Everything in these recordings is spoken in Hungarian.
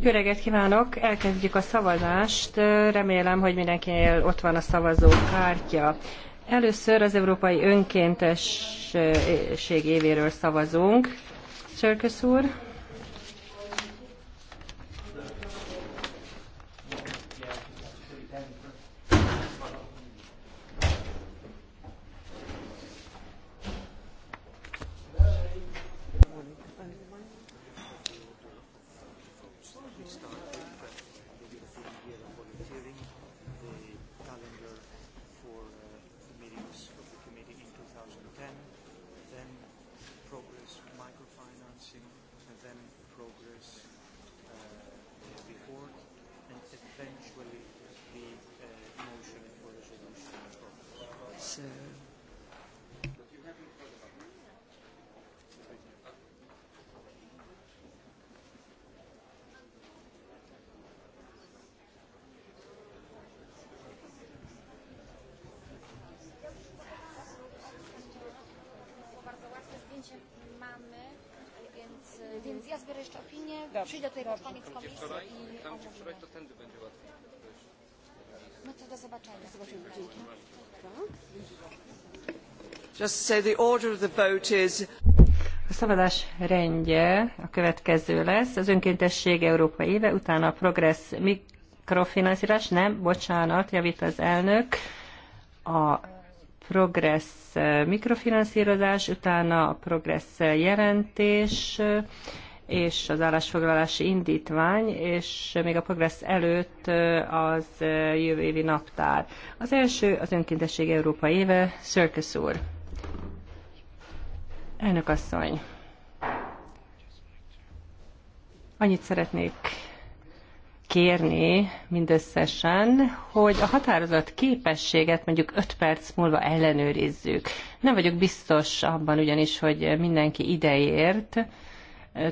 Jó reggelt kívánok! Elkezdjük a szavazást. Remélem, hogy mindenkinél ott van a szavazókártya. Először az Európai Önkéntesség évéről szavazunk. Csörkös úr! Przyjdę tutaj pod koniec komisji i wczoraj, to tędy będzie łatwiej. No to do zobaczenia. Zobaczymy. Dzięki. Just the order of the vote is... A szavazás rendje a következő lesz. Az önkéntesség Európa éve, utána a progressz mikrofinanszírozás, nem, bocsánat, javít az elnök. A progressz mikrofinanszírozás, utána a progressz jelentés, és az állásfoglalási indítvány, és még a progress előtt az jövő évi naptár. Az első az önkéntesség Európa éve, Szörkösz úr. Elnök asszony, annyit szeretnék kérni mindösszesen, hogy a határozat képességet mondjuk 5 perc múlva ellenőrizzük. Nem vagyok biztos abban ugyanis, hogy mindenki ideért,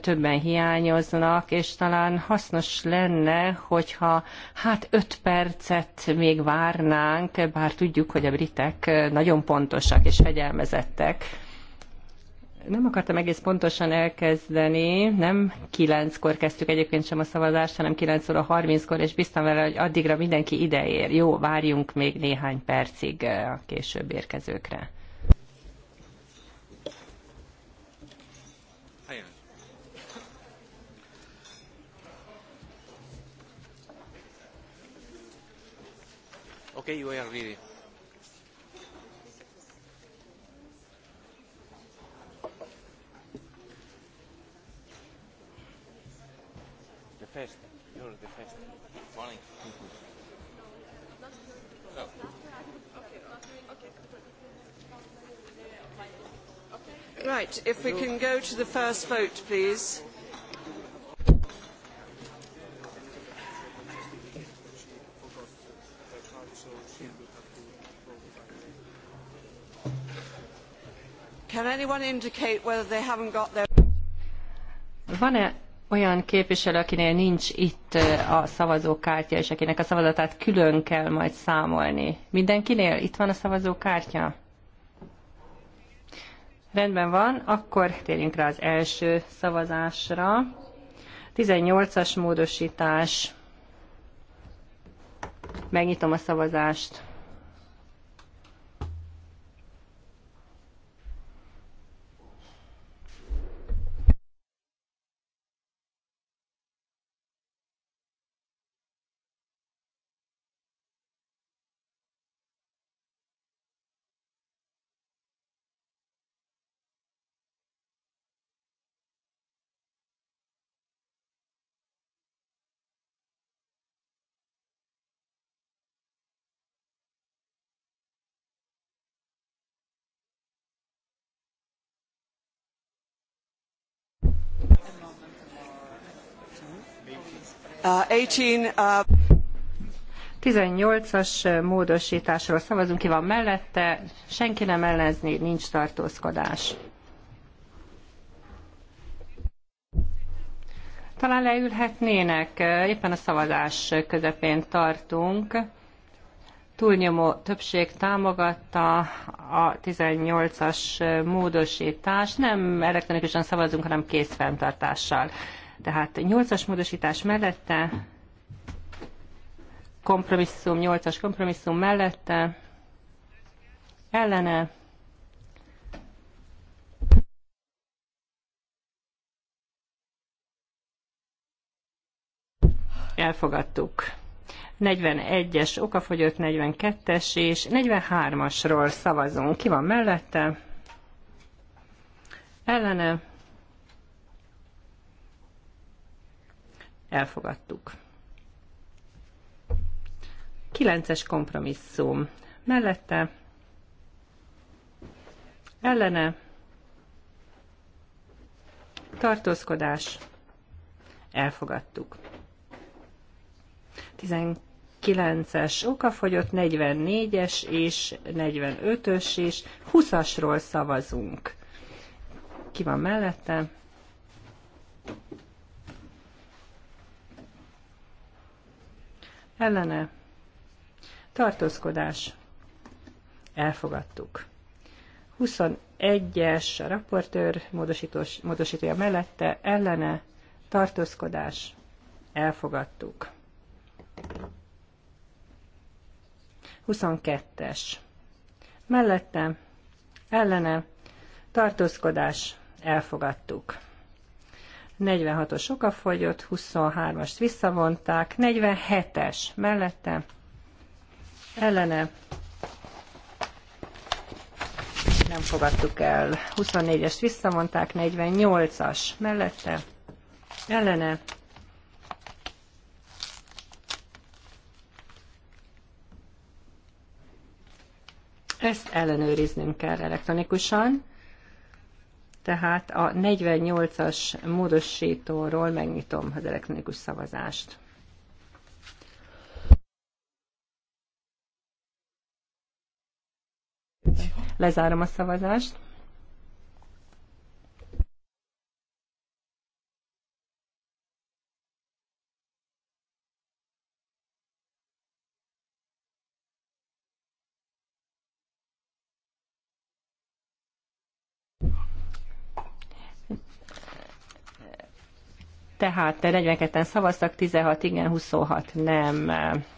többen hiányoznak, és talán hasznos lenne, hogyha hát öt percet még várnánk, bár tudjuk, hogy a britek nagyon pontosak és fegyelmezettek. Nem akartam egész pontosan elkezdeni, nem kilenckor kezdtük egyébként sem a szavazást, hanem 9 óra 30-kor, és biztam vele, hogy addigra mindenki ideér. Jó, várjunk még néhány percig a később érkezőkre. okay, you are ready. The first. You're the first. Right, if we can go to the first vote, please. Van-e olyan képviselő, akinél nincs itt a szavazókártya, és akinek a szavazatát külön kell majd számolni. Mindenkinél itt van a szavazókártya? Rendben van, akkor térjünk rá az első szavazásra. 18-as módosítás. Megnyitom a szavazást. 18-as uh, módosításról szavazunk, ki van mellette, senki nem ellezni, nincs tartózkodás. Talán leülhetnének, éppen a szavazás közepén tartunk. Túlnyomó többség támogatta a 18-as módosítást. Nem elektronikusan szavazunk, hanem készfenntartással. Tehát 8-as módosítás mellette, kompromisszum, 8-as kompromisszum mellette, ellene, elfogadtuk. 41-es okafogyott, 42-es és 43-asról szavazunk. Ki van mellette? Ellene. elfogadtuk. Kilences kompromisszum. Mellette, ellene, tartózkodás, elfogadtuk. 19-es okafogyott, 44-es és 45-ös és 20-asról szavazunk. Ki van mellette? ellene tartózkodás elfogadtuk. 21-es a raportőr módosítója mellette ellene tartózkodás elfogadtuk. 22-es mellette ellene tartózkodás elfogadtuk. 46-os okafogyott, 23-ast visszavonták, 47-es mellette, ellene nem fogadtuk el, 24-est visszavonták, 48-as mellette, ellene Ezt ellenőriznünk kell elektronikusan. Tehát a 48-as módosítóról megnyitom az elektronikus szavazást. Lezárom a szavazást. tehát 42-en szavaztak, 16 igen, 26 nem,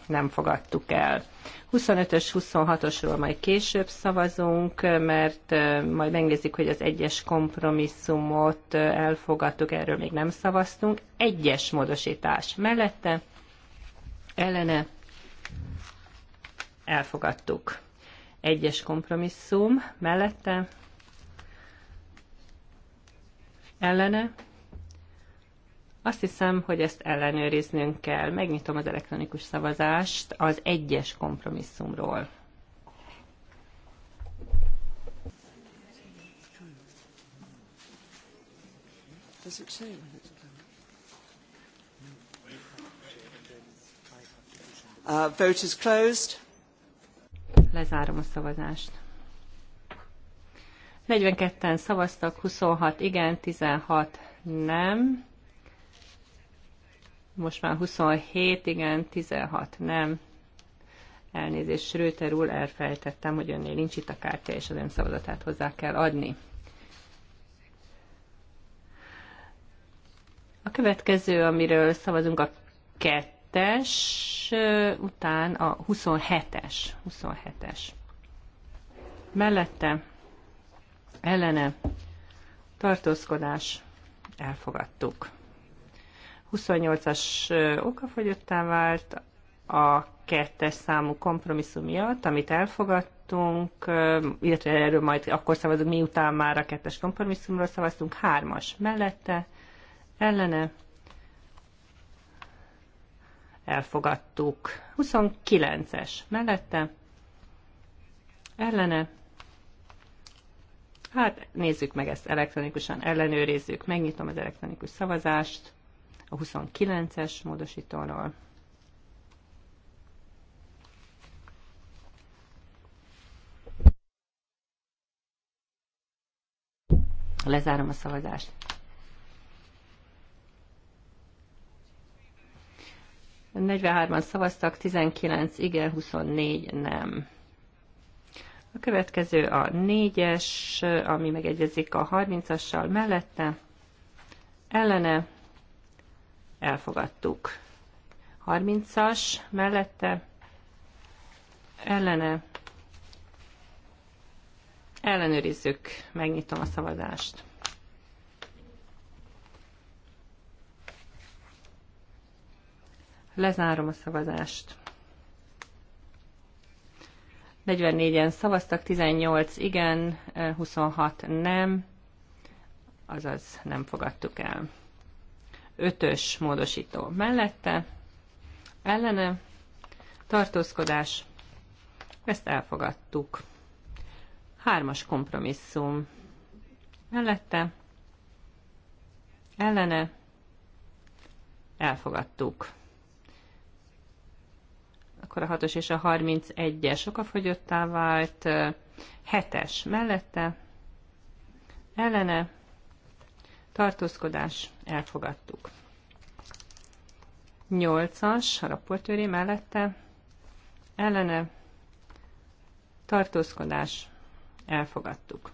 nem fogadtuk el. 25-ös, 26-osról majd később szavazunk, mert majd megnézzük, hogy az egyes kompromisszumot elfogadtuk, erről még nem szavaztunk. Egyes módosítás mellette, ellene elfogadtuk. Egyes kompromisszum mellette, ellene azt hiszem, hogy ezt ellenőriznünk kell. Megnyitom az elektronikus szavazást az egyes kompromisszumról. Does it say when it's Uh, vote is closed. Lezárom a szavazást. 42-en szavaztak, 26 igen, 16 nem. Most már 27, igen, 16, nem. Elnézést, Schröter úr, elfejtettem, hogy önnél nincs itt a kártya, és az ön szavazatát hozzá kell adni. A következő, amiről szavazunk, a kettes, után a 27-es. 27-es. Mellette, ellene, tartózkodás, elfogadtuk. 28-as okafogyottá vált a kettes számú kompromisszum miatt, amit elfogadtunk, illetve erről majd akkor szavazunk, miután már a kettes kompromisszumról szavaztunk, hármas mellette, ellene, elfogadtuk. 29-es mellette, ellene, hát nézzük meg ezt elektronikusan, ellenőrizzük, megnyitom az elektronikus szavazást, a 29-es módosítóról. Lezárom a szavazást. A 43-an szavaztak, 19 igen, 24 nem. A következő a 4-es, ami megegyezik a 30-assal mellette, ellene, elfogadtuk. 30-as mellette ellene ellenőrizzük, megnyitom a szavazást. Lezárom a szavazást. 44-en szavaztak, 18 igen, 26 nem, azaz nem fogadtuk el. Ötös módosító mellette, ellene, tartózkodás, ezt elfogadtuk. Hármas kompromisszum mellette, ellene, elfogadtuk. Akkor a 6-os és a 31-es okafogyottá vált, 7-es mellette, ellene, tartózkodás, elfogadtuk. 8-as, a raportőré mellette, ellene, tartózkodás, elfogadtuk.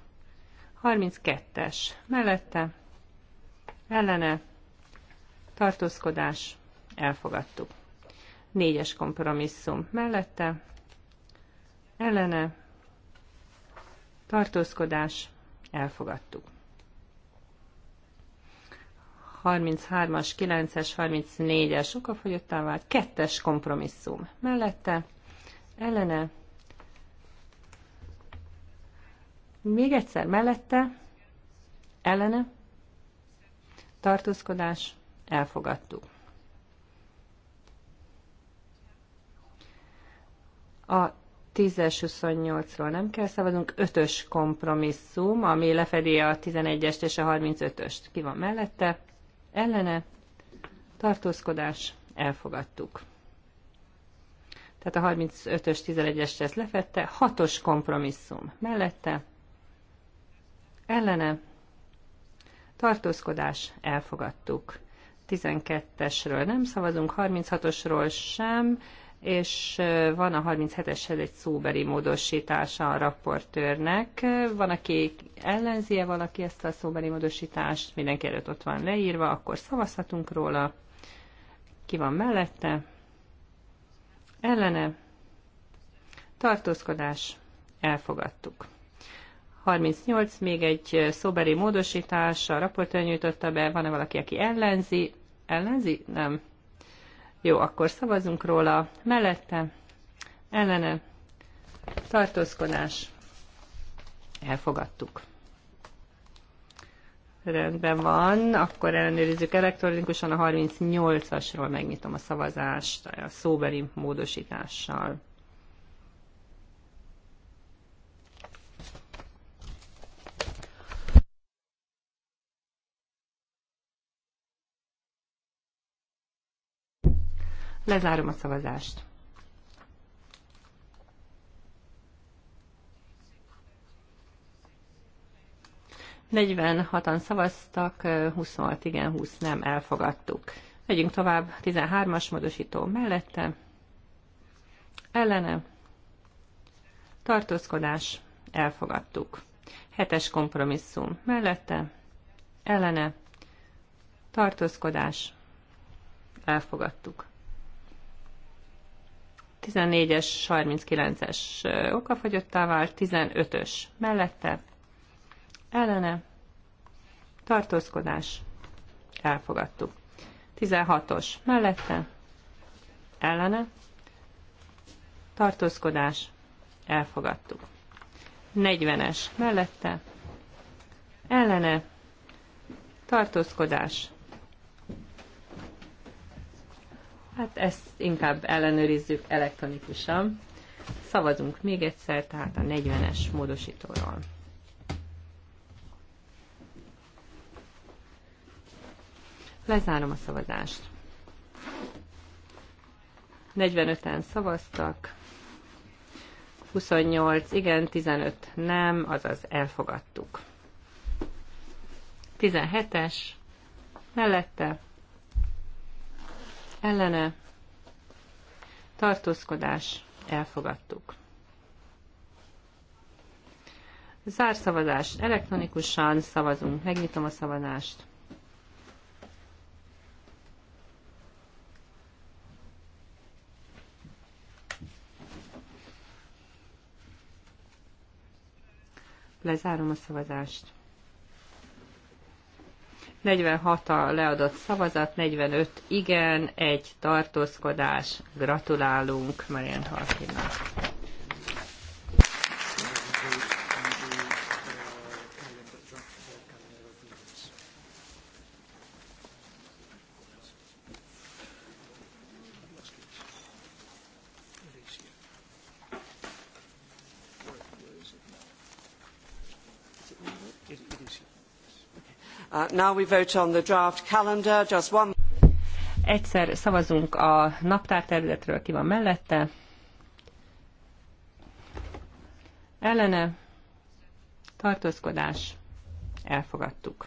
32-es, mellette, ellene, tartózkodás, elfogadtuk. 4-es kompromisszum, mellette, ellene, tartózkodás, elfogadtuk. 33-as, 9-es, 34-es sokafogyottá vált, kettes kompromisszum. Mellette, ellene, még egyszer mellette, ellene, tartózkodás, elfogadtuk. A 10-es 28-ról nem kell szabadunk, 5-ös kompromisszum, ami lefedi a 11-est és a 35-öst. Ki van mellette? ellene tartózkodás elfogadtuk. Tehát a 35-ös, 11-es ezt lefette, 6-os kompromisszum mellette, ellene tartózkodás elfogadtuk. 12-esről nem szavazunk, 36-osról sem, és van a 37-eshez egy szóbeli módosítása a raportőrnek. Van, aki -e valaki ezt a szóbeli módosítást, mindenki előtt ott van leírva, akkor szavazhatunk róla. Ki van mellette? Ellene? Tartózkodás? Elfogadtuk. 38, még egy szóbeli módosítás, a raportőr nyújtotta be, van-e valaki, aki ellenzi? Ellenzi? Nem jó, akkor szavazunk róla. Mellette, ellene, tartózkodás. Elfogadtuk. Rendben van, akkor ellenőrizzük elektronikusan a 38-asról, megnyitom a szavazást a szóbeli módosítással. Lezárom a szavazást. Negyven hatan szavaztak, 26 igen, 20 nem, elfogadtuk. Megyünk tovább, 13-as módosító mellette, ellene, tartózkodás, elfogadtuk. Hetes kompromisszum mellette, ellene, tartózkodás, elfogadtuk. 14-es, 39-es okafogyottá vált, 15-ös mellette, ellene, tartózkodás, elfogadtuk. 16-os mellette, ellene, tartózkodás, elfogadtuk. 40-es mellette, ellene, tartózkodás, Hát ezt inkább ellenőrizzük elektronikusan. Szavazunk még egyszer, tehát a 40-es módosítóról. Lezárom a szavazást. 45-en szavaztak, 28 igen, 15 nem, azaz elfogadtuk. 17-es mellette ellene tartózkodás elfogadtuk. Zárszavazás. Elektronikusan szavazunk. Megnyitom a szavazást. Lezárom a szavazást. 46 a leadott szavazat, 45 igen, egy tartózkodás. Gratulálunk Marian Halkinak. now we vote on the draft calendar. Just one... Egyszer szavazunk a naptárterületről, ki van mellette. Ellene tartózkodás elfogadtuk.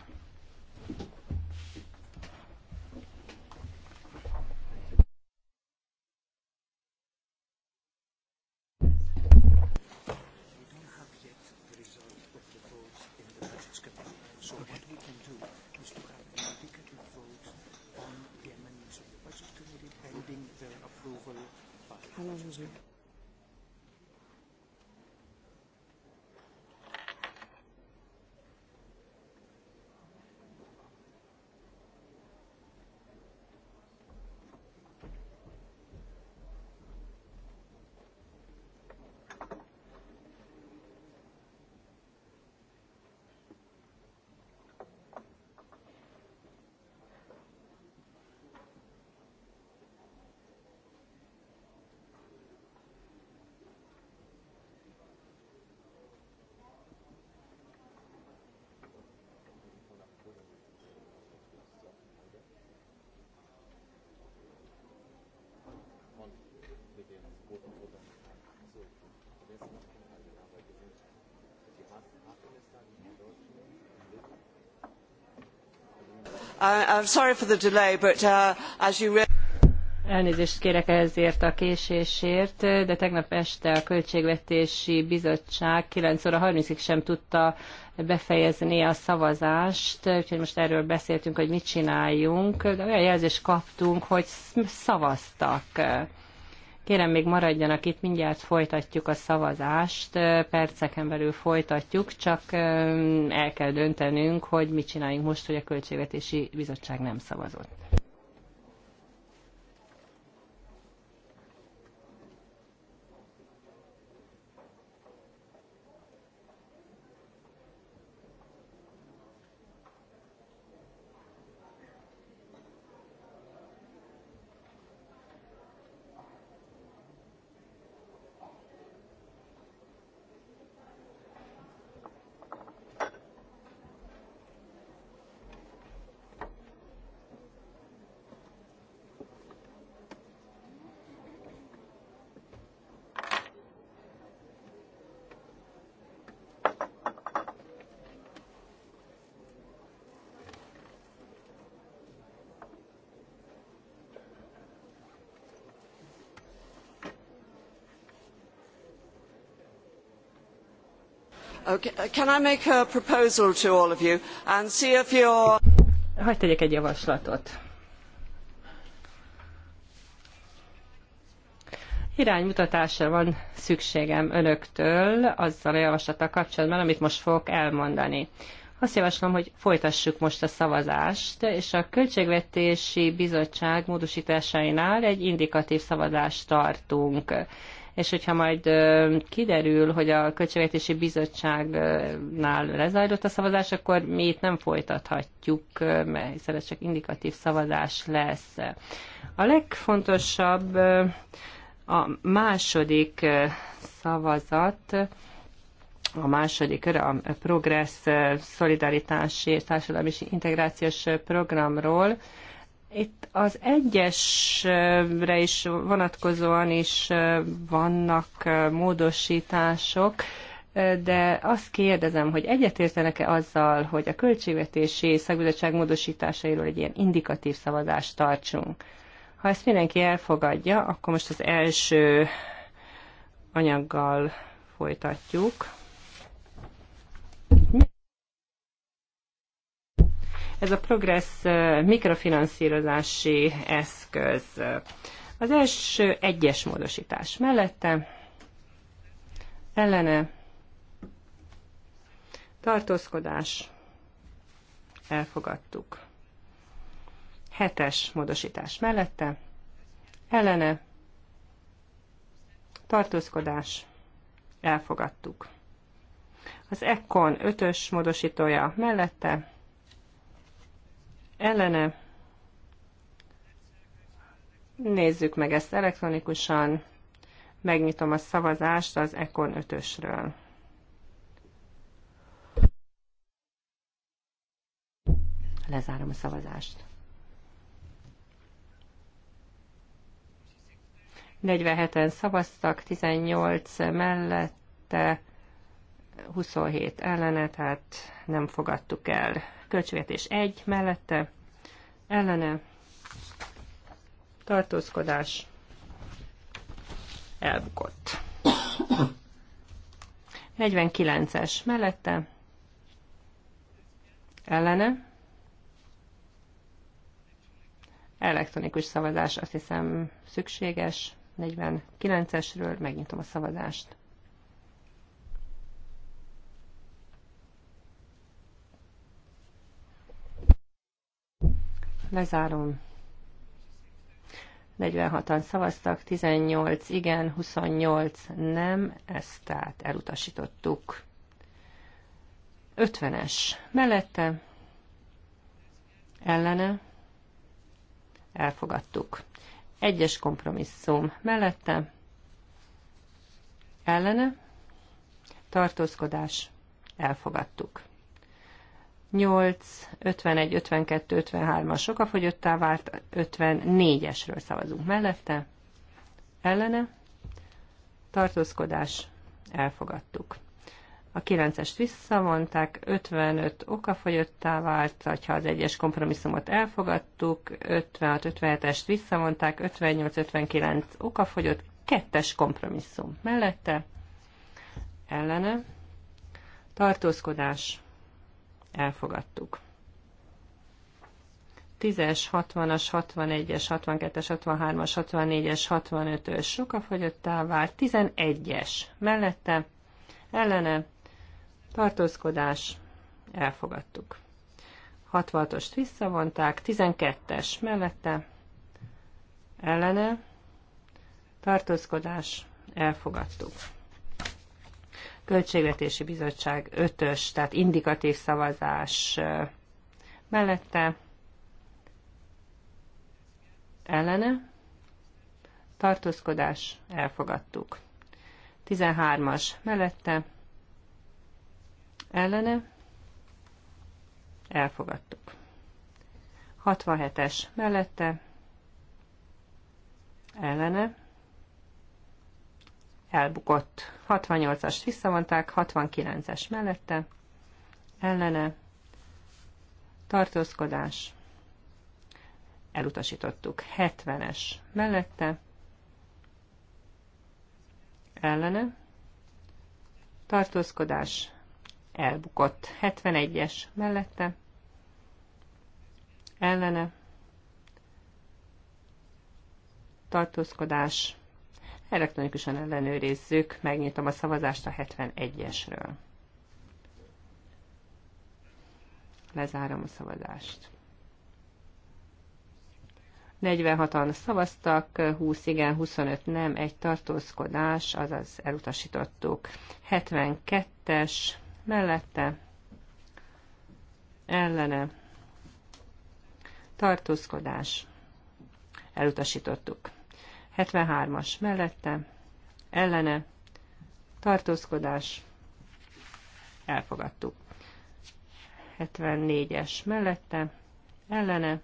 Elnézést kérek ezért a késésért, de tegnap este a Költségvetési Bizottság 9 óra 30-ig sem tudta befejezni a szavazást, úgyhogy most erről beszéltünk, hogy mit csináljunk, de olyan jelzést kaptunk, hogy szavaztak. Kérem, még maradjanak itt, mindjárt folytatjuk a szavazást, perceken belül folytatjuk, csak el kell döntenünk, hogy mit csináljunk most, hogy a Költségvetési Bizottság nem szavazott. Okay. Can I make a proposal to all of you and see if you're... tegyek egy javaslatot. Iránymutatásra van szükségem önöktől azzal a javaslattal kapcsolatban, amit most fogok elmondani. Azt javaslom, hogy folytassuk most a szavazást, és a Költségvetési Bizottság módosításainál egy indikatív szavazást tartunk és hogyha majd kiderül, hogy a Költségvetési Bizottságnál lezajlott a szavazás, akkor mi itt nem folytathatjuk, mert hiszen ez csak indikatív szavazás lesz. A legfontosabb a második szavazat, a második kör a Progress Szolidaritási és Társadalmi Integrációs Programról, itt az egyesre is vonatkozóan is vannak módosítások, de azt kérdezem, hogy egyetértenek-e azzal, hogy a költségvetési szakbizottság módosításairól egy ilyen indikatív szavazást tartsunk? Ha ezt mindenki elfogadja, akkor most az első anyaggal folytatjuk. Ez a progress mikrofinanszírozási eszköz. Az első egyes módosítás mellette, ellene, tartózkodás, elfogadtuk. Hetes módosítás mellette, ellene, tartózkodás, elfogadtuk. Az Ekkon ötös módosítója mellette, ellene. Nézzük meg ezt elektronikusan. Megnyitom a szavazást az Econ 5-ösről. Lezárom a szavazást. 47-en szavaztak, 18 mellette, 27 ellene, tehát nem fogadtuk el költségvetés 1 mellette ellene tartózkodás elbukott. 49-es mellette ellene elektronikus szavazás azt hiszem szükséges. 49-esről megnyitom a szavazást. lezárom. 46-an szavaztak, 18 igen, 28 nem, ezt tehát elutasítottuk. 50-es mellette, ellene, elfogadtuk. Egyes kompromisszum mellette, ellene, tartózkodás, elfogadtuk. 8, 51, 52, 53-as sokafogyottá vált, 54-esről szavazunk mellette. Ellene? Tartózkodás. Elfogadtuk. A 9-est visszavonták, 55 okafogyottá vált, ha az egyes kompromisszumot elfogadtuk, 56-57-est visszavonták, 58-59 okafogyott, kettes kompromisszum mellette, ellene, tartózkodás, elfogadtuk. 10-es, 60-as, 61-es, 62-es, 63-as, 64-es, 65-ös sok a fogyottá vár, 11-es mellette, ellene, tartózkodás, elfogadtuk. 66-ost visszavonták, 12-es mellette, ellene, tartózkodás, elfogadtuk. Költségvetési Bizottság 5-ös, tehát indikatív szavazás mellette ellene tartózkodás elfogadtuk. 13-as mellette ellene elfogadtuk. 67-es mellette ellene elbukott. 68 as visszavonták, 69-es mellette, ellene, tartózkodás, elutasítottuk. 70-es mellette, ellene, tartózkodás, elbukott. 71-es mellette, ellene, tartózkodás, Elektronikusan ellenőrizzük, megnyitom a szavazást a 71-esről. Lezárom a szavazást. 46-an szavaztak, 20 igen, 25 nem, egy tartózkodás, azaz elutasítottuk. 72-es mellette, ellene, tartózkodás, elutasítottuk. 73-as mellette, ellene, tartózkodás, elfogadtuk. 74-es mellette, ellene,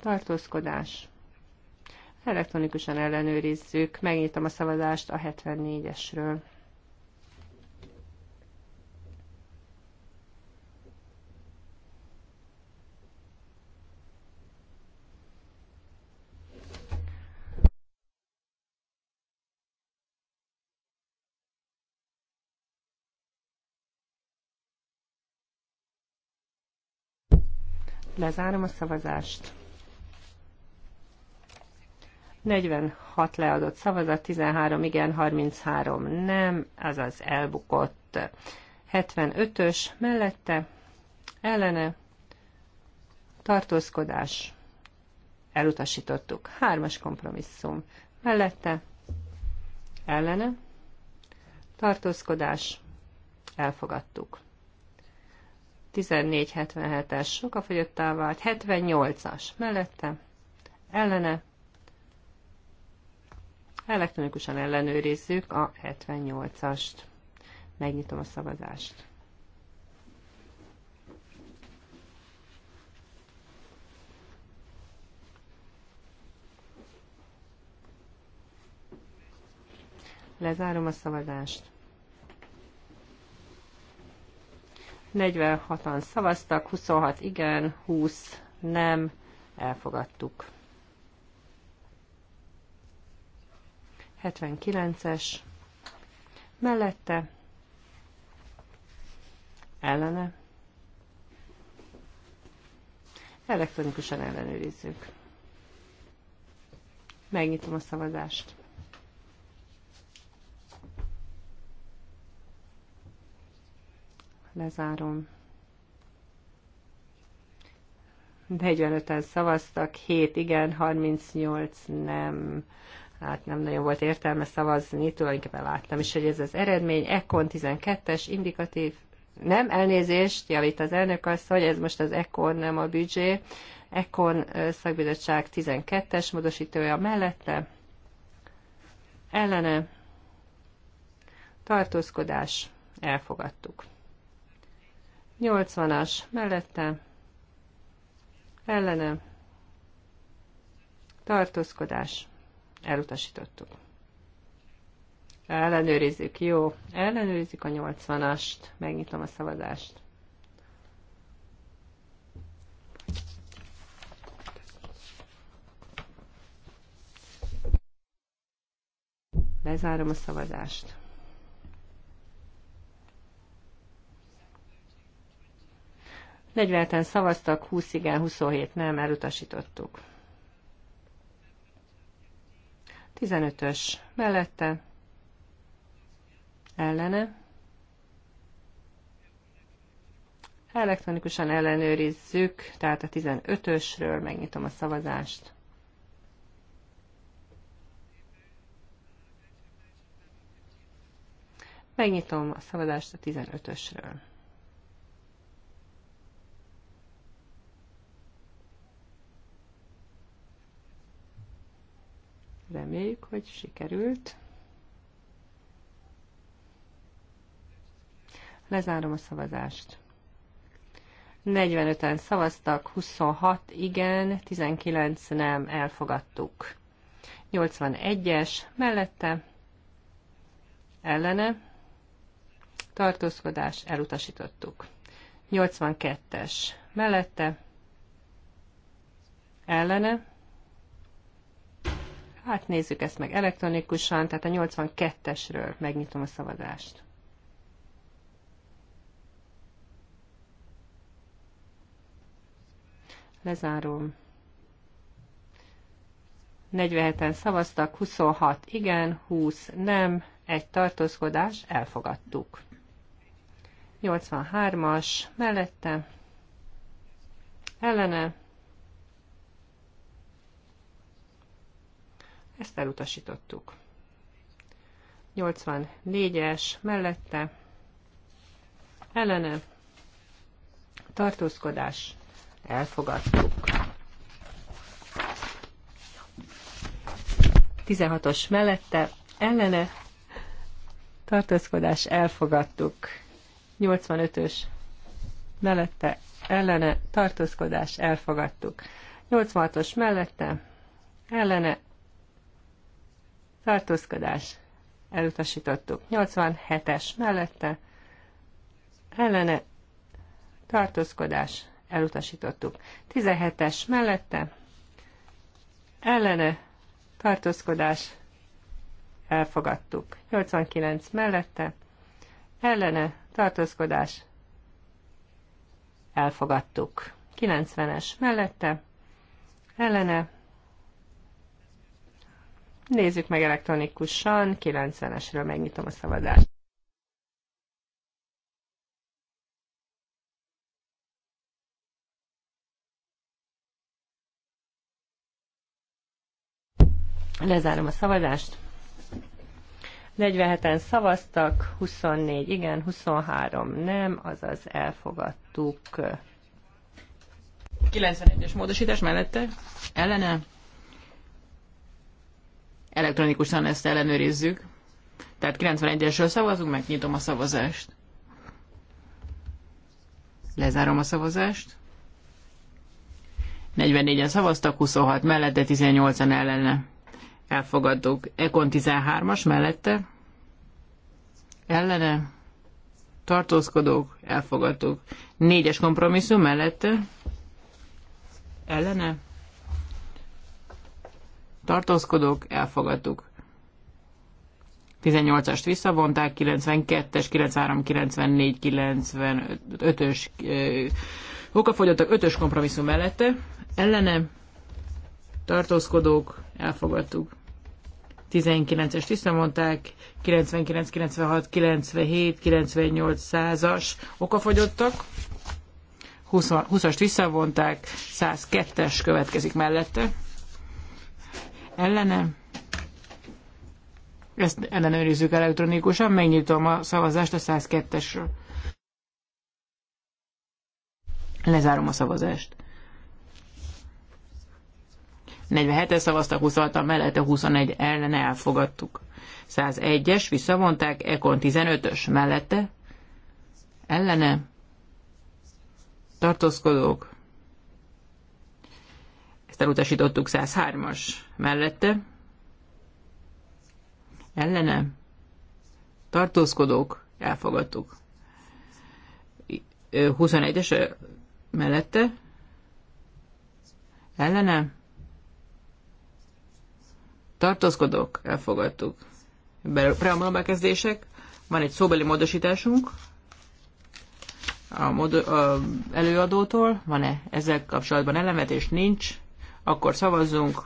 tartózkodás, elektronikusan ellenőrizzük, megnyitom a szavazást a 74-esről. Lezárom a szavazást. 46 leadott szavazat, 13 igen, 33 nem, azaz elbukott. 75-ös mellette, ellene, tartózkodás, elutasítottuk. Hármas kompromisszum mellette, ellene, tartózkodás, elfogadtuk. 1477-es sokafogyottá vált, 78-as mellette, ellene, elektronikusan ellenőrizzük a 78-ast. Megnyitom a szavazást. Lezárom a szavazást. 46-an szavaztak, 26 igen, 20 nem, elfogadtuk. 79-es, mellette, ellene, elektronikusan ellenőrizzük. Megnyitom a szavazást. lezárom. 45-en szavaztak, 7 igen, 38 nem. Hát nem nagyon volt értelme szavazni, tulajdonképpen láttam is, hogy ez az eredmény. Ekon 12-es, indikatív, nem, elnézést, javít az elnök azt, hogy ez most az Ekon, nem a büdzsé. Ekon szakbizottság 12-es módosítója mellette. Ellene tartózkodás, elfogadtuk. 80-as mellette ellene tartózkodás elutasítottuk. Ellenőrizzük, jó. Ellenőrizzük a 80-ast. Megnyitom a szavazást. Lezárom a szavazást. 40 en szavaztak, 20 igen, 27 nem, elutasítottuk. 15-ös mellette, ellene. Elektronikusan ellenőrizzük, tehát a 15-ösről megnyitom a szavazást. Megnyitom a szavazást a 15-ösről. Reméljük, hogy sikerült. Lezárom a szavazást. 45-en szavaztak, 26 igen, 19 nem, elfogadtuk. 81-es mellette, ellene, tartózkodás, elutasítottuk. 82-es mellette, ellene, Hát nézzük ezt meg elektronikusan, tehát a 82-esről megnyitom a szavazást. Lezárom. 47-en szavaztak, 26 igen, 20 nem, egy tartózkodás, elfogadtuk. 83-as mellette, ellene, Ezt elutasítottuk. 84-es mellette ellene tartózkodás elfogadtuk. 16-os mellette ellene tartózkodás elfogadtuk. 85-ös mellette ellene tartózkodás elfogadtuk. 86-os mellette ellene tartózkodás, elutasítottuk. 87-es mellette, ellene, tartózkodás, elutasítottuk. 17-es mellette, ellene, tartózkodás, elfogadtuk. 89 mellette, ellene, tartózkodás, elfogadtuk. 90-es mellette, ellene, Nézzük meg elektronikusan, 90-esről megnyitom a szavazást. Lezárom a szavazást. 47-en szavaztak, 24 igen, 23 nem, azaz elfogadtuk. 91-es módosítás mellette ellene elektronikusan ezt ellenőrizzük. Tehát 91-esről szavazunk, megnyitom a szavazást. Lezárom a szavazást. 44-en szavaztak, 26 mellette, 18 en ellene. Elfogadtuk. Ekon 13-as mellette. Ellene. Tartózkodók. Elfogadtuk. 4-es kompromisszum mellette. Ellene tartózkodók, elfogadtuk. 18-ast visszavonták, 92-es, 93, 94, 95-ös okafogyottak, 5-ös kompromisszum mellette, ellene tartózkodók, elfogadtuk. 19-est visszavonták, 99, 96, 97, 98, 100-as okafogyottak, 20-ast visszavonták, 102-es következik mellette ellene. Ezt ellenőrizzük elektronikusan, megnyitom a szavazást a 102-esről. Lezárom a szavazást. 47-en szavaztak, 26-an mellette, 21 ellen elfogadtuk. 101-es, visszavonták, Ekon 15-ös mellette, ellene, tartózkodók, ezt elutasítottuk 103-as mellette, ellene, tartózkodók, elfogadtuk. 21-es mellette, ellene, tartózkodók, elfogadtuk. Preambulum bekezdések, van egy szóbeli módosításunk, a, a előadótól, van-e ezzel kapcsolatban elemetés? Nincs akkor szavazzunk.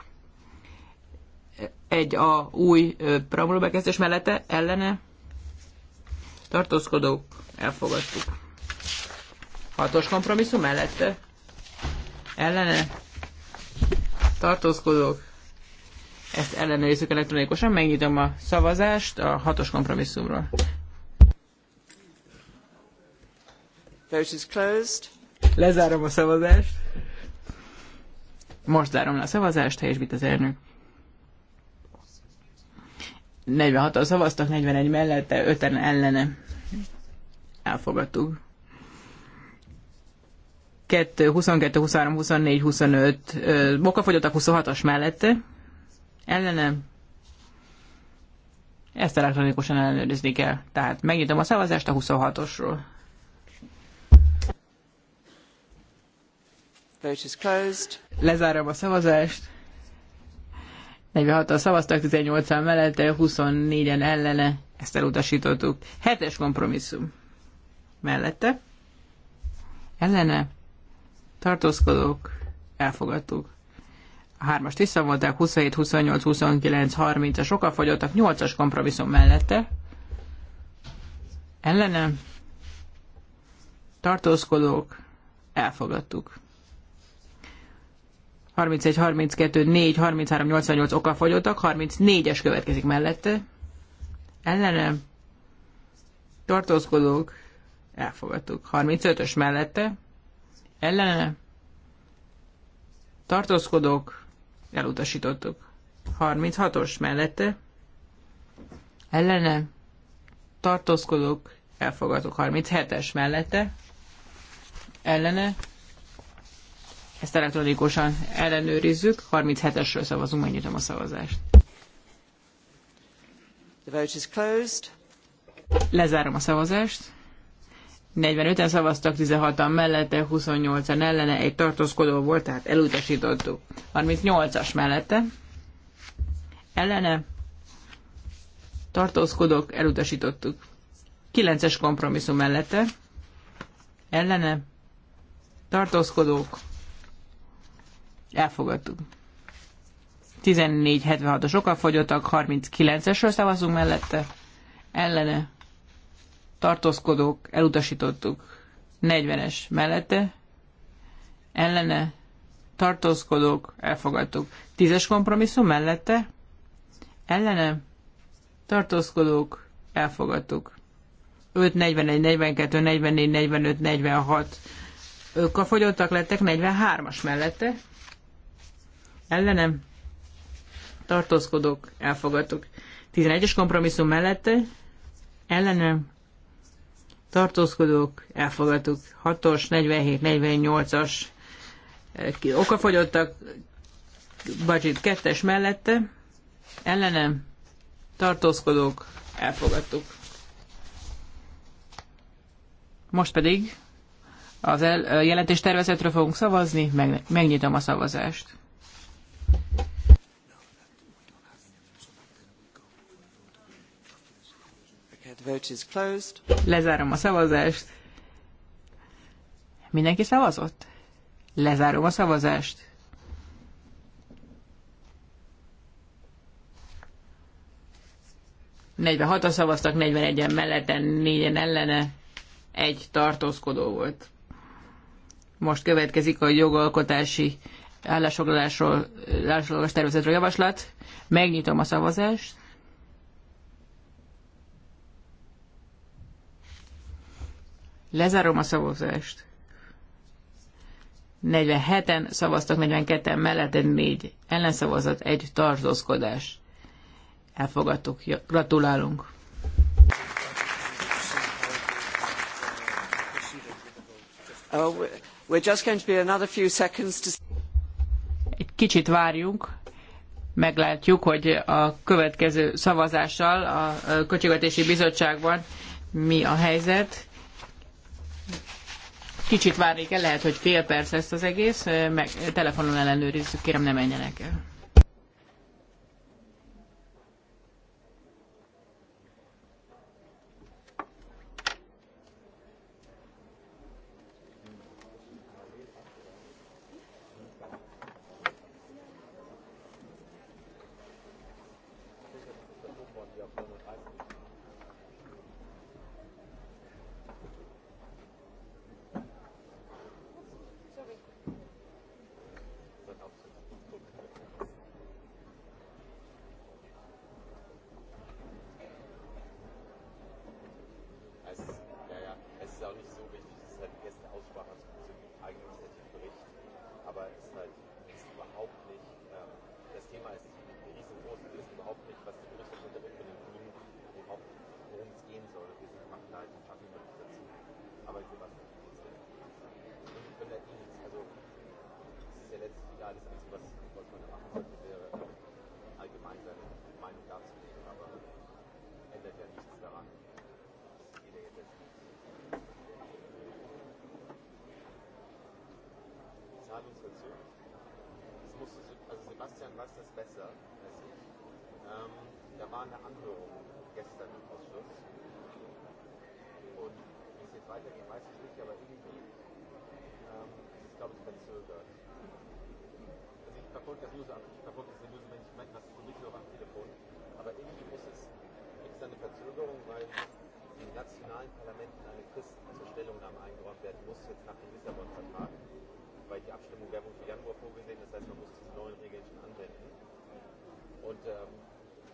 Egy a új preambulbekezdés mellette ellene tartózkodók elfogadtuk. Hatos kompromisszum mellette ellene tartózkodók ezt ellenőrizzük elektronikusan, megnyitom a szavazást a hatos kompromisszumról. Vote is closed. Lezárom a szavazást. Most zárom le a szavazást, helyes az elnök. 46-tal szavaztak, 41 mellette, 5-en ellene. Elfogadtuk. 2, 22, 23, 24, 25, Boka fogyottak 26-as mellette, ellene. Ezt elektronikusan ellenőrizni kell. Tehát megnyitom a szavazást a 26-osról. Vote is closed. Lezárom a szavazást. 46-an szavaztak, 18-an mellette, 24-en ellene. Ezt elutasítottuk. Hetes kompromisszum. Mellette. Ellene. Tartózkodók. Elfogadtuk. A hármast visszavolták, 27, 28, 29, 30 a sokkal fogyottak, 8-as kompromisszum mellette. Ellene. Tartózkodók. Elfogadtuk. 31, 32, 4, 33, 88 oka fogyottak, 34-es következik mellette. Ellenem tartózkodók, elfogadtuk. 35-ös mellette, ellene tartózkodók, elutasítottuk. 36-os mellette, ellene tartózkodók, elfogadtuk. 37-es mellette, ellene ezt elektronikusan ellenőrizzük. 37-esről szavazunk, megnyitom a szavazást. The vote is closed. Lezárom a szavazást. 45-en szavaztak, 16-an mellette, 28-an ellene, egy tartózkodó volt, tehát elutasítottuk. 38-as mellette, ellene, tartózkodók, elutasítottuk. 9-es kompromisszum mellette, ellene, tartózkodók, Elfogadtuk. 14.76-os fogyottak, 39-esről szavazunk mellette. Ellene. Tartózkodók, elutasítottuk. 40-es mellette. Ellene. Tartózkodók, elfogadtuk. 10-es kompromisszum mellette. Ellene. Tartózkodók, elfogadtuk. 5, 41, 42, 44, 45, 46. Ők a fogyottak lettek 43-as mellette ellenem tartózkodók elfogadtuk. 11-es kompromisszum mellette ellenem tartózkodók elfogadtuk. 6-os, 47-48-as eh, okafogyottak, budget 2-es mellette ellenem tartózkodók elfogadtuk. Most pedig az el, jelentés tervezetről fogunk szavazni, meg, megnyitom a szavazást. Lezárom a szavazást. Mindenki szavazott? Lezárom a szavazást. Negyvenhatan szavaztak, 41-en mellette, 4-en ellene. Egy tartózkodó volt. Most következik a jogalkotási állásfoglalásról, állásfoglalás tervezetről javaslat. Megnyitom a szavazást. Lezárom a szavazást. 47-en szavaztak, 42-en mellette 4 ellenszavazat, egy tartózkodás. Elfogadtuk. Gratulálunk. Oh, we're just going to be another few seconds to kicsit várjunk, meglátjuk, hogy a következő szavazással a Költségvetési Bizottságban mi a helyzet. Kicsit várni kell, lehet, hogy fél perc lesz az egész, meg telefonon ellenőrizzük, kérem ne menjenek el. ist nichts, was, was man machen sollte, wäre allgemein seine Meinung darzulegen, aber ändert ja nichts daran. Jeder jetzt Zahlungsverzug. Das musste, also Sebastian weiß das besser als ich. Ähm, da war eine Anhörung gestern im Ausschuss. Und wie es jetzt weitergeht, weiß ich nicht, aber irgendwie ähm, ist es, glaube ich, verzögert verfolgt das User, ich verfolge das User, wenn ich manchmal so mithöre am Telefon. Aber irgendwie muss es, gibt es eine Verzögerung, weil in den nationalen Parlamenten eine Frist zur Stellungnahme eingeräumt werden muss, jetzt nach dem Lissabon-Vertrag, weil die Abstimmung wäre wohl für Januar vorgesehen, das heißt, man muss diese neuen Regeln schon anwenden. Und ähm,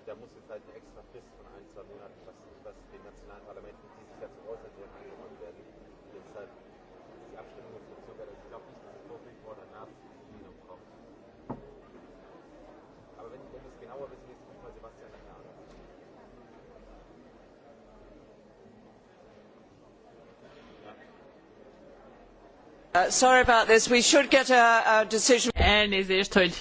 da muss jetzt halt eine extra Frist von ein, zwei Monaten, was, was den nationalen Parlamenten, die sich dazu äußern sollen, eingeräumt werden. Und deshalb ist die Abstimmung jetzt verzögert. Also ich glaube nicht, dass es vorgelegt worden danach Elnézést, hogy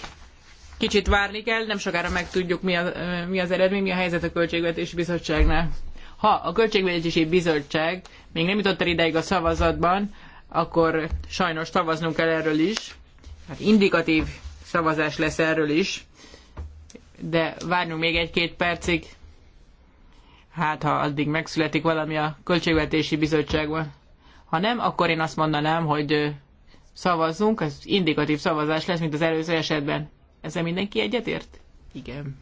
kicsit várni kell, nem sokára megtudjuk, mi, a, uh, mi az eredmény, mi a helyzet a Költségvetési Bizottságnál. Ha a Költségvetési Bizottság még nem jutott el ideig a szavazatban, akkor sajnos szavaznunk kell erről is. Hát indikatív szavazás lesz erről is, de várjunk még egy-két percig, hát ha addig megszületik valami a Költségvetési Bizottságban. Ha nem, akkor én azt mondanám, hogy szavazzunk, ez indikatív szavazás lesz, mint az előző esetben. Ezzel mindenki egyetért? Igen.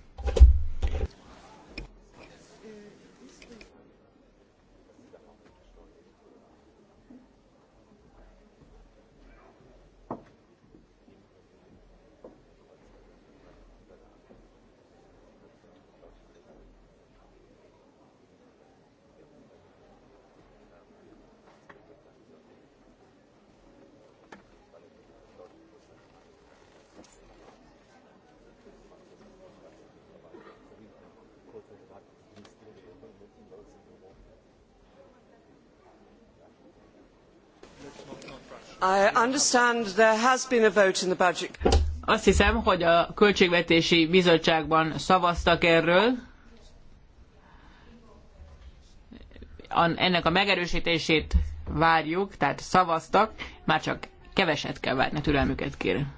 Azt hiszem, hogy a Költségvetési Bizottságban szavaztak erről. Ennek a megerősítését várjuk, tehát szavaztak, már csak keveset kell várni, türelmüket kérem.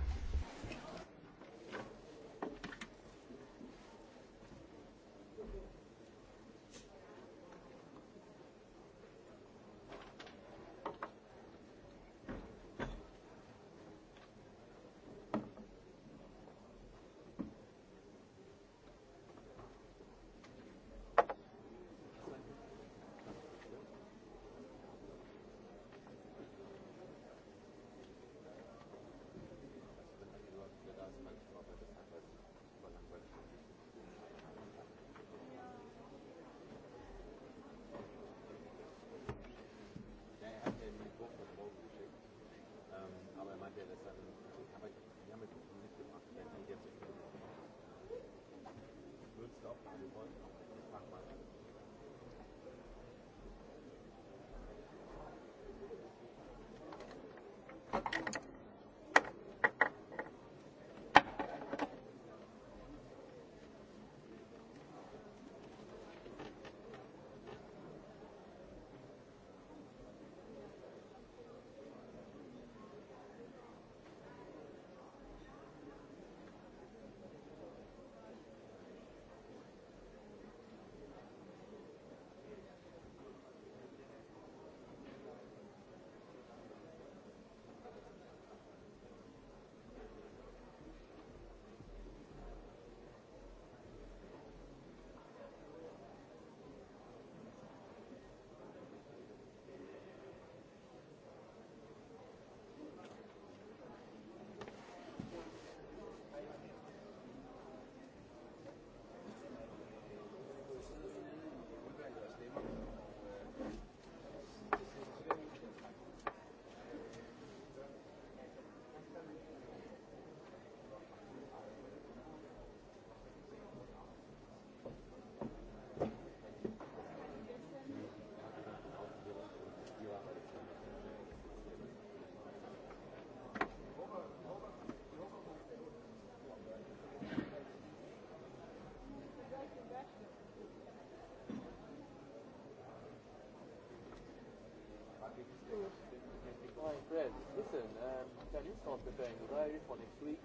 listen, um, can you start preparing the diary for next week?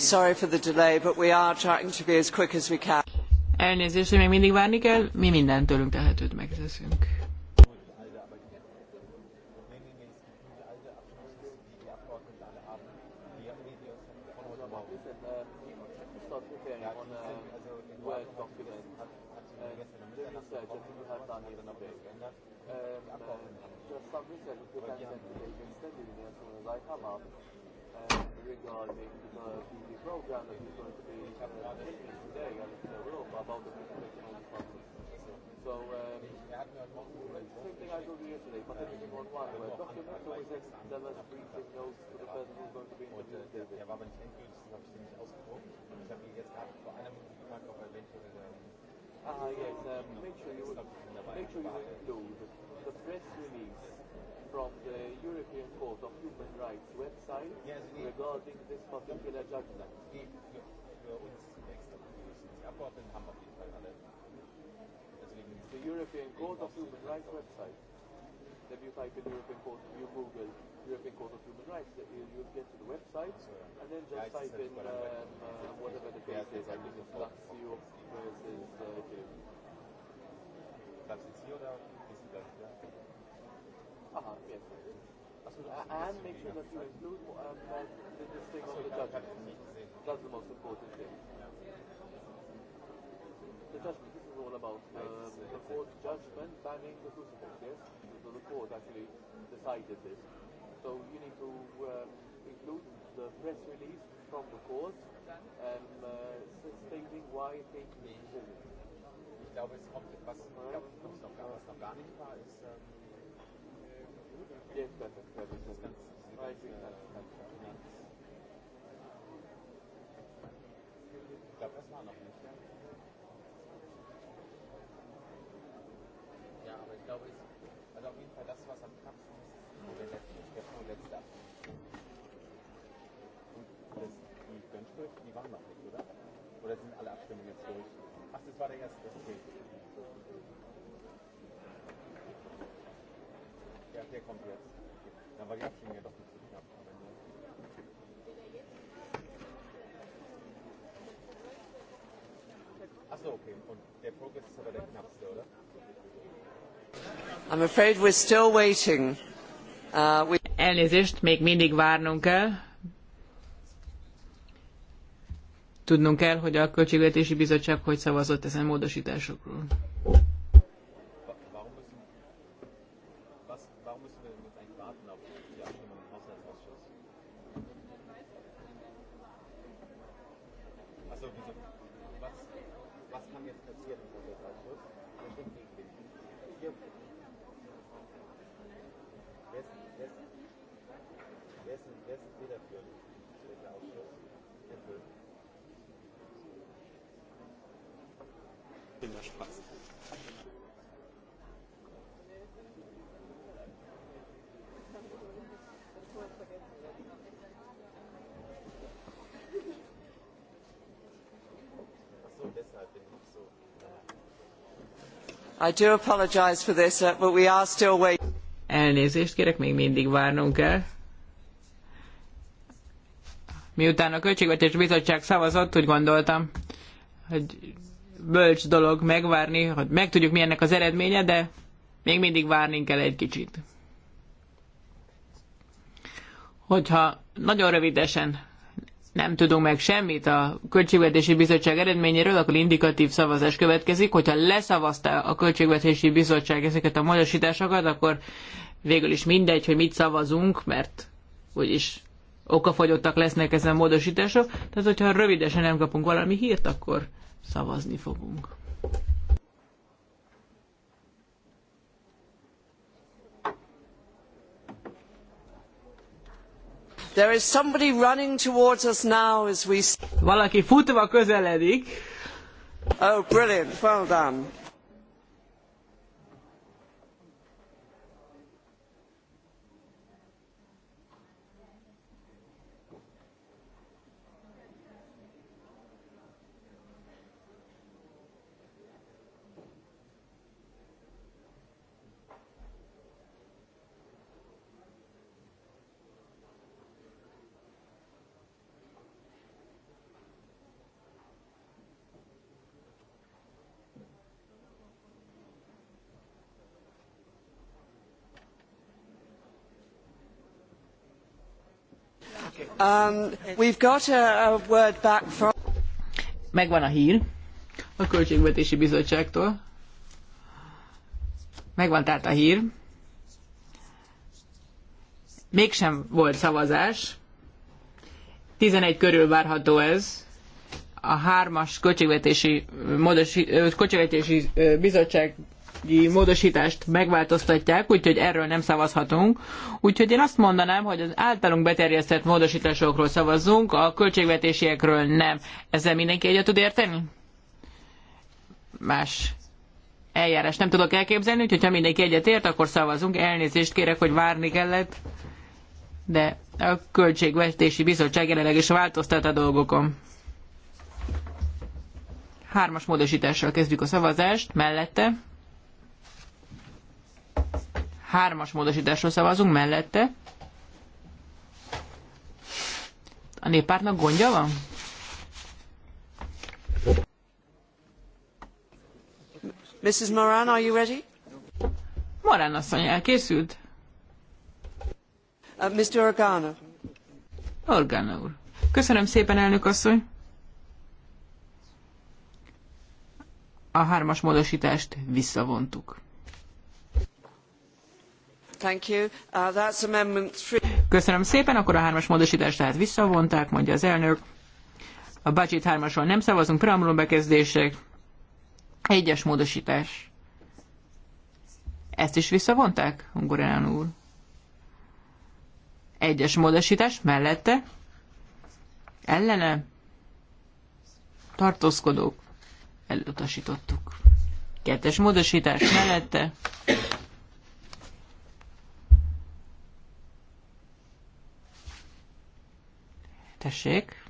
Sorry for the delay, but we are trying to be as quick as we can. Elnézést, hogy még mindig várni kell, mi mindent tőlünk tehetőt megteszünk. Uh, uh, um, özellikle ben senden bilmek istediğim as soon as I come up um, uh, regarding the TV program that is going to be uh, taken today and in the room about the educational process. So, um, same thing I told you yesterday, but everything on one web document, so it's that briefing notes to the person who's going to be interviewed David. Ja, aber wenn ich endgültig das habe ich nicht ausgedruckt. Ich habe jetzt gerade vor einer Minute gefragt, ob er eventuell... Ähm, ah, yes, um, make sure you, make sure you include the press release from the European Court of Human Rights website yes, regarding this particular judgment. the European Court of Human Rights website. Then you type in European Court, you Google European Court of Human Rights, you, get to the website, and then just type in um, uh, whatever the case is. I think it's Lazio versus uh, Jim. Lazio oder Hanan, yes. So, and make sure that you include um, the, this thing on the judgment. That's the most important thing. The judgment, this is all about um, the court judgment banning the crucifix, yes? So the court actually decided this. So you need to um, include the press release from the court and uh, stating why it came to the decision. Ich glaube, es kommt etwas, ich glaube, was noch, was noch gar nicht war, ist, ähm, Yes, that's die waren noch nicht, oder? Oder sind alle Abstimmungen jetzt durch? Ach, das war der erste, okay. der kommt jetzt. Okay. Na, jetzt ging mir doch nicht so knapp. Achso, okay. Und der Progress ist aber der knappste, oder? I'm afraid we're still waiting. Uh, we... Elnézést, még mindig várnunk kell. Tudnunk kell, hogy a Költségvetési Bizottság hogy szavazott ezen módosításokról. I do apologize for this, uh, but we are still waiting. Elnézést kérek, még mindig várnunk kell. Miután a Költségvetés Bizottság szavazott, úgy gondoltam, hogy bölcs dolog megvárni, hogy megtudjuk mi ennek az eredménye, de még mindig várni kell egy kicsit. Hogyha nagyon rövidesen nem tudunk meg semmit a Költségvetési Bizottság eredményéről, akkor indikatív szavazás következik. Hogyha leszavazta a Költségvetési Bizottság ezeket a módosításokat, akkor végül is mindegy, hogy mit szavazunk, mert úgyis okafogyottak lesznek ezen a módosítások. Tehát, hogyha rövidesen nem kapunk valami hírt, akkor szavazni fogunk. There is somebody running towards us now as we... Valaki futva közeledik. Oh, brilliant. Well done. Um, Megvan a hír a Költségvetési Bizottságtól. Megvan tehát a hír. Mégsem volt szavazás. 11 körül várható ez. A hármas költségvetési, módos, költségvetési bizottság módosítást megváltoztatják, úgyhogy erről nem szavazhatunk. Úgyhogy én azt mondanám, hogy az általunk beterjesztett módosításokról szavazzunk, a költségvetésiekről nem. Ezzel mindenki egyet tud érteni? Más eljárás nem tudok elképzelni, úgyhogy ha mindenki egyet ért, akkor szavazunk. Elnézést kérek, hogy várni kellett, de a Költségvetési Bizottság jelenleg is változtat a dolgokon. Hármas módosítással kezdjük a szavazást, mellette hármas módosításról szavazunk mellette. A néppártnak gondja van? Mrs. Moran, are you ready? Moran asszony elkészült. Uh, Mr. Organa. Organa úr. Köszönöm szépen, elnök asszony. A hármas módosítást visszavontuk. Uh, Köszönöm szépen, akkor a hármas módosítást tehát visszavonták, mondja az elnök. A budget 3 nem szavazunk, preambulum bekezdések, egyes módosítás. Ezt is visszavonták, Ungorán úr? Egyes módosítás mellette? Ellene? Tartózkodók? Elutasítottuk. Kettes módosítás mellette? Tessék.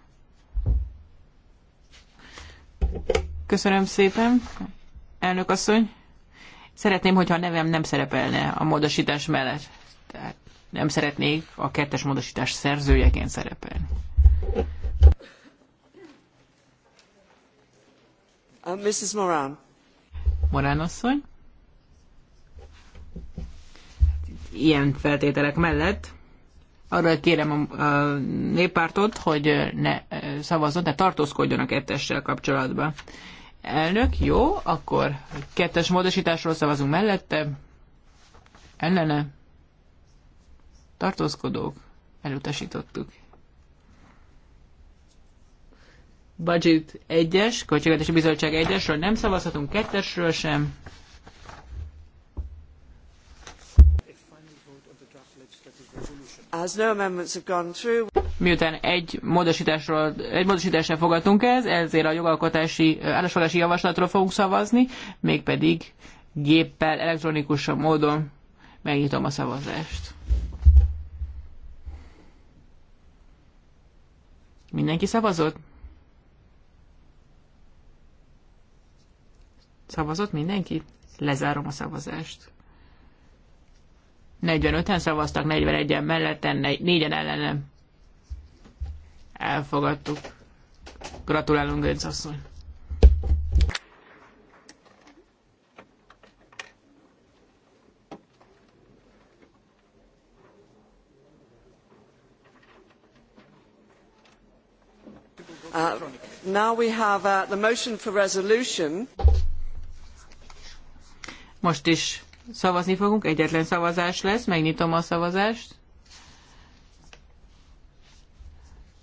Köszönöm szépen, elnök asszony. Szeretném, hogyha a nevem nem szerepelne a módosítás mellett. Tehát nem szeretnék a kettes módosítás szerzőjeként szerepelni. Uh, Mrs. Moran. Morán asszony. Ilyen feltételek mellett arra kérem a néppártot, hogy ne szavazzon, tehát tartózkodjon a kettessel kapcsolatban. Elnök, jó, akkor kettes módosításról szavazunk mellette. Ellene. Tartózkodók. Elutasítottuk. Budget 1-es, Költségvetési Bizottság 1-esről nem szavazhatunk, 2-esről sem. Miután egy módosításról, egy módosítással fogadtunk ez, ezért a jogalkotási állásfoglalási javaslatról fogunk szavazni, mégpedig géppel, elektronikus módon megnyitom a szavazást. Mindenki szavazott? Szavazott mindenki? Lezárom a szavazást. 45-en szavaztak, 41-en mellette, 4-en ellenem. Elfogadtuk. Gratulálunk, Gönc asszony. Uh, now we have uh, the motion for resolution. Most is Szavazni fogunk, egyetlen szavazás lesz, megnyitom a szavazást.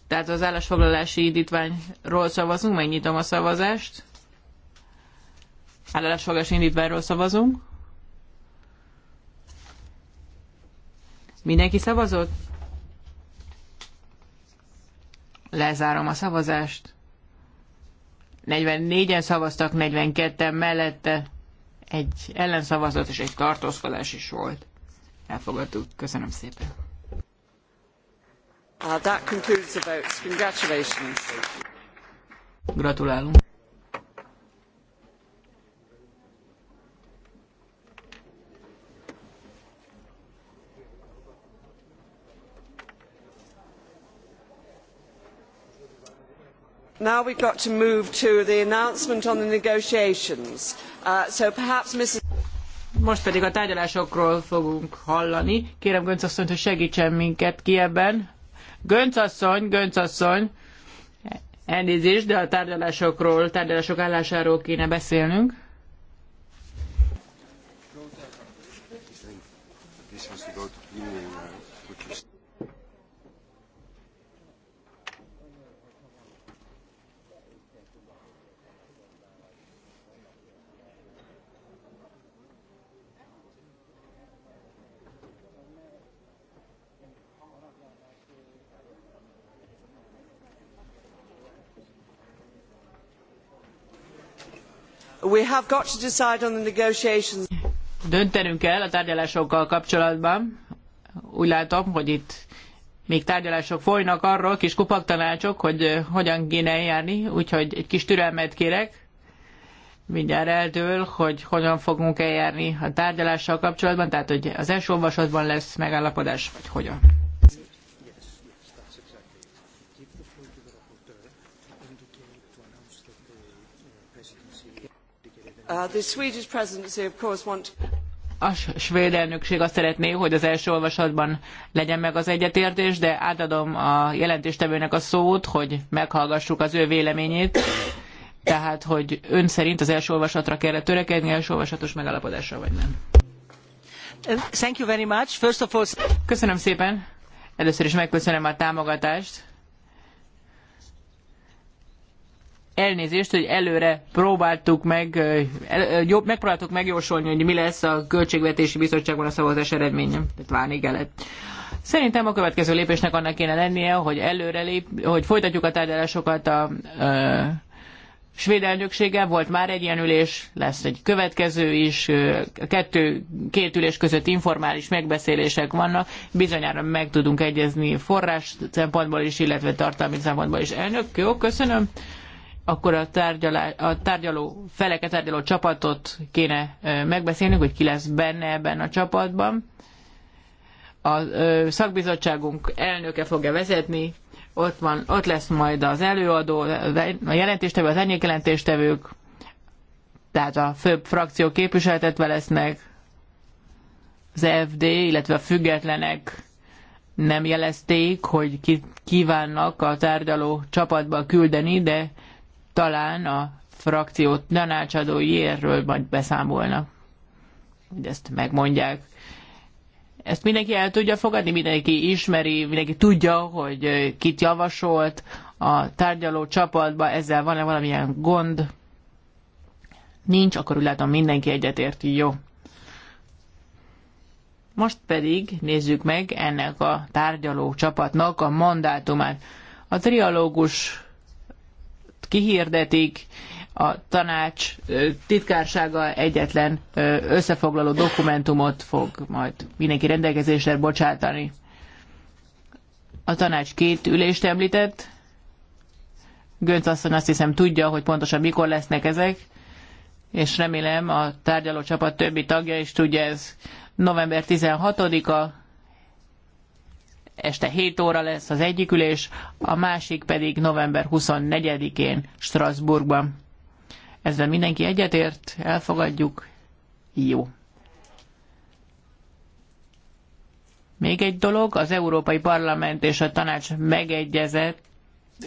Tehát az állásfoglalási indítványról szavazunk, megnyitom a szavazást. Állásfoglalási indítványról szavazunk. Mindenki szavazott? Lezárom a szavazást. 44-en szavaztak, 42-en mellette, egy ellenszavazat és egy tartózkodás is volt. Elfogadtuk. Köszönöm szépen. Uh, that concludes the votes. Congratulations. Gratulálunk. now we've got to move to the announcement on the negotiations. Uh, so perhaps Mrs. Most pedig a tárgyalásokról fogunk hallani. Kérem Gönc asszonyt, hogy segítsen minket ki ebben. Gönc asszony, Gönc asszony, elnézést, de a tárgyalásokról, tárgyalások állásáról kéne beszélnünk. We have got to decide on the negotiations. Döntenünk kell a tárgyalásokkal kapcsolatban. Úgy látom, hogy itt még tárgyalások folynak arról, kis kupaktanácsok, hogy eh, hogyan kéne eljárni, úgyhogy egy kis türelmet kérek. Mindjárt eldől, hogy hogyan fogunk eljárni a tárgyalással kapcsolatban, tehát hogy az első olvasatban lesz megállapodás, vagy hogyan. Uh, a svéd elnökség azt szeretné, hogy az első olvasatban legyen meg az egyetértés, de átadom a jelentéstevőnek a szót, hogy meghallgassuk az ő véleményét. Tehát, hogy ön szerint az első olvasatra kell törekedni, első olvasatos megállapodásra vagy nem. Uh, thank you very much. First of all... Köszönöm szépen. Először is megköszönöm a támogatást elnézést, hogy előre próbáltuk meg, el, jobb, megpróbáltuk megjósolni, hogy mi lesz a Költségvetési Bizottságban a szavazás eredménye. Tehát várni kellett. Szerintem a következő lépésnek annak kéne lennie, hogy lép, hogy folytatjuk a tárgyalásokat a, a svéd elnökséggel. Volt már egy ilyen ülés, lesz egy következő is. A kettő, két ülés között informális megbeszélések vannak. Bizonyára meg tudunk egyezni forrás szempontból is, illetve tartalmi szempontból is. Elnök, jó, köszönöm akkor a, tárgyalá, a tárgyaló feleket tárgyaló csapatot kéne megbeszélnünk, hogy ki lesz benne ebben a csapatban. A szakbizottságunk elnöke fogja vezetni, ott, van, ott lesz majd az előadó, a jelentéstevő, az jelentéstevők, tehát a főbb frakció képviseltetve lesznek, az FD, illetve a függetlenek nem jelezték, hogy ki kívánnak a tárgyaló csapatba küldeni, de talán a frakció tanácsadó érről majd beszámolnak, hogy ezt megmondják. Ezt mindenki el tudja fogadni, mindenki ismeri, mindenki tudja, hogy kit javasolt a tárgyaló csapatba, ezzel van-e valamilyen gond? Nincs, akkor úgy látom mindenki egyetérti, jó. Most pedig nézzük meg ennek a tárgyaló csapatnak a mandátumát. A trialógus kihirdetik, a tanács titkársága egyetlen összefoglaló dokumentumot fog majd mindenki rendelkezésre bocsátani. A tanács két ülést említett. Gönc asszony azt hiszem tudja, hogy pontosan mikor lesznek ezek, és remélem a tárgyaló csapat többi tagja is tudja ez. November 16-a, este 7 óra lesz az egyik ülés, a másik pedig november 24-én Strasbourgban. Ezzel mindenki egyetért, elfogadjuk. Jó. Még egy dolog, az Európai Parlament és a tanács megegyezett,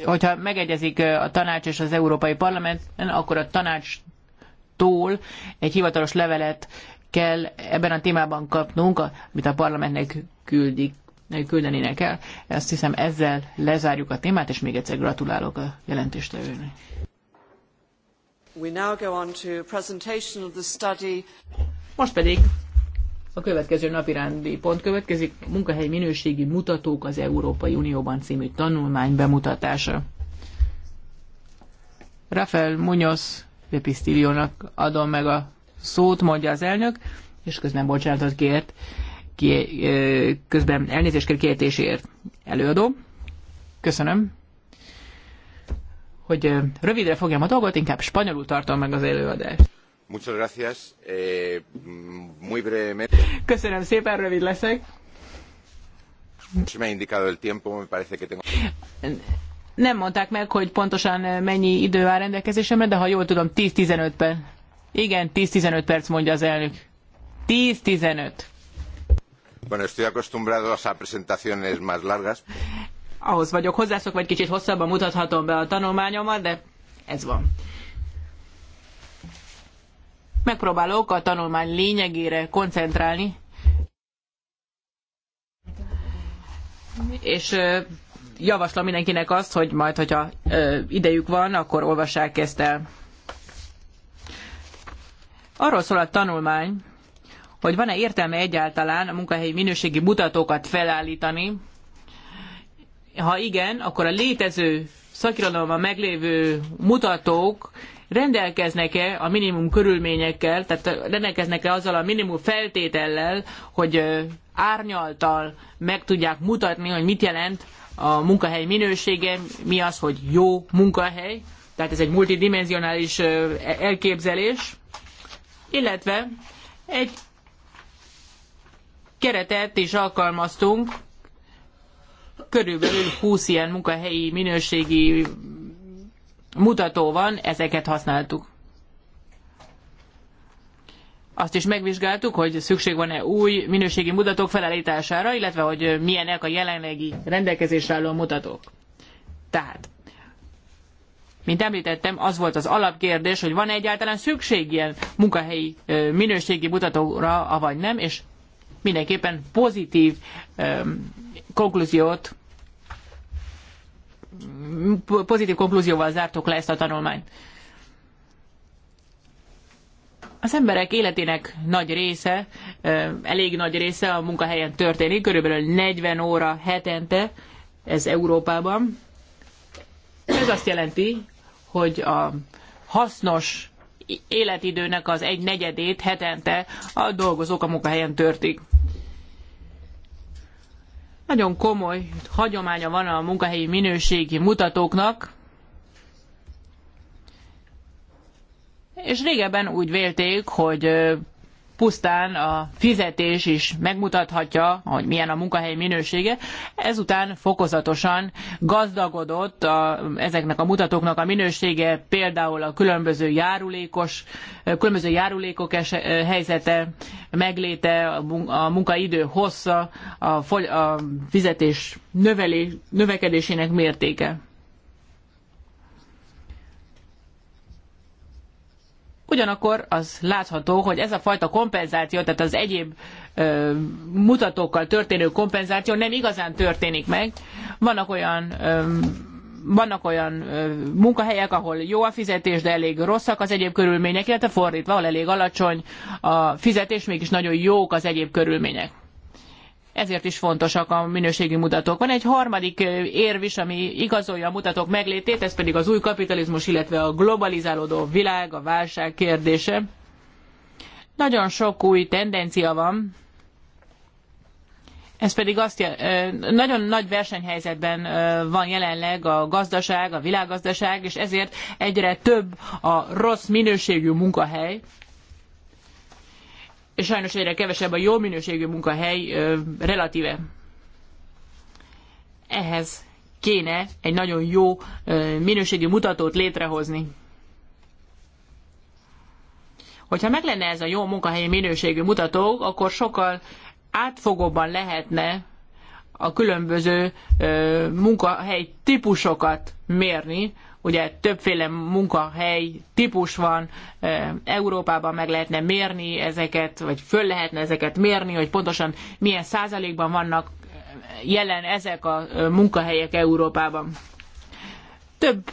hogyha megegyezik a tanács és az Európai Parlament, akkor a tanácstól egy hivatalos levelet kell ebben a témában kapnunk, amit a parlamentnek küldik, küldenének el. Azt hiszem ezzel lezárjuk a témát, és még egyszer gratulálok a jelentéstevőnek. Most pedig a következő napirendi pont következik, a munkahely minőségi mutatók az Európai Unióban című tanulmány bemutatása. Rafael Munoz de adom meg a szót, mondja az elnök, és közben bocsánatot kért ki, közben elnézést kér kiejtésért előadó. Köszönöm. Hogy rövidre fogjam a dolgot, inkább spanyolul tartom meg az előadást. Muchas gracias. Eh, mm, muy brevemente. Köszönöm szépen, rövid leszek. Me ha indicado el tiempo, me parece que tengo... Nem mondták meg, hogy pontosan mennyi idő áll rendelkezésemre, de ha jól tudom, 10-15 perc. Igen, 10-15 perc mondja az elnök. 10-15. Bueno, estoy acostumbrado a presentaciones más largas. Ahhoz vagyok hozzászokva, vagy kicsit hosszabban mutathatom be a tanulmányomat, de ez van. Megpróbálok a tanulmány lényegére koncentrálni, és javaslom mindenkinek azt, hogy majd, hogyha idejük van, akkor olvassák ezt el. Arról szól a tanulmány, hogy van-e értelme egyáltalán a munkahelyi minőségi mutatókat felállítani. Ha igen, akkor a létező szakirodalomban meglévő mutatók rendelkeznek-e a minimum körülményekkel, tehát rendelkeznek-e azzal a minimum feltétellel, hogy árnyaltal meg tudják mutatni, hogy mit jelent a munkahely minősége, mi az, hogy jó munkahely, tehát ez egy multidimensionális e-, elképzelés, illetve egy keretet is alkalmaztunk, körülbelül 20 ilyen munkahelyi minőségi mutató van, ezeket használtuk. Azt is megvizsgáltuk, hogy szükség van-e új minőségi mutatók felállítására, illetve hogy milyenek a jelenlegi rendelkezésre álló mutatók. Tehát, mint említettem, az volt az alapkérdés, hogy van-e egyáltalán szükség ilyen munkahelyi minőségi mutatóra, avagy nem, és mindenképpen pozitív konklúziót pozitív konklúzióval zártok le ezt a tanulmányt. Az emberek életének nagy része, elég nagy része a munkahelyen történik, körülbelül 40 óra hetente, ez Európában. Ez azt jelenti, hogy a hasznos életidőnek az egy negyedét hetente a dolgozók a munkahelyen törtik. Nagyon komoly hagyománya van a munkahelyi minőségi mutatóknak, és régebben úgy vélték, hogy pusztán a fizetés is megmutathatja, hogy milyen a munkahely minősége. Ezután fokozatosan gazdagodott a, ezeknek a mutatóknak a minősége, például a különböző járulékos, különböző járulékok es, helyzete, megléte, a munkaidő hossza, a, a fizetés növeli, növekedésének mértéke. Ugyanakkor az látható, hogy ez a fajta kompenzáció, tehát az egyéb ö, mutatókkal történő kompenzáció nem igazán történik meg. Vannak olyan ö, vannak olyan ö, munkahelyek, ahol jó a fizetés, de elég rosszak az egyéb körülmények, illetve fordítva, ahol elég alacsony a fizetés, mégis nagyon jók az egyéb körülmények ezért is fontosak a minőségi mutatók. Van egy harmadik érv is, ami igazolja a mutatók meglétét, ez pedig az új kapitalizmus, illetve a globalizálódó világ, a válság kérdése. Nagyon sok új tendencia van, ez pedig azt jel, nagyon nagy versenyhelyzetben van jelenleg a gazdaság, a világgazdaság, és ezért egyre több a rossz minőségű munkahely, és sajnos egyre kevesebb a jó minőségű munkahely relatíve. Ehhez kéne egy nagyon jó minőségű mutatót létrehozni. Hogyha meg lenne ez a jó munkahelyi minőségű mutató, akkor sokkal átfogóban lehetne a különböző munkahely típusokat mérni, Ugye többféle munkahely típus van, Európában meg lehetne mérni ezeket, vagy föl lehetne ezeket mérni, hogy pontosan milyen százalékban vannak jelen ezek a munkahelyek Európában. Több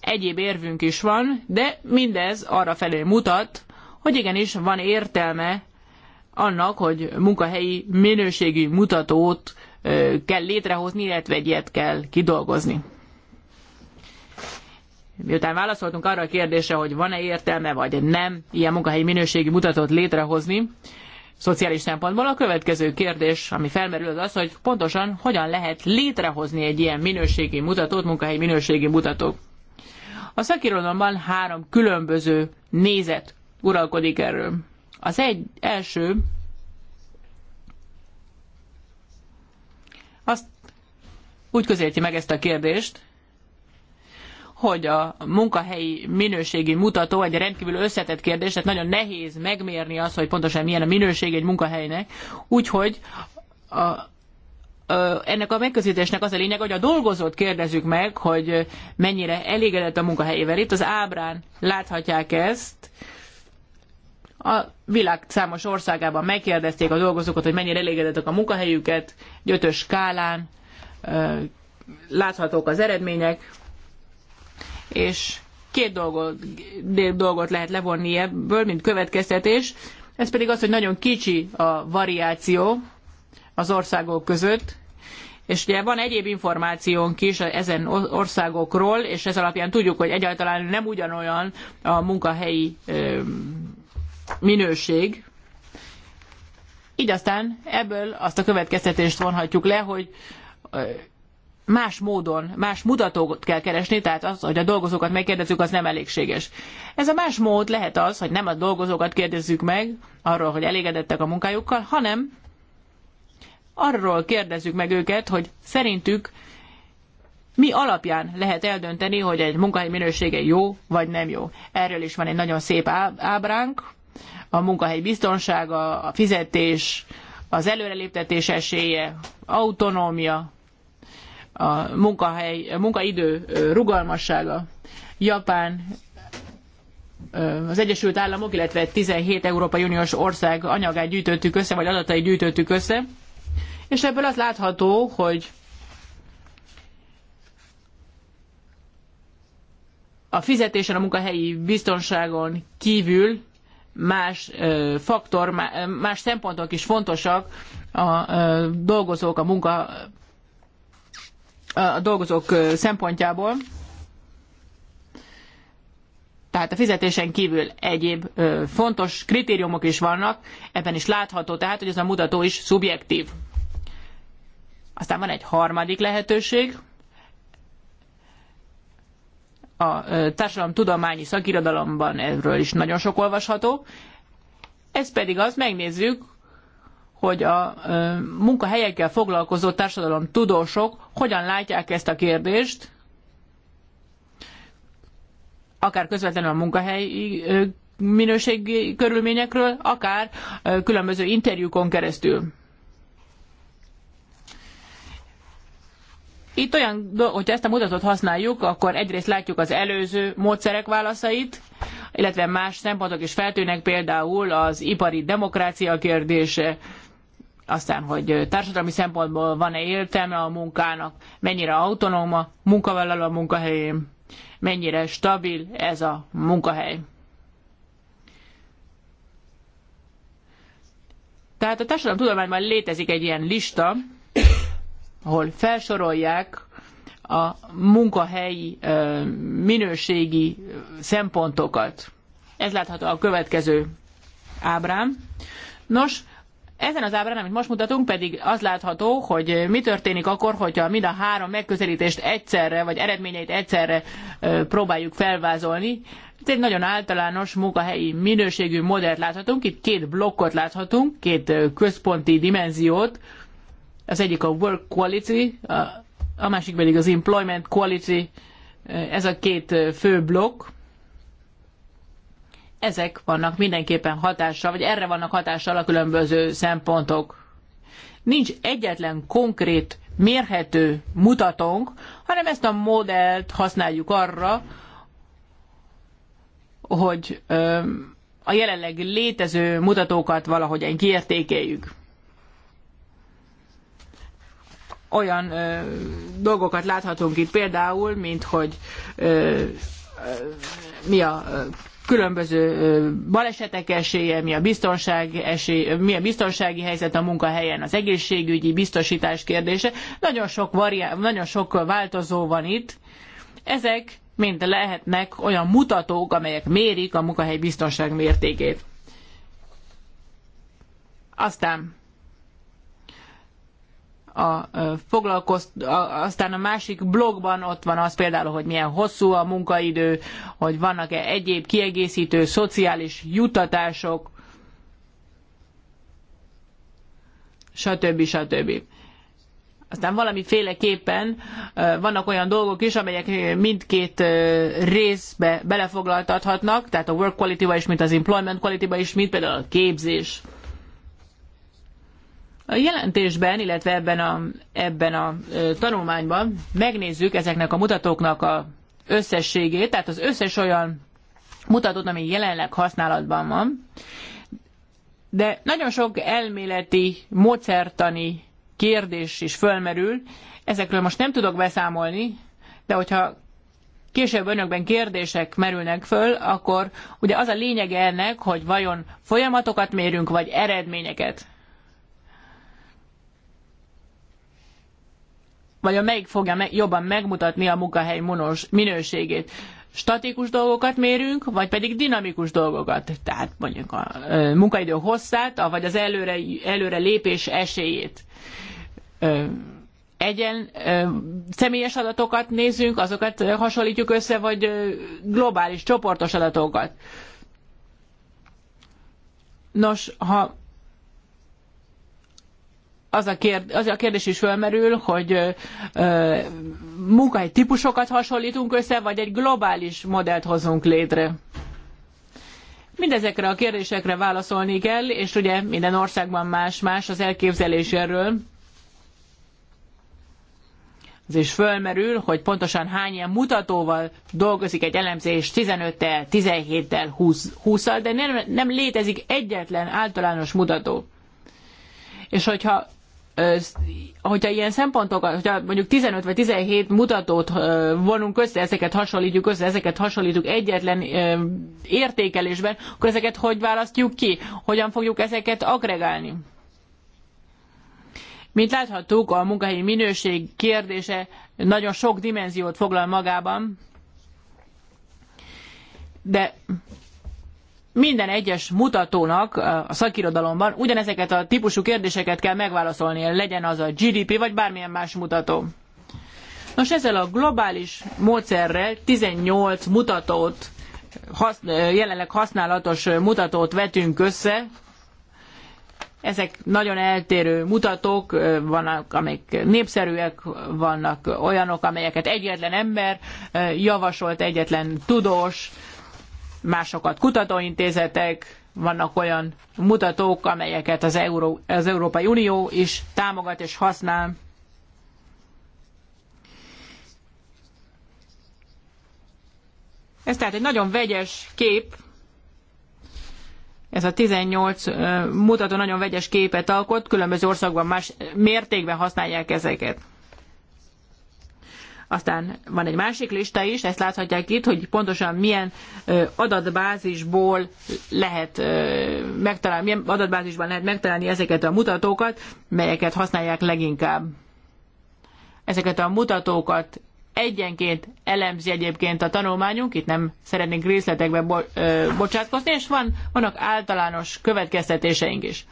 egyéb érvünk is van, de mindez arra felé mutat, hogy igenis van értelme annak, hogy munkahelyi minőségi mutatót kell létrehozni, illetve egyet kell kidolgozni miután válaszoltunk arra a kérdésre, hogy van-e értelme vagy nem ilyen munkahelyi minőségi mutatót létrehozni, szociális szempontból a következő kérdés, ami felmerül, az az, hogy pontosan hogyan lehet létrehozni egy ilyen minőségi mutatót, munkahelyi minőségi mutatót. A szakirodalomban három különböző nézet uralkodik erről. Az egy első azt úgy közelíti meg ezt a kérdést, hogy a munkahelyi minőségi mutató egy rendkívül összetett kérdés, tehát nagyon nehéz megmérni azt, hogy pontosan milyen a minőség egy munkahelynek, úgyhogy a, ennek a megközelítésnek az a lényeg, hogy a dolgozót kérdezzük meg, hogy mennyire elégedett a munkahelyével. Itt az ábrán láthatják ezt. A világ számos országában megkérdezték a dolgozókat, hogy mennyire elégedettek a munkahelyüket, egy ötös skálán láthatók az eredmények és két dolgot, dolgot lehet levonni ebből, mint következtetés, ez pedig az, hogy nagyon kicsi a variáció az országok között, és ugye van egyéb információnk is ezen országokról, és ez alapján tudjuk, hogy egyáltalán nem ugyanolyan a munkahelyi minőség. Így aztán ebből azt a következtetést vonhatjuk le, hogy más módon, más mutatót kell keresni, tehát az, hogy a dolgozókat megkérdezzük, az nem elégséges. Ez a más mód lehet az, hogy nem a dolgozókat kérdezzük meg arról, hogy elégedettek a munkájukkal, hanem arról kérdezzük meg őket, hogy szerintük mi alapján lehet eldönteni, hogy egy munkahely minősége jó vagy nem jó. Erről is van egy nagyon szép ábránk, a munkahely biztonsága, a fizetés, az előreléptetés esélye, autonómia, a munkahely, a munkaidő rugalmassága. Japán, az Egyesült Államok, illetve 17 Európai Uniós ország anyagát gyűjtöttük össze, vagy adatait gyűjtöttük össze, és ebből az látható, hogy a fizetésen, a munkahelyi biztonságon kívül más faktor, más szempontok is fontosak a dolgozók, a munka a dolgozók szempontjából, tehát a fizetésen kívül egyéb fontos kritériumok is vannak, ebben is látható tehát, hogy ez a mutató is szubjektív. Aztán van egy harmadik lehetőség, a társadalomtudományi szakirodalomban erről is nagyon sok olvasható. Ez pedig az, megnézzük, hogy a munkahelyekkel foglalkozó társadalom tudósok hogyan látják ezt a kérdést, akár közvetlenül a munkahelyi minőségi körülményekről, akár különböző interjúkon keresztül. Itt olyan, hogyha ezt a mutatót használjuk, akkor egyrészt látjuk az előző módszerek válaszait, illetve más szempontok is feltűnnek, például az ipari demokrácia kérdése, aztán, hogy társadalmi szempontból van-e értelme a munkának, mennyire autonóm a munkavállaló a munkahelyén, mennyire stabil ez a munkahely. Tehát a társadalomtudományban létezik egy ilyen lista, ahol felsorolják a munkahelyi minőségi szempontokat. Ez látható a következő ábrán. Nos, ezen az ábrán, amit most mutatunk, pedig az látható, hogy mi történik akkor, hogyha mind a három megközelítést egyszerre, vagy eredményeit egyszerre próbáljuk felvázolni. Itt egy nagyon általános munkahelyi minőségű modellt láthatunk, itt két blokkot láthatunk, két központi dimenziót. Az egyik a work quality, a másik pedig az Employment Quality, ez a két fő blokk. Ezek vannak mindenképpen hatással, vagy erre vannak hatással a különböző szempontok. Nincs egyetlen konkrét, mérhető mutatónk, hanem ezt a modellt használjuk arra, hogy a jelenleg létező mutatókat valahogyan kiértékeljük olyan ö, dolgokat láthatunk itt például, mint hogy ö, ö, mi a különböző balesetek esélye, mi a, biztonság esély, mi a biztonsági helyzet a munkahelyen, az egészségügyi biztosítás kérdése. Nagyon sok, variá- nagyon sok változó van itt. Ezek mind lehetnek olyan mutatók, amelyek mérik a munkahely biztonság mértékét. Aztán a foglalkozt, aztán a másik blogban ott van az például, hogy milyen hosszú a munkaidő, hogy vannak-e egyéb kiegészítő szociális juttatások, stb. stb. Aztán valamiféleképpen vannak olyan dolgok is, amelyek mindkét részbe belefoglaltathatnak, tehát a work quality-ba is, mint az employment quality-ba is, mint például a képzés. A jelentésben, illetve ebben a, ebben a tanulmányban megnézzük ezeknek a mutatóknak a összességét, tehát az összes olyan mutatót, ami jelenleg használatban van, de nagyon sok elméleti, mozertani kérdés is fölmerül. Ezekről most nem tudok beszámolni, de hogyha később önökben kérdések merülnek föl, akkor ugye az a lényege ennek, hogy vajon folyamatokat mérünk, vagy eredményeket. vajon melyik fogja jobban megmutatni a munkahely minőségét. Statikus dolgokat mérünk, vagy pedig dinamikus dolgokat, tehát mondjuk a munkaidő hosszát, vagy az előre, előre lépés esélyét. Egyen személyes adatokat nézünk, azokat hasonlítjuk össze, vagy globális, csoportos adatokat. Nos, ha az a, kérd, az a kérdés is fölmerül, hogy ö, munkahely típusokat hasonlítunk össze, vagy egy globális modellt hozunk létre. Mindezekre a kérdésekre válaszolni kell, és ugye minden országban más-más az elképzelés erről. Az is fölmerül, hogy pontosan hány ilyen mutatóval dolgozik egy elemzés 15-tel, 17-tel, 20-al, de nem, nem létezik egyetlen általános mutató. És hogyha hogyha ilyen szempontokat, hogyha mondjuk 15 vagy 17 mutatót vonunk össze, ezeket hasonlítjuk össze, ezeket hasonlítjuk egyetlen értékelésben, akkor ezeket hogy választjuk ki? Hogyan fogjuk ezeket agregálni? Mint láthattuk, a munkahelyi minőség kérdése nagyon sok dimenziót foglal magában, de minden egyes mutatónak a szakirodalomban ugyanezeket a típusú kérdéseket kell megválaszolni, legyen az a GDP vagy bármilyen más mutató. Nos, ezzel a globális módszerrel 18 mutatót, jelenleg használatos mutatót vetünk össze, ezek nagyon eltérő mutatók, vannak, amik népszerűek, vannak olyanok, amelyeket egyetlen ember javasolt, egyetlen tudós, másokat kutatóintézetek, vannak olyan mutatók, amelyeket az, Euró, az Európai Unió is támogat és használ. Ez tehát egy nagyon vegyes kép, ez a 18 mutató nagyon vegyes képet alkot, különböző országban más mértékben használják ezeket. Aztán van egy másik lista is, ezt láthatják itt, hogy pontosan milyen adatbázisból lehet megtalálni, milyen adatbázisban lehet megtalálni ezeket a mutatókat, melyeket használják leginkább. Ezeket a mutatókat egyenként elemzi egyébként a tanulmányunk, itt nem szeretnénk részletekbe bo- ö, bocsátkozni, és van, vannak általános következtetéseink is.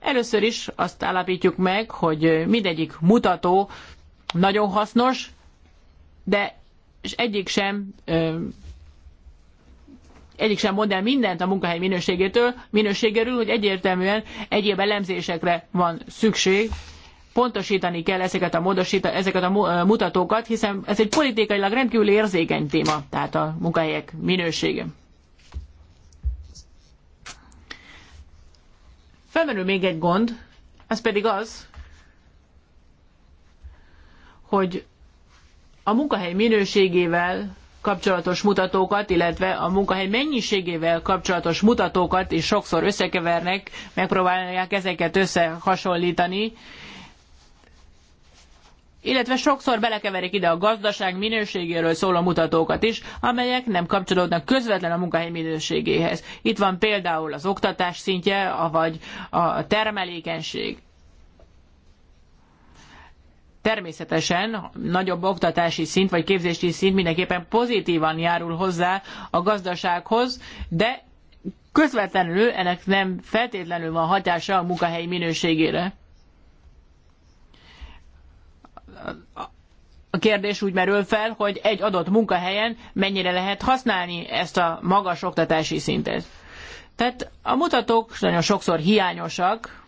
Először is azt állapítjuk meg, hogy mindegyik mutató nagyon hasznos, de és egyik sem egyik sem mond el mindent a munkahely minőségétől, minőségéről, hogy egyértelműen egyéb elemzésekre van szükség, pontosítani kell ezeket a, módosít, ezeket a mutatókat, hiszen ez egy politikailag rendkívül érzékeny téma, tehát a munkahelyek minősége. Felmerül még egy gond, ez pedig az, hogy a munkahely minőségével kapcsolatos mutatókat, illetve a munkahely mennyiségével kapcsolatos mutatókat is sokszor összekevernek, megpróbálják ezeket összehasonlítani, illetve sokszor belekeverik ide a gazdaság minőségéről szóló mutatókat is, amelyek nem kapcsolódnak közvetlen a munkahely minőségéhez. Itt van például az oktatás szintje, vagy a termelékenység. Természetesen nagyobb oktatási szint vagy képzési szint mindenképpen pozitívan járul hozzá a gazdasághoz, de közvetlenül ennek nem feltétlenül van hatása a munkahelyi minőségére. A kérdés úgy merül fel, hogy egy adott munkahelyen mennyire lehet használni ezt a magas oktatási szintet. Tehát a mutatók nagyon sokszor hiányosak,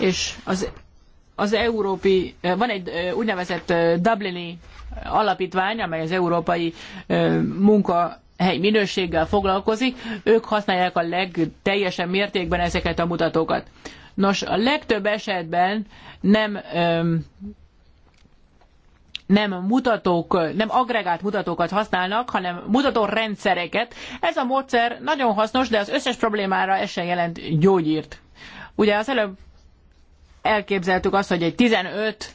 és az, az európai, van egy úgynevezett Dublini alapítvány, amely az európai munka hely minőséggel foglalkozik, ők használják a legteljesen mértékben ezeket a mutatókat. Nos, a legtöbb esetben nem nem mutatók, nem agregált mutatókat használnak, hanem mutatórendszereket. Ez a módszer nagyon hasznos, de az összes problémára ez sem jelent gyógyírt. Ugye az előbb elképzeltük azt, hogy egy 15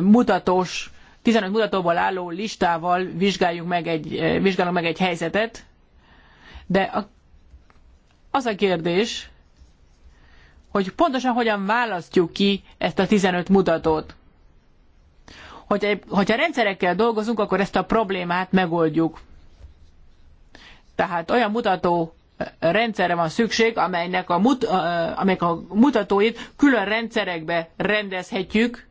mutatós, 15 mutatóból álló listával vizsgáljuk meg egy, vizsgálunk meg egy helyzetet, de a, az a kérdés, hogy pontosan hogyan választjuk ki ezt a 15 mutatót. Hogyha, hogyha rendszerekkel dolgozunk, akkor ezt a problémát megoldjuk. Tehát olyan mutató rendszerre van szükség, amelynek a, mut, amelyek a mutatóit külön rendszerekbe rendezhetjük,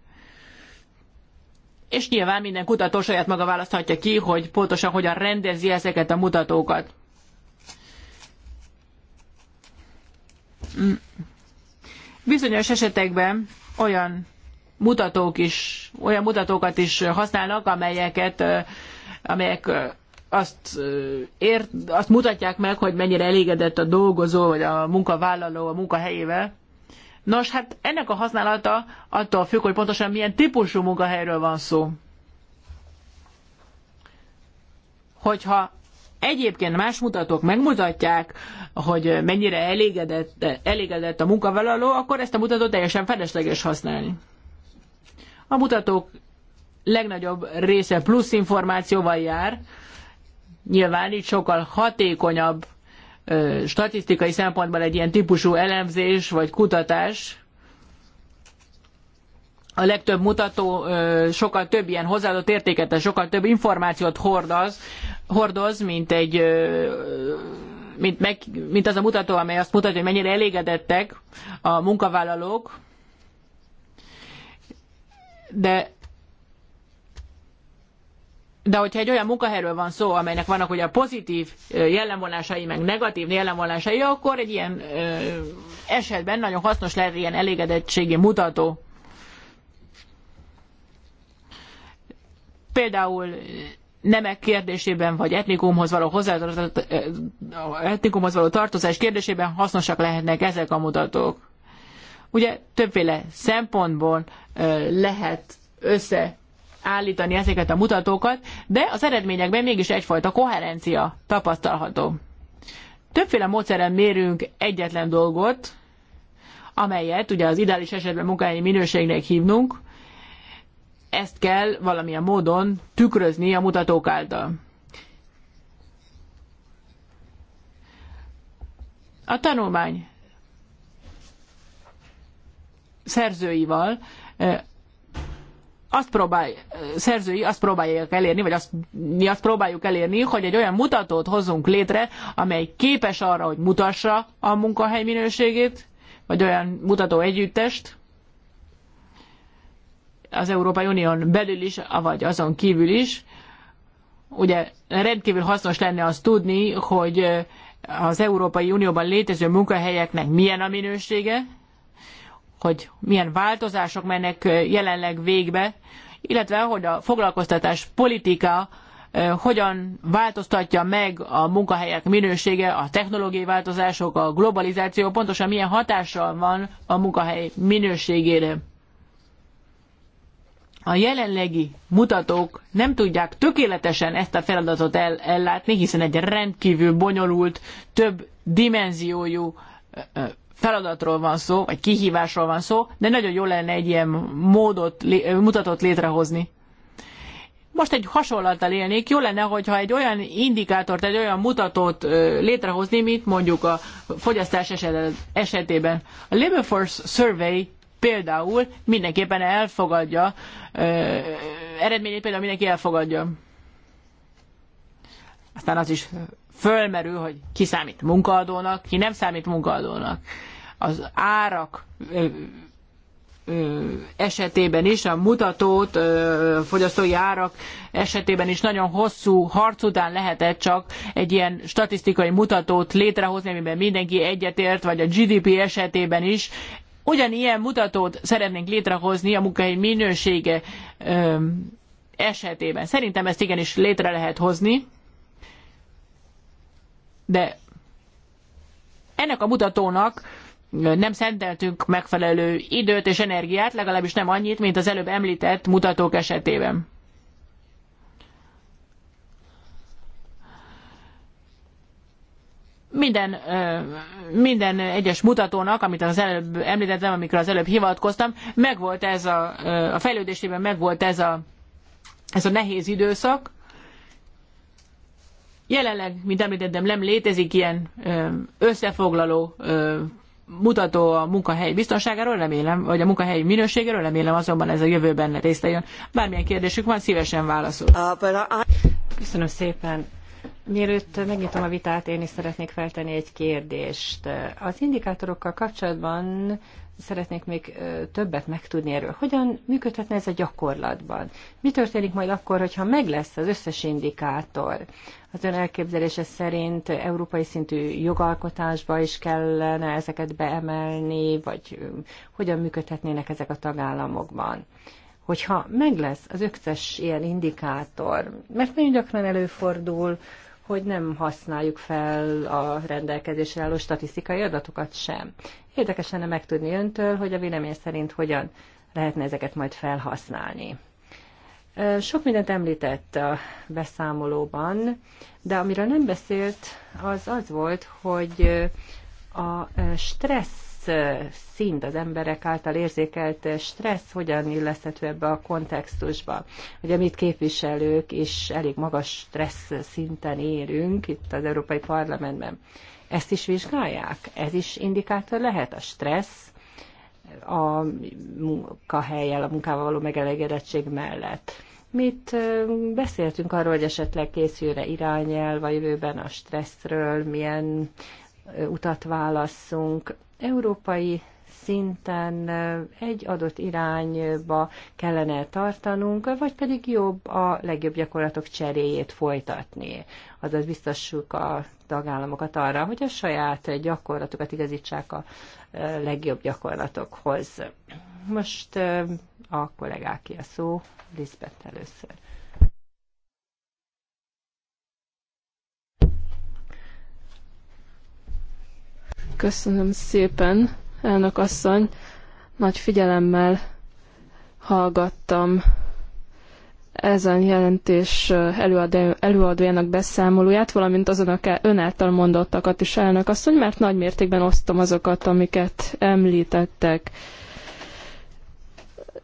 és nyilván minden kutató saját maga választhatja ki, hogy pontosan hogyan rendezi ezeket a mutatókat. Bizonyos esetekben olyan mutatók is, olyan mutatókat is használnak, amelyeket, amelyek azt, ért, azt mutatják meg, hogy mennyire elégedett a dolgozó, vagy a munkavállaló a munkahelyével. Nos, hát ennek a használata attól függ, hogy pontosan milyen típusú munkahelyről van szó. Hogyha egyébként más mutatók megmutatják, hogy mennyire elégedett, elégedett a munkavállaló, akkor ezt a mutatót teljesen felesleges használni. A mutatók legnagyobb része plusz információval jár, Nyilván itt sokkal hatékonyabb statisztikai szempontból egy ilyen típusú elemzés vagy kutatás, a legtöbb mutató sokkal több ilyen hozzáadott értéket, sokkal több információt hordoz, hordoz mint egy mint, meg, mint az a mutató, amely azt mutatja, hogy mennyire elégedettek a munkavállalók, de de hogyha egy olyan munkahelyről van szó, amelynek vannak ugye pozitív jellemvonásai, meg negatív jellemvonásai, akkor egy ilyen esetben nagyon hasznos lehet ilyen elégedettségi mutató. Például nemek kérdésében, vagy etnikumhoz való, hozzá, etnikumhoz való tartozás kérdésében hasznosak lehetnek ezek a mutatók. Ugye többféle szempontból lehet össze állítani ezeket a mutatókat, de az eredményekben mégis egyfajta koherencia tapasztalható. Többféle módszeren mérünk egyetlen dolgot, amelyet ugye az ideális esetben munkahelyi minőségnek hívnunk, ezt kell valamilyen módon tükrözni a mutatók által. A tanulmány szerzőival eh, azt próbál, szerzői azt próbálják elérni, vagy azt, mi azt próbáljuk elérni, hogy egy olyan mutatót hozzunk létre, amely képes arra, hogy mutassa a munkahely minőségét, vagy olyan mutató együttest az Európai Unión belül is, vagy azon kívül is. Ugye rendkívül hasznos lenne azt tudni, hogy az Európai Unióban létező munkahelyeknek milyen a minősége, hogy milyen változások mennek jelenleg végbe, illetve hogy a foglalkoztatás politika hogyan változtatja meg a munkahelyek minősége, a technológiai változások, a globalizáció pontosan milyen hatással van a munkahely minőségére. A jelenlegi mutatók nem tudják tökéletesen ezt a feladatot el, ellátni, hiszen egy rendkívül bonyolult, több dimenziójú feladatról van szó, vagy kihívásról van szó, de nagyon jó lenne egy ilyen módot, mutatót létrehozni. Most egy hasonlattal élnék, jó lenne, hogyha egy olyan indikátort, egy olyan mutatót létrehozni, mint mondjuk a fogyasztás esetében. A Labor Force Survey például mindenképpen elfogadja, eredményét például mindenki elfogadja. Aztán az is fölmerül, hogy ki számít munkaadónak, ki nem számít munkaadónak az árak esetében is, a mutatót, a fogyasztói árak esetében is nagyon hosszú harc után lehetett csak egy ilyen statisztikai mutatót létrehozni, amiben mindenki egyetért, vagy a GDP esetében is. Ugyanilyen mutatót szeretnénk létrehozni a munkahely minősége esetében. Szerintem ezt igenis létre lehet hozni, de ennek a mutatónak nem szenteltünk megfelelő időt és energiát, legalábbis nem annyit, mint az előbb említett mutatók esetében. Minden, minden egyes mutatónak, amit az előbb említettem, amikor az előbb hivatkoztam, megvolt ez a, a fejlődésében megvolt ez a, ez a nehéz időszak. Jelenleg, mint említettem, nem létezik ilyen összefoglaló mutató a munkahely biztonságáról, remélem, vagy a munkahely minőségéről, remélem azonban ez a jövőben részt jön. Bármilyen kérdésük van, szívesen válaszol. Uh, Köszönöm szépen. Mielőtt megnyitom a vitát, én is szeretnék feltenni egy kérdést. Az indikátorokkal kapcsolatban szeretnék még többet megtudni erről. Hogyan működhetne ez a gyakorlatban? Mi történik majd akkor, hogyha meg lesz az összes indikátor? Az ön elképzelése szerint európai szintű jogalkotásba is kellene ezeket beemelni, vagy hogyan működhetnének ezek a tagállamokban? Hogyha meg lesz az összes ilyen indikátor, mert nagyon gyakran előfordul, hogy nem használjuk fel a rendelkezésre álló statisztikai adatokat sem. Érdekes lenne megtudni öntől, hogy a vélemény szerint hogyan lehetne ezeket majd felhasználni. Sok mindent említett a beszámolóban, de amiről nem beszélt, az az volt, hogy a stressz stressz szint, az emberek által érzékelt stressz hogyan illeszthető ebbe a kontextusba. Ugye mit képviselők is elég magas stressz szinten élünk itt az Európai Parlamentben. Ezt is vizsgálják? Ez is indikátor lehet a stressz a munkahelyel, a munkával való megelégedettség mellett. Mit beszéltünk arról, hogy esetleg készülre irányelv vagy jövőben a stresszről, milyen utat válaszunk európai szinten egy adott irányba kellene tartanunk, vagy pedig jobb a legjobb gyakorlatok cseréjét folytatni. Azaz biztassuk a tagállamokat arra, hogy a saját gyakorlatokat igazítsák a legjobb gyakorlatokhoz. Most a kollégáké a szó, Lisbeth először. Köszönöm szépen, elnök asszony. Nagy figyelemmel hallgattam ezen jelentés eh, előadójának beszámolóját, valamint azon a ön által mondottakat is elnök asszony, mert nagy mértékben osztom azokat, amiket említettek.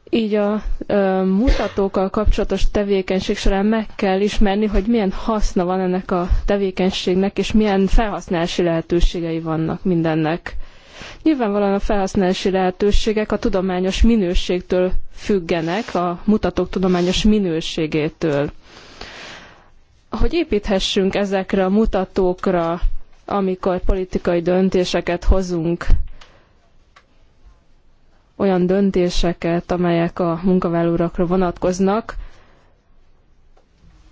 Így a ö, mutatókkal kapcsolatos tevékenység során meg kell ismerni, hogy milyen haszna van ennek a tevékenységnek, és milyen felhasználási lehetőségei vannak mindennek. Nyilvánvalóan a felhasználási lehetőségek a tudományos minőségtől függenek, a mutatók tudományos minőségétől. Hogy építhessünk ezekre a mutatókra, amikor politikai döntéseket hozunk, olyan döntéseket, amelyek a munkavállalókra vonatkoznak,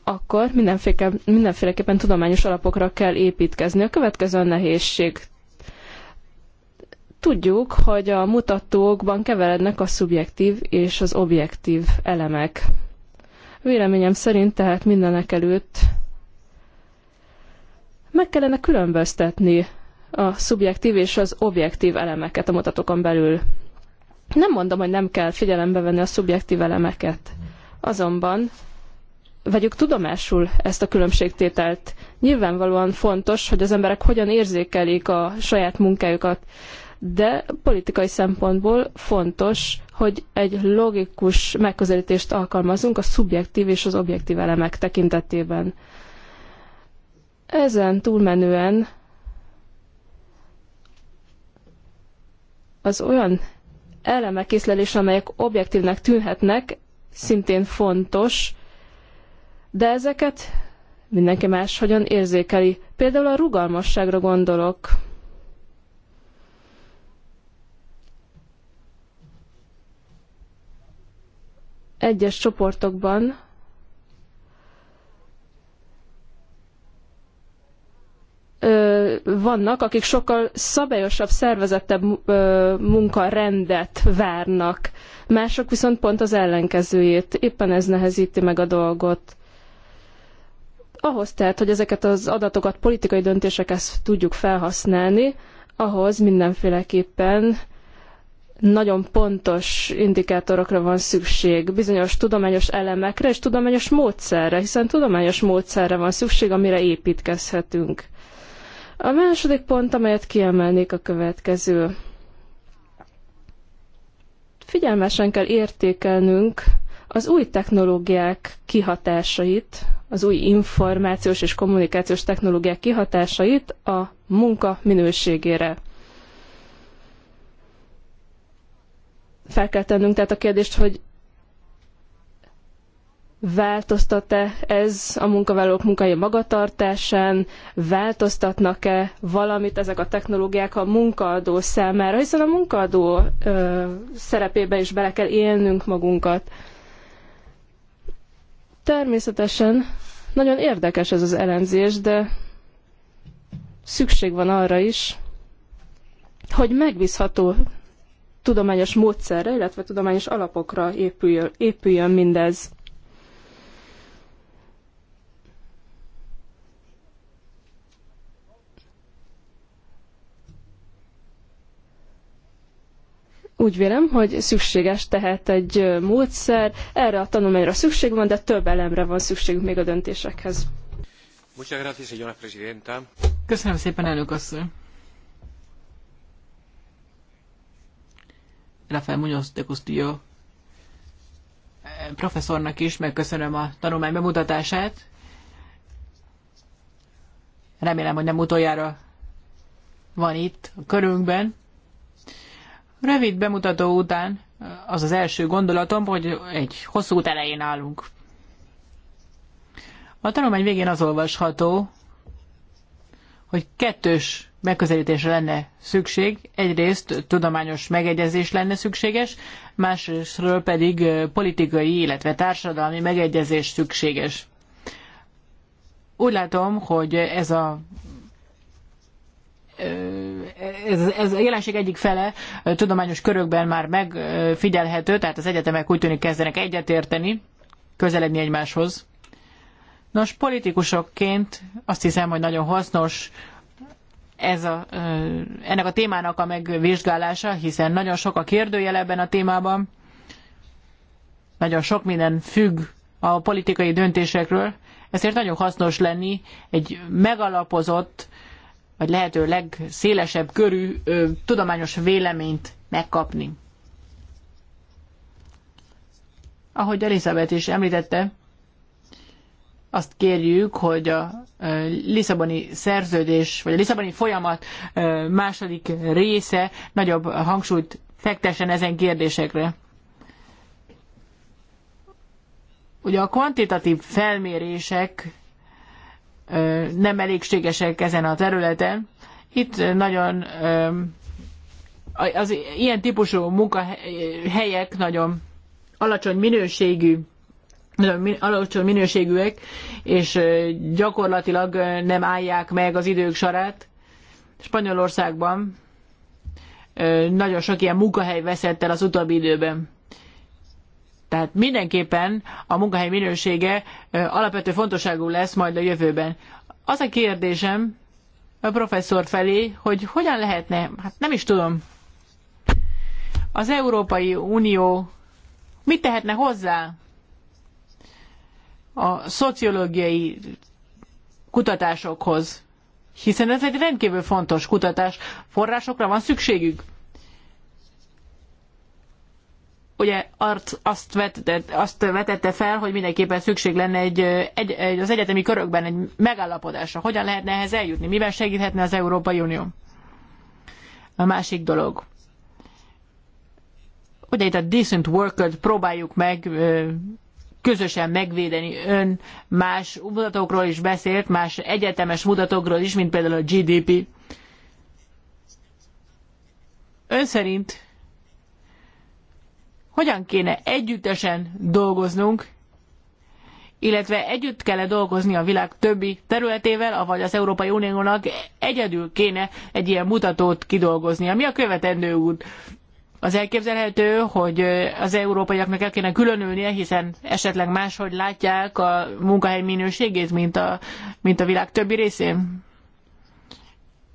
akkor mindenféle, mindenféleképpen tudományos alapokra kell építkezni. A következő a nehézség. Tudjuk, hogy a mutatókban keverednek a szubjektív és az objektív elemek. Véleményem szerint tehát mindenek előtt meg kellene különböztetni a szubjektív és az objektív elemeket a mutatókon belül. Nem mondom, hogy nem kell figyelembe venni a szubjektív elemeket. Azonban vegyük tudomásul ezt a különbségtételt. Nyilvánvalóan fontos, hogy az emberek hogyan érzékelik a saját munkájukat, de politikai szempontból fontos, hogy egy logikus megközelítést alkalmazunk a szubjektív és az objektív elemek tekintetében. Ezen túlmenően az olyan elemek észlelése, amelyek objektívnek tűnhetnek, szintén fontos, de ezeket mindenki máshogyan érzékeli. Például a rugalmasságra gondolok. Egyes csoportokban vannak, akik sokkal szabályosabb, szervezettebb munkarendet várnak. Mások viszont pont az ellenkezőjét. Éppen ez nehezíti meg a dolgot. Ahhoz tehát, hogy ezeket az adatokat politikai döntésekhez tudjuk felhasználni, ahhoz mindenféleképpen nagyon pontos indikátorokra van szükség, bizonyos tudományos elemekre és tudományos módszerre, hiszen tudományos módszerre van szükség, amire építkezhetünk. A második pont, amelyet kiemelnék a következő. Figyelmesen kell értékelnünk az új technológiák kihatásait, az új információs és kommunikációs technológiák kihatásait a munka minőségére. Fel kell tennünk tehát a kérdést, hogy változtat-e ez a munkavállalók munkai magatartásán, változtatnak-e valamit ezek a technológiák a munkaadó számára, hiszen a munkaadó ö, szerepébe is bele kell élnünk magunkat. Természetesen nagyon érdekes ez az elemzés, de szükség van arra is, hogy megbízható tudományos módszerre, illetve tudományos alapokra épüljön, épüljön mindez. Úgy vélem, hogy szükséges tehát egy módszer, erre a tanulmányra szükség van, de több elemre van szükségünk még a döntésekhez. Köszönöm szépen, elnök asszony! Rafael Munoz de Castillo eh, professzornak is megköszönöm a tanulmány bemutatását. Remélem, hogy nem utoljára van itt a körünkben. Rövid bemutató után eh, az az első gondolatom, hogy egy hosszú út elején állunk. A tanulmány végén az olvasható, hogy kettős megközelítésre lenne szükség. Egyrészt tudományos megegyezés lenne szükséges, másrésztről pedig eh, politikai, illetve társadalmi megegyezés szükséges. Úgy látom, hogy ez a ez, ez a jelenség egyik fele tudományos körökben már megfigyelhető, tehát az egyetemek úgy tűnik kezdenek egyetérteni, közeledni egymáshoz. Nos, politikusokként azt hiszem, hogy nagyon hasznos ez a, ennek a témának a megvizsgálása, hiszen nagyon sok a kérdőjel ebben a témában, nagyon sok minden függ a politikai döntésekről, ezért nagyon hasznos lenni egy megalapozott vagy lehető legszélesebb körű ö, tudományos véleményt megkapni. Ahogy Elizabeth is említette, azt kérjük, hogy a Lisszaboni szerződés, vagy a Lisszaboni folyamat második része nagyobb hangsúlyt fektessen ezen kérdésekre. Ugye a kvantitatív felmérések nem elégségesek ezen a területen. Itt nagyon az ilyen típusú munkahelyek nagyon alacsony minőségű nagyon alacsony minőségűek, és gyakorlatilag nem állják meg az idők sarát. Spanyolországban nagyon sok ilyen munkahely veszett el az utóbbi időben. Tehát mindenképpen a munkahely minősége alapvető fontosságú lesz majd a jövőben. Az a kérdésem a professzor felé, hogy hogyan lehetne, hát nem is tudom, az Európai Unió mit tehetne hozzá a szociológiai kutatásokhoz? Hiszen ez egy rendkívül fontos kutatás, forrásokra van szükségük ugye azt, vetett, azt vetette fel, hogy mindenképpen szükség lenne egy, egy, egy, az egyetemi körökben egy megállapodásra. Hogyan lehetne ehhez eljutni? Miben segíthetne az Európai Unió? A másik dolog. Ugye itt a decent worker-t próbáljuk meg közösen megvédeni. Ön más mutatókról is beszélt, más egyetemes mutatókról is, mint például a GDP. Ön szerint hogyan kéne együttesen dolgoznunk, illetve együtt kell-e dolgozni a világ többi területével, avagy az Európai Uniónak egyedül kéne egy ilyen mutatót kidolgoznia. Mi a követendő út? Az elképzelhető, hogy az európaiaknak el kéne különülnie, hiszen esetleg máshogy látják a munkahely minőségét, mint a, mint a világ többi részén?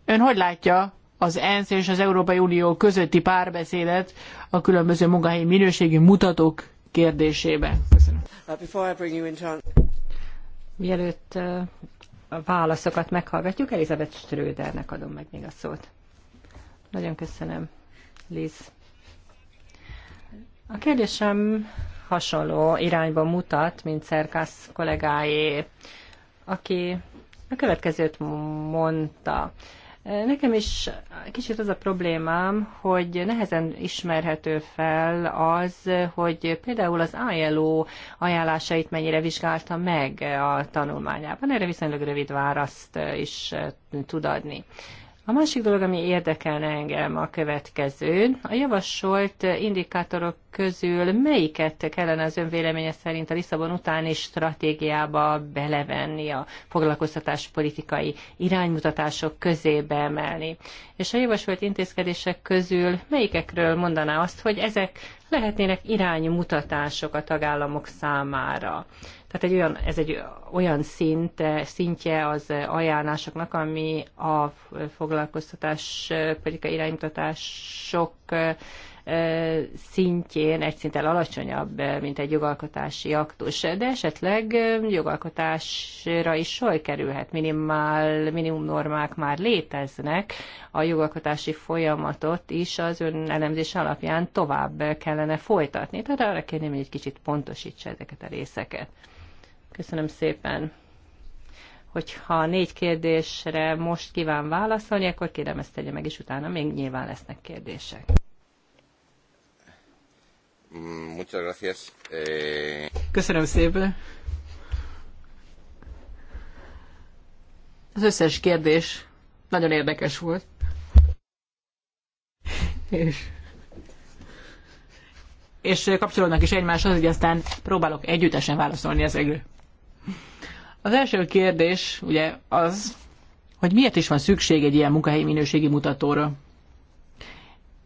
Ön hogy látja az ENSZ és az Európai Unió közötti párbeszédet a különböző munkahelyi minőségi mutatók kérdésében. Köszönöm. Uh, Mielőtt uh, a válaszokat meghallgatjuk, Elizabeth Strödernek adom meg még a szót. Nagyon köszönöm, Liz. A kérdésem hasonló irányba mutat, mint Szerkász kollégáé, aki a következőt mondta. Nekem is kicsit az a problémám, hogy nehezen ismerhető fel az, hogy például az ILO ajánlásait mennyire vizsgálta meg a tanulmányában. Erre viszonylag rövid választ is tud adni. A másik dolog, ami érdekelne engem a következő, a javasolt indikátorok közül melyiket kellene az ön véleménye szerint a Lisszabon utáni stratégiába belevenni, a foglalkoztatás politikai iránymutatások közébe emelni? És a javasolt intézkedések közül melyikekről mondaná azt, hogy ezek lehetnének iránymutatások a tagállamok számára? Tehát egy olyan, ez egy olyan szint, szintje az ajánlásoknak, ami a foglalkoztatás politikai iránymutatások szintjén egy szinten alacsonyabb, mint egy jogalkotási aktus, de esetleg jogalkotásra is sor kerülhet. Minimál, minimum normák már léteznek, a jogalkotási folyamatot is az ön elemzés alapján tovább kellene folytatni. Tehát arra kérném, hogy egy kicsit pontosítsa ezeket a részeket. Köszönöm szépen. Hogyha négy kérdésre most kíván válaszolni, akkor kérem ezt tegye meg, és utána még nyilván lesznek kérdések. Mm, muchas gracias. Eh, Köszönöm szépen. Az összes kérdés nagyon érdekes volt. És, és kapcsolódnak is egymáshoz, hogy aztán próbálok együttesen válaszolni ezekre. Az első kérdés ugye az, hogy miért is van szükség egy ilyen munkahelyi minőségi mutatóra.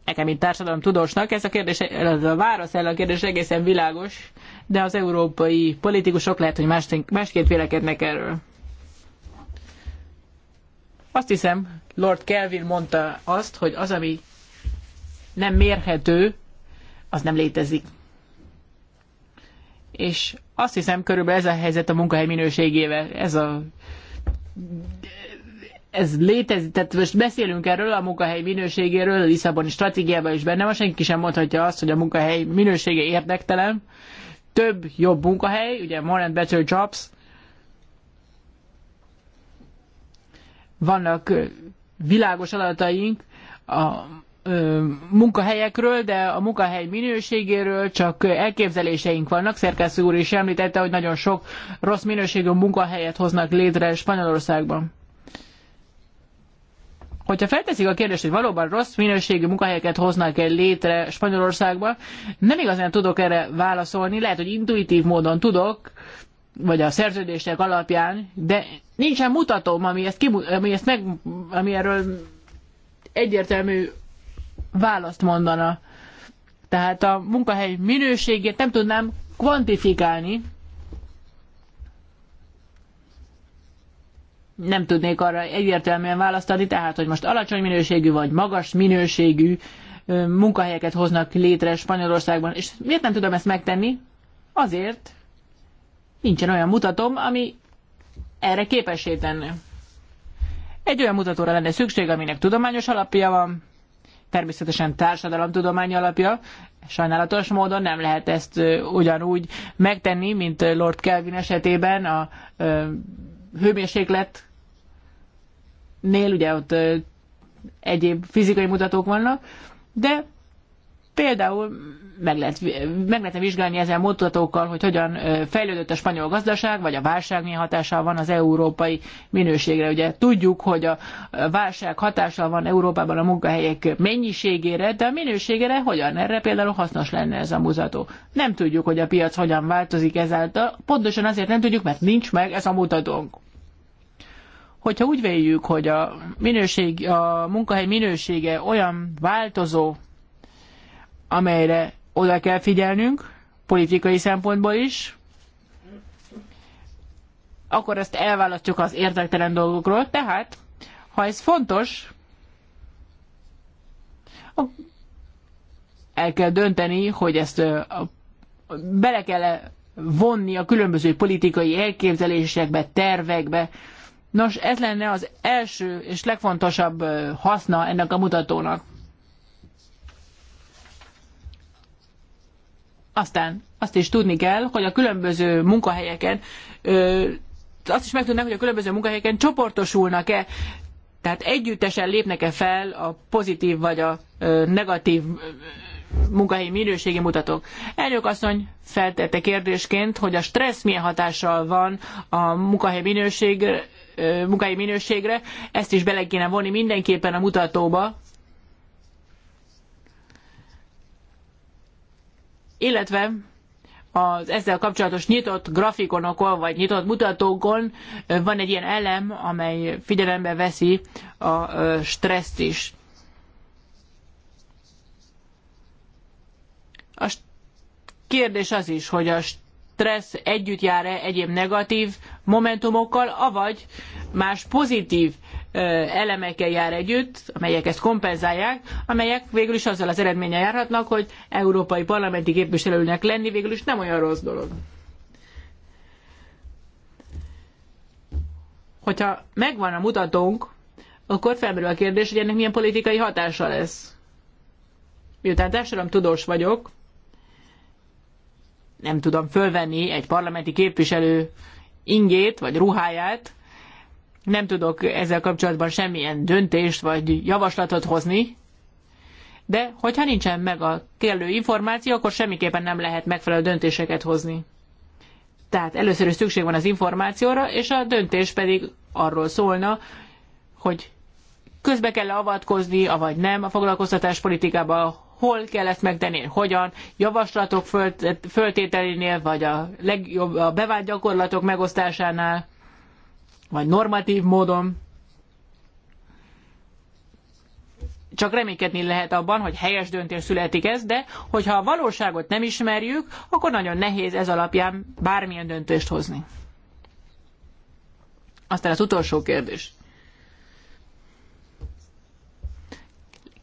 Nekem, mint társadalomtudósnak, ez a, kérdés, ez a válasz erre a kérdés egészen világos, de az európai politikusok lehet, hogy más, másként vélekednek erről. Azt hiszem, Lord Kelvin mondta azt, hogy az, ami nem mérhető, az nem létezik. És azt hiszem, körülbelül ez a helyzet a munkahely minőségével. Ez a ez létezik, tehát most beszélünk erről a munkahely minőségéről, a Lisszaboni stratégiában is benne van, senki sem mondhatja azt, hogy a munkahely minősége érdektelen. Több jobb munkahely, ugye more and better jobs. Vannak világos adataink a munkahelyekről, de a munkahely minőségéről csak elképzeléseink vannak. Szerkesztő úr is említette, hogy nagyon sok rossz minőségű munkahelyet hoznak létre Spanyolországban. Hogyha felteszik a kérdést, hogy valóban rossz minőségű munkahelyeket hoznak -e létre Spanyolországban, nem igazán tudok erre válaszolni, lehet, hogy intuitív módon tudok, vagy a szerződések alapján, de nincsen mutatóm, ami ezt, kimu- ami ezt meg, ami erről egyértelmű választ mondana. Tehát a munkahely minőségét nem tudnám kvantifikálni, nem tudnék arra egyértelműen választani, tehát hogy most alacsony minőségű vagy magas minőségű munkahelyeket hoznak létre Spanyolországban. És miért nem tudom ezt megtenni? Azért nincsen olyan mutatom, ami erre képessé tenne. Egy olyan mutatóra lenne szükség, aminek tudományos alapja van, természetesen társadalomtudomány alapja, sajnálatos módon nem lehet ezt ugyanúgy megtenni, mint Lord Kelvin esetében a hőmérsékletnél, ugye ott egyéb fizikai mutatók vannak, de Például meg, lehet, meg lehetne vizsgálni ezen mutatókkal, hogy hogyan fejlődött a spanyol gazdaság, vagy a válság milyen hatással van az európai minőségre. Ugye tudjuk, hogy a válság hatással van Európában a munkahelyek mennyiségére, de a minőségére hogyan? Erre például hasznos lenne ez a mutató. Nem tudjuk, hogy a piac hogyan változik ezáltal. Pontosan azért nem tudjuk, mert nincs meg ez a mutatónk hogyha úgy véljük, hogy a, minőség, a munkahely minősége olyan változó amelyre oda kell figyelnünk, politikai szempontból is, akkor ezt elválasztjuk az érdektelen dolgokról. Tehát, ha ez fontos, el kell dönteni, hogy ezt bele kell vonni a különböző politikai elképzelésekbe, tervekbe. Nos, ez lenne az első és legfontosabb haszna ennek a mutatónak. Aztán azt is tudni kell, hogy a különböző munkahelyeken, azt is megtudnak, hogy a különböző munkahelyeken csoportosulnak-e, tehát együttesen lépnek-e fel a pozitív vagy a negatív munkahelyi minőségi mutatók. Elnök asszony feltette kérdésként, hogy a stressz milyen hatással van a munkahelyi minőségre, munkahelyi minőségre, ezt is bele kéne vonni mindenképpen a mutatóba, illetve az ezzel kapcsolatos nyitott grafikonokon, vagy nyitott mutatókon van egy ilyen elem, amely figyelembe veszi a stresszt is. A kérdés az is, hogy a stressz együtt jár-e egyéb negatív momentumokkal, avagy más pozitív elemekkel jár együtt, amelyek ezt kompenzálják, amelyek végül is azzal az eredménnyel járhatnak, hogy európai parlamenti képviselőnek lenni végül is nem olyan rossz dolog. Hogyha megvan a mutatónk, akkor felmerül a kérdés, hogy ennek milyen politikai hatása lesz. Miután tudós vagyok, nem tudom fölvenni egy parlamenti képviselő ingét vagy ruháját, nem tudok ezzel kapcsolatban semmilyen döntést vagy javaslatot hozni, de hogyha nincsen meg a kellő információ, akkor semmiképpen nem lehet megfelelő döntéseket hozni. Tehát először is szükség van az információra, és a döntés pedig arról szólna, hogy közbe kell -e avatkozni, avagy nem a foglalkoztatás politikába, hol kell ezt megtenni, hogyan, javaslatok föltételénél, vagy a legjobb a bevált gyakorlatok megosztásánál vagy normatív módon. Csak reménykedni lehet abban, hogy helyes döntés születik ez, de hogyha a valóságot nem ismerjük, akkor nagyon nehéz ez alapján bármilyen döntést hozni. Aztán az utolsó kérdés.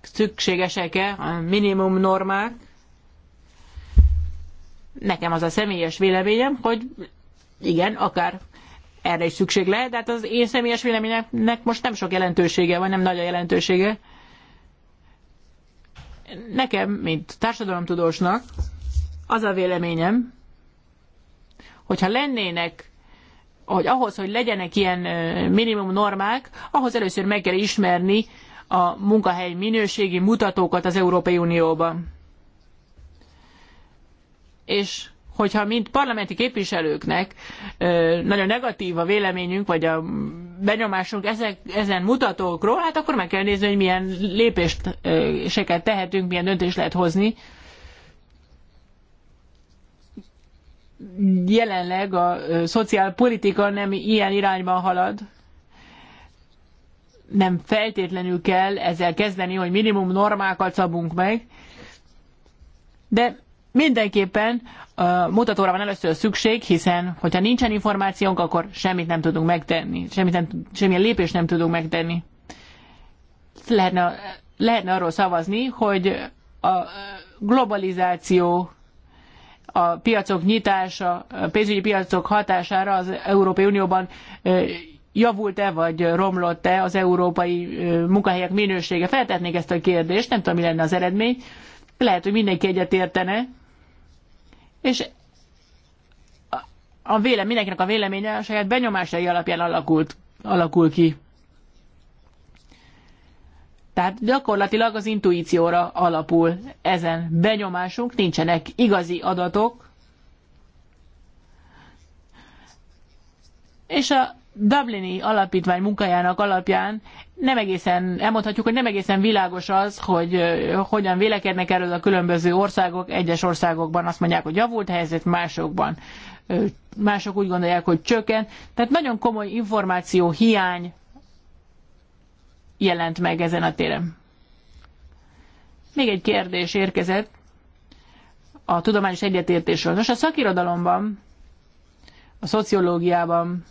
Szükségesek-e a minimum normák? Nekem az a személyes véleményem, hogy igen, akár erre is szükség lehet, de hát az én személyes véleményemnek most nem sok jelentősége, vagy nem nagy a jelentősége. Nekem, mint társadalomtudósnak, az a véleményem, hogyha lennének, hogy ahhoz, hogy legyenek ilyen minimum normák, ahhoz először meg kell ismerni a munkahely minőségi mutatókat az Európai Unióban. És hogyha mint parlamenti képviselőknek nagyon negatív a véleményünk, vagy a benyomásunk ezek, ezen mutatókról, hát akkor meg kell nézni, hogy milyen lépéseket tehetünk, milyen döntést lehet hozni. Jelenleg a szociálpolitika nem ilyen irányban halad, nem feltétlenül kell ezzel kezdeni, hogy minimum normákat szabunk meg, de mindenképpen uh, mutatóra van először szükség, hiszen hogyha nincsen információnk, akkor semmit nem tudunk megtenni, semmit nem, semmilyen lépést nem tudunk megtenni. Lehetne, lehetne arról szavazni, hogy a globalizáció, a piacok nyitása, a pénzügyi piacok hatására az Európai Unióban javult-e vagy romlott-e az európai munkahelyek minősége. Feltetnék ezt a kérdést, nem tudom, mi lenne az eredmény lehet, hogy mindenki egyetértene, és a vélem, mindenkinek a véleménye a saját benyomásai alapján alakult, alakul ki. Tehát gyakorlatilag az intuícióra alapul ezen benyomásunk, nincsenek igazi adatok, és a Dublini alapítvány munkájának alapján nem egészen, elmondhatjuk, hogy nem egészen világos az, hogy hogyan vélekednek erről a különböző országok. Egyes országokban azt mondják, hogy javult a helyzet, másokban mások úgy gondolják, hogy csökken. Tehát nagyon komoly információ hiány jelent meg ezen a téren. Még egy kérdés érkezett a tudományos egyetértésről. Nos, a szakirodalomban, a szociológiában,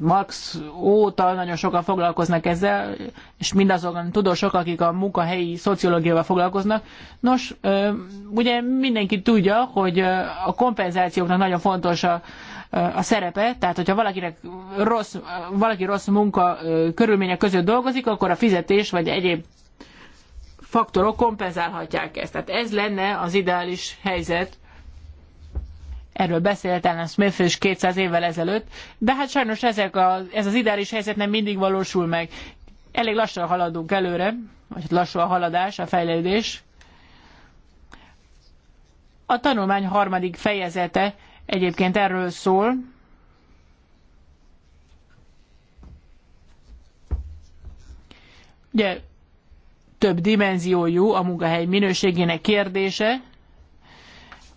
Marx óta nagyon sokan foglalkoznak ezzel, és mindazokon tudósok, akik a munkahelyi szociológiával foglalkoznak. Nos, ugye mindenki tudja, hogy a kompenzációknak nagyon fontos a, a szerepe, tehát hogyha valakinek rossz, valaki rossz munka körülmények között dolgozik, akkor a fizetés vagy egyéb faktorok kompenzálhatják ezt. Tehát ez lenne az ideális helyzet Erről beszélt Alan Smith is 200 évvel ezelőtt, de hát sajnos ezek a, ez az ideális helyzet nem mindig valósul meg. Elég lassan haladunk előre, vagy hát lassú a haladás, a fejlődés. A tanulmány harmadik fejezete egyébként erről szól, Ugye több dimenziójú a munkahely minőségének kérdése,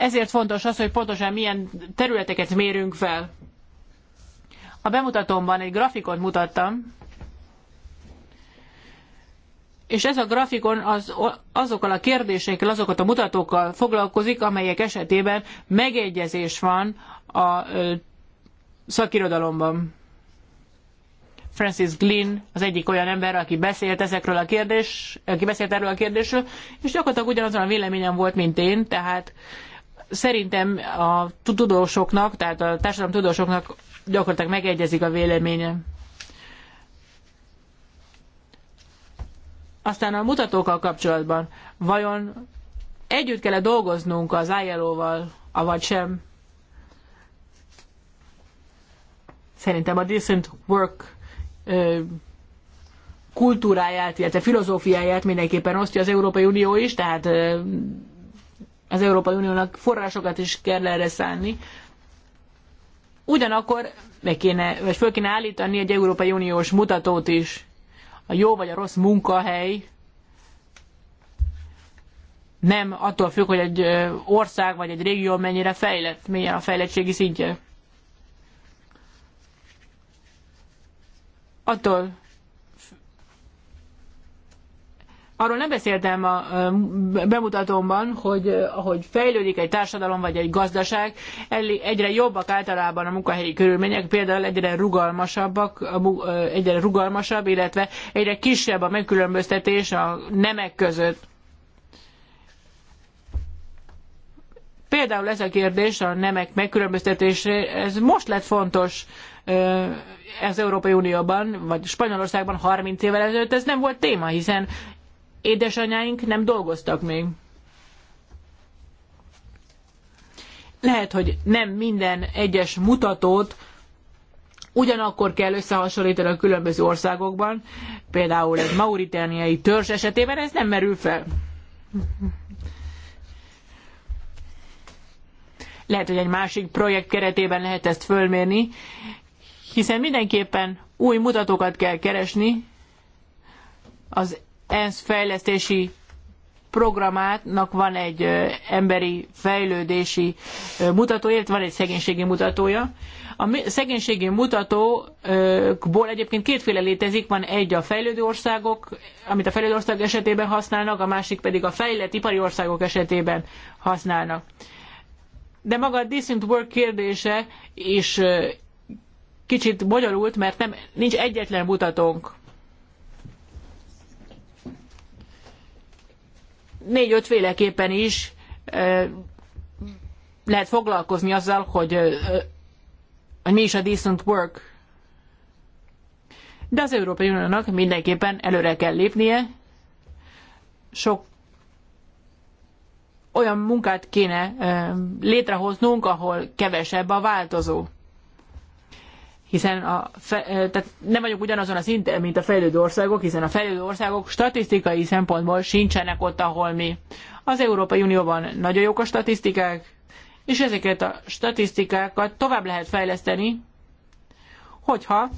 ezért fontos az, hogy pontosan milyen területeket mérünk fel. A bemutatómban egy grafikon mutattam, és ez a grafikon az, azokkal a kérdésekkel, azokat a mutatókkal foglalkozik, amelyek esetében megegyezés van a ö, szakirodalomban. Francis Glynn az egyik olyan ember, aki beszélt ezekről a kérdés, aki beszélt erről a kérdésről, és gyakorlatilag ugyanazon a véleményem volt, mint én, tehát szerintem a tudósoknak, tehát a társadalom tudósoknak gyakorlatilag megegyezik a véleménye. Aztán a mutatókkal kapcsolatban, vajon együtt kell -e dolgoznunk az ILO-val, avagy sem? Szerintem a decent work kultúráját, illetve filozófiáját mindenképpen osztja az Európai Unió is, tehát az Európai Uniónak forrásokat is kell erre szállni. Ugyanakkor meg kéne, vagy föl kéne állítani egy Európai Uniós mutatót is. A jó vagy a rossz munkahely nem attól függ, hogy egy ország vagy egy régió mennyire fejlett, milyen a fejlettségi szintje. Attól Arról nem beszéltem a bemutatómban, hogy ahogy fejlődik egy társadalom vagy egy gazdaság, egyre jobbak általában a munkahelyi körülmények, például egyre rugalmasabbak, egyre rugalmasabb, illetve egyre kisebb a megkülönböztetés a nemek között. Például ez a kérdés, a nemek megkülönböztetése, ez most lett fontos az Európai Unióban, vagy Spanyolországban 30 évvel ezelőtt ez nem volt téma, hiszen édesanyáink nem dolgoztak még. Lehet, hogy nem minden egyes mutatót ugyanakkor kell összehasonlítani a különböző országokban, például egy mauritániai törzs esetében ez nem merül fel. Lehet, hogy egy másik projekt keretében lehet ezt fölmérni, hiszen mindenképpen új mutatókat kell keresni az ENSZ fejlesztési programátnak van egy emberi fejlődési mutatója, illetve van egy szegénységi mutatója. A szegénységi mutatókból egyébként kétféle létezik, van egy a fejlődő országok, amit a fejlődő ország esetében használnak, a másik pedig a fejlett ipari országok esetében használnak. De maga a decent work kérdése is kicsit bonyolult, mert nem, nincs egyetlen mutatónk négy-öt féleképpen is lehet foglalkozni azzal, hogy, hogy mi is a decent work. De az Európai Uniónak mindenképpen előre kell lépnie, sok olyan munkát kéne létrehoznunk, ahol kevesebb a változó hiszen a, tehát nem vagyunk ugyanazon a szinten, mint a fejlődő országok, hiszen a fejlődő országok statisztikai szempontból sincsenek ott, ahol mi. Az Európai Unióban nagyon jók a statisztikák, és ezeket a statisztikákat tovább lehet fejleszteni, hogyha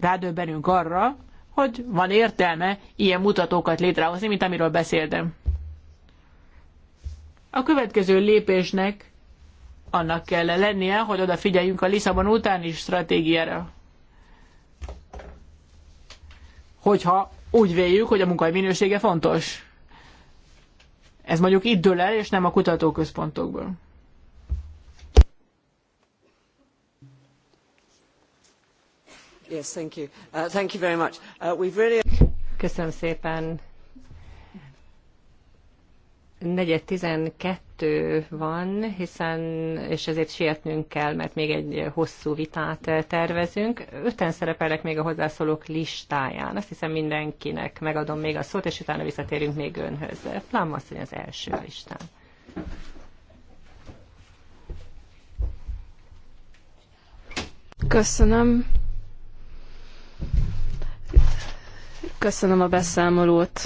rádöbbenünk arra, hogy van értelme ilyen mutatókat létrehozni, mint amiről beszéltem. A következő lépésnek annak kell lennie, hogy odafigyeljünk a Lisszabon utáni stratégiára. Hogyha úgy véljük, hogy a munkai minősége fontos. Ez mondjuk itt dől el, és nem a kutatóközpontokból. Yes, thank you. Uh, thank you very much. Uh, we've really... Köszönöm szépen. Negyed kettő van, hiszen, és ezért sietnünk kell, mert még egy hosszú vitát tervezünk. Öten szerepelnek még a hozzászólók listáján. Azt hiszem mindenkinek megadom még a szót, és utána visszatérünk még önhöz. Plám hogy az első a listán. Köszönöm. Köszönöm a beszámolót.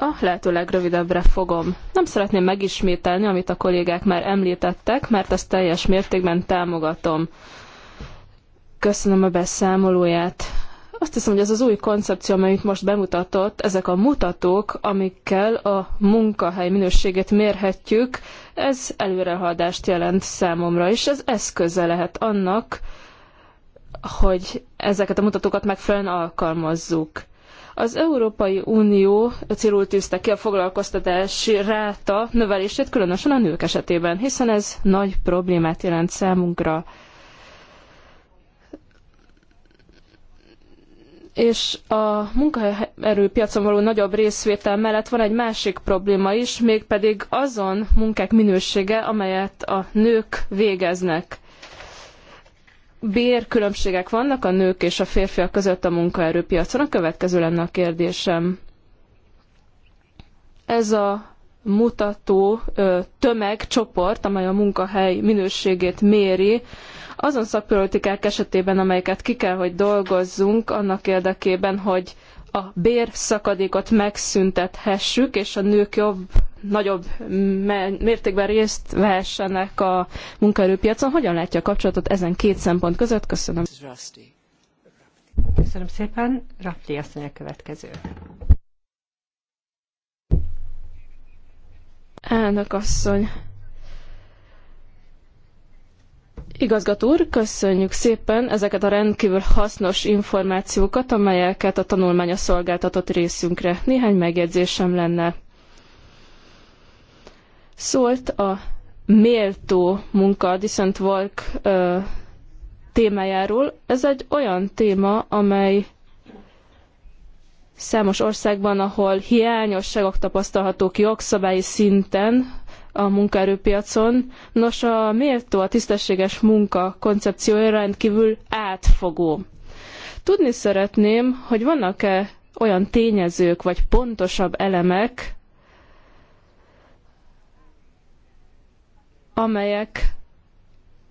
A lehető legrövidebbre fogom. Nem szeretném megismételni, amit a kollégák már említettek, mert ezt teljes mértékben támogatom. Köszönöm a beszámolóját. Azt hiszem, hogy ez az új koncepció, amit most bemutatott, ezek a mutatók, amikkel a munkahely minőségét mérhetjük, ez előrehaladást jelent számomra, és ez eszköze lehet annak, hogy ezeket a mutatókat megfelelően alkalmazzuk. Az Európai Unió célul tűzte ki a foglalkoztatási ráta növelését, különösen a nők esetében, hiszen ez nagy problémát jelent számunkra. és a munkaerőpiacon való nagyobb részvétel mellett van egy másik probléma is, mégpedig azon munkák minősége, amelyet a nők végeznek bérkülönbségek vannak a nők és a férfiak között a munkaerőpiacon? A következő lenne a kérdésem. Ez a mutató tömegcsoport, amely a munkahely minőségét méri, azon szakpolitikák esetében, amelyeket ki kell, hogy dolgozzunk annak érdekében, hogy a bérszakadékot megszüntethessük, és a nők jobb nagyobb mértékben részt vehessenek a munkaerőpiacon. Hogyan látja a kapcsolatot ezen két szempont között? Köszönöm. Köszönöm szépen. Rafti asszony a következő. Elnök asszony. Igazgató úr, köszönjük szépen ezeket a rendkívül hasznos információkat, amelyeket a tanulmánya szolgáltatott részünkre. Néhány megjegyzésem lenne szólt a méltó munka, decent work ö, témájáról. Ez egy olyan téma, amely számos országban, ahol hiányosságok tapasztalhatók jogszabályi szinten a munkaerőpiacon. Nos, a méltó, a tisztességes munka koncepciója rendkívül átfogó. Tudni szeretném, hogy vannak-e olyan tényezők vagy pontosabb elemek, amelyek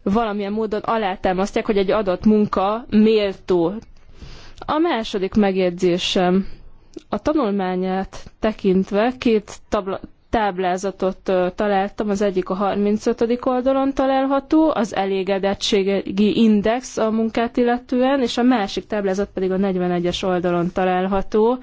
valamilyen módon alátámasztják, hogy egy adott munka méltó. A második megjegyzésem. A tanulmányát tekintve két tabla, táblázatot találtam, az egyik a 35. oldalon található, az elégedettségi index a munkát illetően, és a másik táblázat pedig a 41-es oldalon található.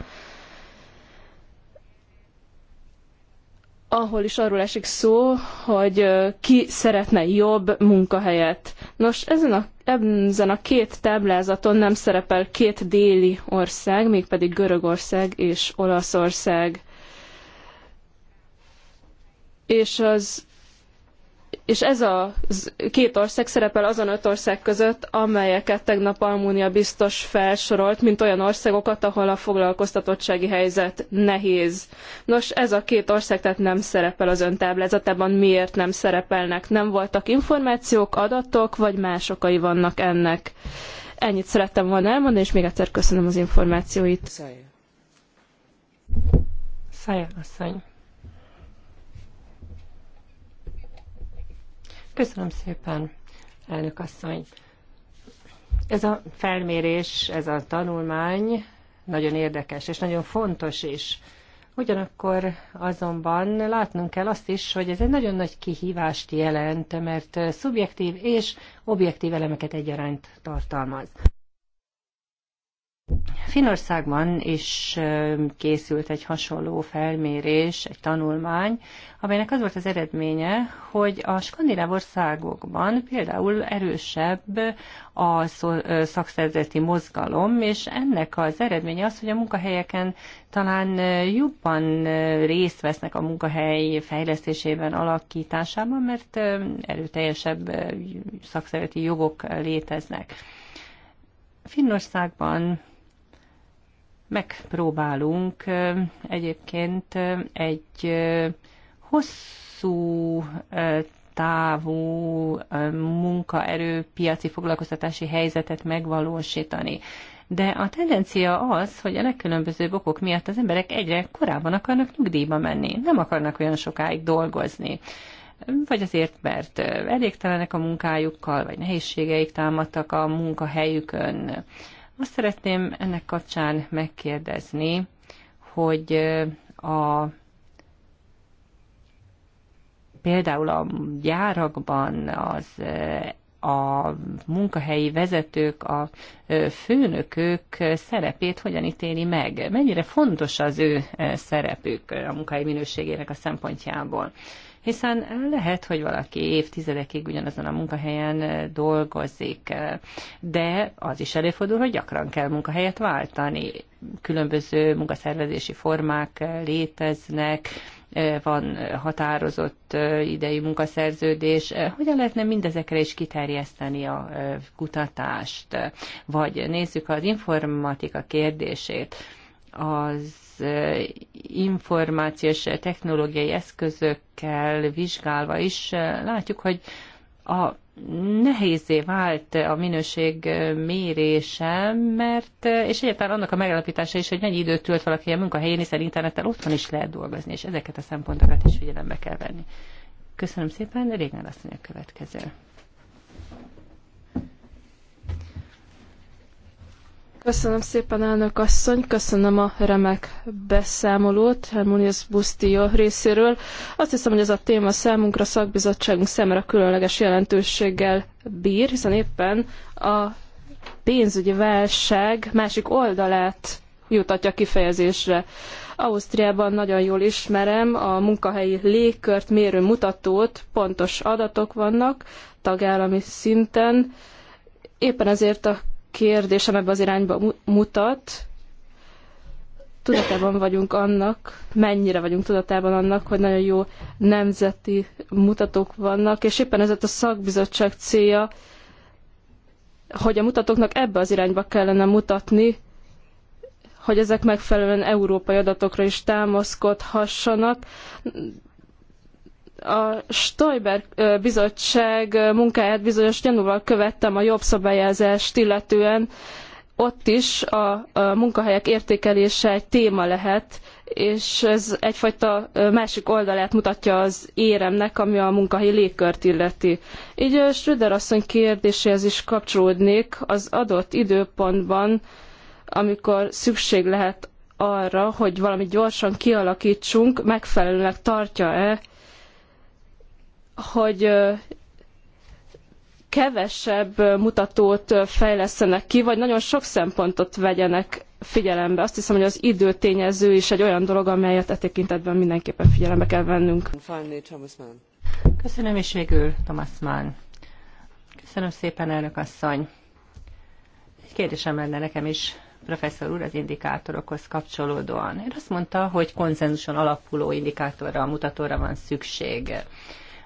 ahol is arról esik szó, hogy ki szeretne jobb munkahelyet. Nos, ezen a, ezen a két táblázaton nem szerepel két déli ország, mégpedig Görögország és Olaszország. És az és ez a két ország szerepel azon öt ország között, amelyeket tegnap Almúnia biztos felsorolt, mint olyan országokat, ahol a foglalkoztatottsági helyzet nehéz. Nos, ez a két ország tehát nem szerepel az ön táblázatában. Miért nem szerepelnek? Nem voltak információk, adatok, vagy más okai vannak ennek? Ennyit szerettem volna elmondani, és még egyszer köszönöm az információit. Szája. Szája asszony. Köszönöm szépen, elnök asszony. Ez a felmérés, ez a tanulmány nagyon érdekes és nagyon fontos is. Ugyanakkor azonban látnunk kell azt is, hogy ez egy nagyon nagy kihívást jelent, mert szubjektív és objektív elemeket egyaránt tartalmaz. Finországban is készült egy hasonló felmérés, egy tanulmány, amelynek az volt az eredménye, hogy a skandináv országokban például erősebb a szakszerzeti mozgalom, és ennek az eredménye az, hogy a munkahelyeken talán jobban részt vesznek a munkahely fejlesztésében, alakításában, mert erőteljesebb szakszerzeti jogok léteznek. Finnországban megpróbálunk egyébként egy hosszú távú munkaerő piaci foglalkoztatási helyzetet megvalósítani. De a tendencia az, hogy a legkülönbözőbb okok miatt az emberek egyre korábban akarnak nyugdíjba menni, nem akarnak olyan sokáig dolgozni. Vagy azért, mert elégtelenek a munkájukkal, vagy nehézségeik támadtak a munkahelyükön azt szeretném ennek kapcsán megkérdezni, hogy a például a gyárakban az a munkahelyi vezetők, a főnökök szerepét hogyan ítéli meg? Mennyire fontos az ő szerepük a munkai minőségének a szempontjából? hiszen lehet, hogy valaki évtizedekig ugyanazon a munkahelyen eh, dolgozik, eh, de az is előfordul, hogy gyakran kell munkahelyet váltani. Különböző munkaszervezési formák eh, léteznek, van határozott idei munkaszerződés. Hogyan lehetne mindezekre is kiterjeszteni a kutatást? Vagy nézzük az informatika kérdését az eh, információs eh, technológiai eszközökkel vizsgálva is eh, látjuk, hogy a nehézé vált a minőség mérése, mert, és egyáltalán annak a megállapítása is, hogy mennyi időt tölt valaki a munkahelyén, hiszen internettel otthon is lehet dolgozni, és ezeket a szempontokat is figyelembe kell venni. Köszönöm szépen, Régnál lesz a következő. Köszönöm szépen, elnök asszony, köszönöm a remek beszámolót Hermonius Bustillo részéről. Azt hiszem, hogy ez a téma számunkra, szakbizottságunk számára különleges jelentőséggel bír, hiszen éppen a pénzügyi válság másik oldalát jutatja kifejezésre. Ausztriában nagyon jól ismerem a munkahelyi légkört mérő mutatót, pontos adatok vannak tagállami szinten. Éppen ezért a kérdésem ebbe az irányba mutat. Tudatában vagyunk annak, mennyire vagyunk tudatában annak, hogy nagyon jó nemzeti mutatók vannak, és éppen ez a szakbizottság célja, hogy a mutatóknak ebbe az irányba kellene mutatni, hogy ezek megfelelően európai adatokra is támaszkodhassanak a Stoiber bizottság munkáját bizonyos gyanúval követtem a jobb szabályozást illetően. Ott is a, a munkahelyek értékelése egy téma lehet, és ez egyfajta másik oldalát mutatja az éremnek, ami a munkahelyi légkört illeti. Így Schröder asszony kérdéséhez is kapcsolódnék az adott időpontban, amikor szükség lehet arra, hogy valami gyorsan kialakítsunk, megfelelőnek tartja-e hogy kevesebb mutatót fejlesztenek ki, vagy nagyon sok szempontot vegyenek figyelembe. Azt hiszem, hogy az időtényező is egy olyan dolog, amelyet e tekintetben mindenképpen figyelembe kell vennünk. Köszönöm, és végül Thomas Mann. Köszönöm szépen, elnök asszony. Egy kérdésem lenne nekem is, professzor úr, az indikátorokhoz kapcsolódóan. Én azt mondta, hogy konszenzuson alapuló indikátorra, mutatóra van szükség.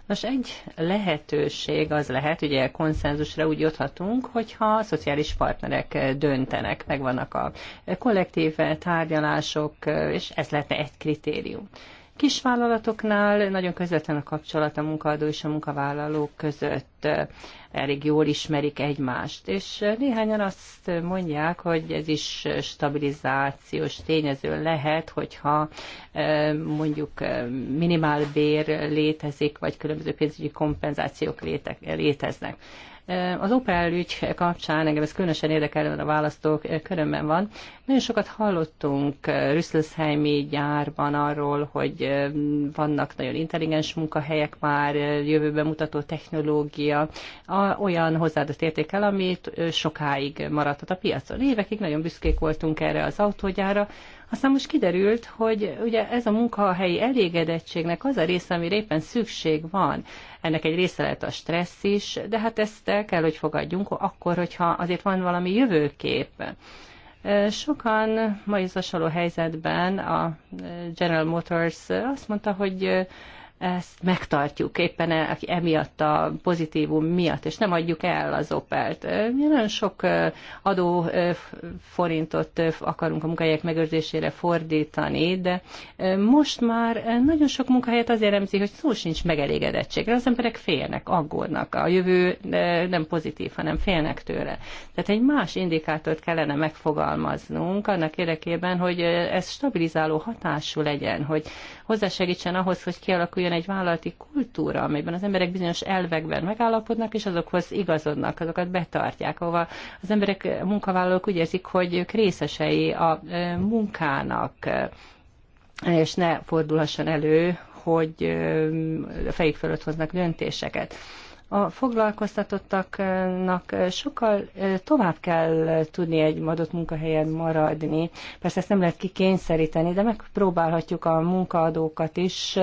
Nos, egy lehetőség az lehet, ugye konszenzusra úgy juthatunk, hogyha a szociális partnerek döntenek, megvannak a kollektív tárgyalások, és ez lehetne egy kritérium. Kisvállalatoknál nagyon közvetlen a kapcsolat a munkaadó és a munkavállalók között. Elég jól ismerik egymást, és néhányan azt mondják, hogy ez is stabilizációs tényező lehet, hogyha e, mondjuk e, minimálbér létezik, vagy különböző pénzügyi kompenzációk léteznek. Az Opel ügy kapcsán engem ez különösen érdekel, mert a választók körömben van. Nagyon sokat hallottunk Rüsszelsheimi gyárban arról, hogy vannak nagyon intelligens munkahelyek már, jövőben mutató technológia, olyan hozzáadott értékel, amit sokáig maradhat a piacon. Évekig nagyon büszkék voltunk erre az autógyára, aztán most kiderült, hogy ugye ez a munkahelyi elégedettségnek az a része, amire éppen szükség van. Ennek egy része lehet a stressz is, de hát ezt el kell, hogy fogadjunk, akkor, hogyha azért van valami jövőkép. Sokan mai is hasonló helyzetben a General Motors azt mondta, hogy ezt megtartjuk éppen e, emiatt a pozitívum miatt, és nem adjuk el az Opelt. nagyon sok adó forintot akarunk a munkahelyek megőrzésére fordítani, de most már nagyon sok munkahelyet azért emzi, hogy szó sincs megelégedettségre. Az emberek félnek, aggódnak. A jövő nem pozitív, hanem félnek tőle. Tehát egy más indikátort kellene megfogalmaznunk annak érdekében, hogy ez stabilizáló hatású legyen, hogy hozzásegítsen ahhoz, hogy kialakuljon jön egy vállalati kultúra, amelyben az emberek bizonyos elvekben megállapodnak, és azokhoz igazodnak, azokat betartják, ahova az emberek, a munkavállalók úgy érzik, hogy ők részesei a e, munkának, és ne fordulhasson elő, hogy e, a fejük fölött hoznak döntéseket a foglalkoztatottaknak sokkal tovább kell tudni egy adott munkahelyen maradni. Persze ezt nem lehet kikényszeríteni, de megpróbálhatjuk a munkaadókat is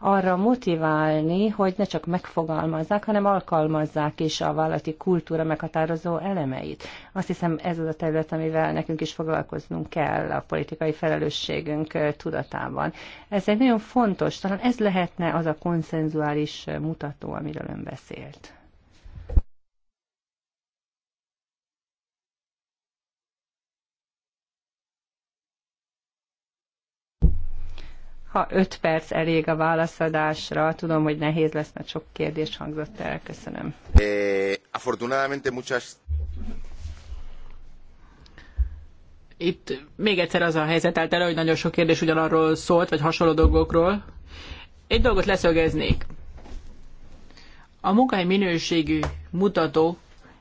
arra motiválni, hogy ne csak megfogalmazzák, hanem alkalmazzák is a vállalati kultúra meghatározó elemeit. Azt hiszem ez az a terület, amivel nekünk is foglalkoznunk kell a politikai felelősségünk tudatában. Ez egy nagyon fontos, talán ez lehetne az a konszenzuális mutató, amiről ön beszélt. ha öt perc elég a válaszadásra, tudom, hogy nehéz lesz, mert sok kérdés hangzott el. Köszönöm. Eh, afortunadamente muchas itt még egyszer az a helyzet állt elő, hogy nagyon sok kérdés ugyanarról szólt, vagy hasonló dolgokról. Egy dolgot leszögeznék. A munkahely minőségű mutató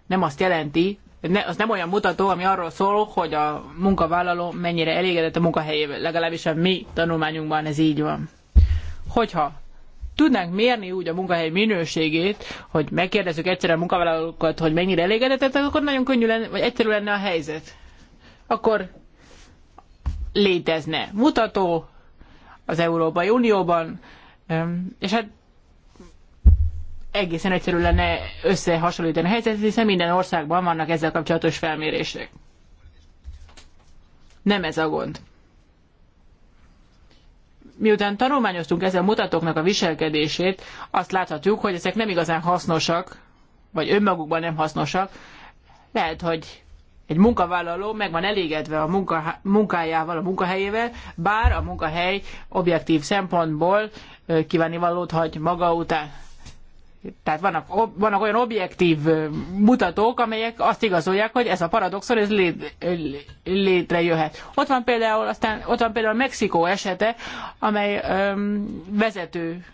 nem azt jelenti, ne, az nem olyan mutató, ami arról szól, hogy a munkavállaló mennyire elégedett a munkahelyével. Legalábbis a mi tanulmányunkban ez így van. Hogyha tudnánk mérni úgy a munkahely minőségét, hogy megkérdezzük egyszerűen a munkavállalókat, hogy mennyire elégedettek, akkor nagyon könnyű lenne, vagy egyszerű lenne a helyzet akkor létezne mutató az Európai Unióban, és hát egészen egyszerű lenne összehasonlítani a helyzetet, hiszen minden országban vannak ezzel kapcsolatos felmérések. Nem ez a gond. Miután tanulmányoztunk ezen mutatóknak a viselkedését, azt láthatjuk, hogy ezek nem igazán hasznosak, vagy önmagukban nem hasznosak. Lehet, hogy egy munkavállaló meg van elégedve a munka, munkájával, a munkahelyével, bár a munkahely objektív szempontból kívánivalót hagy maga után. Tehát vannak, vannak olyan objektív mutatók, amelyek azt igazolják, hogy ez a paradoxon ez lét, létrejöhet. Ott van például aztán ott van például Mexikó esete, amely öm, vezető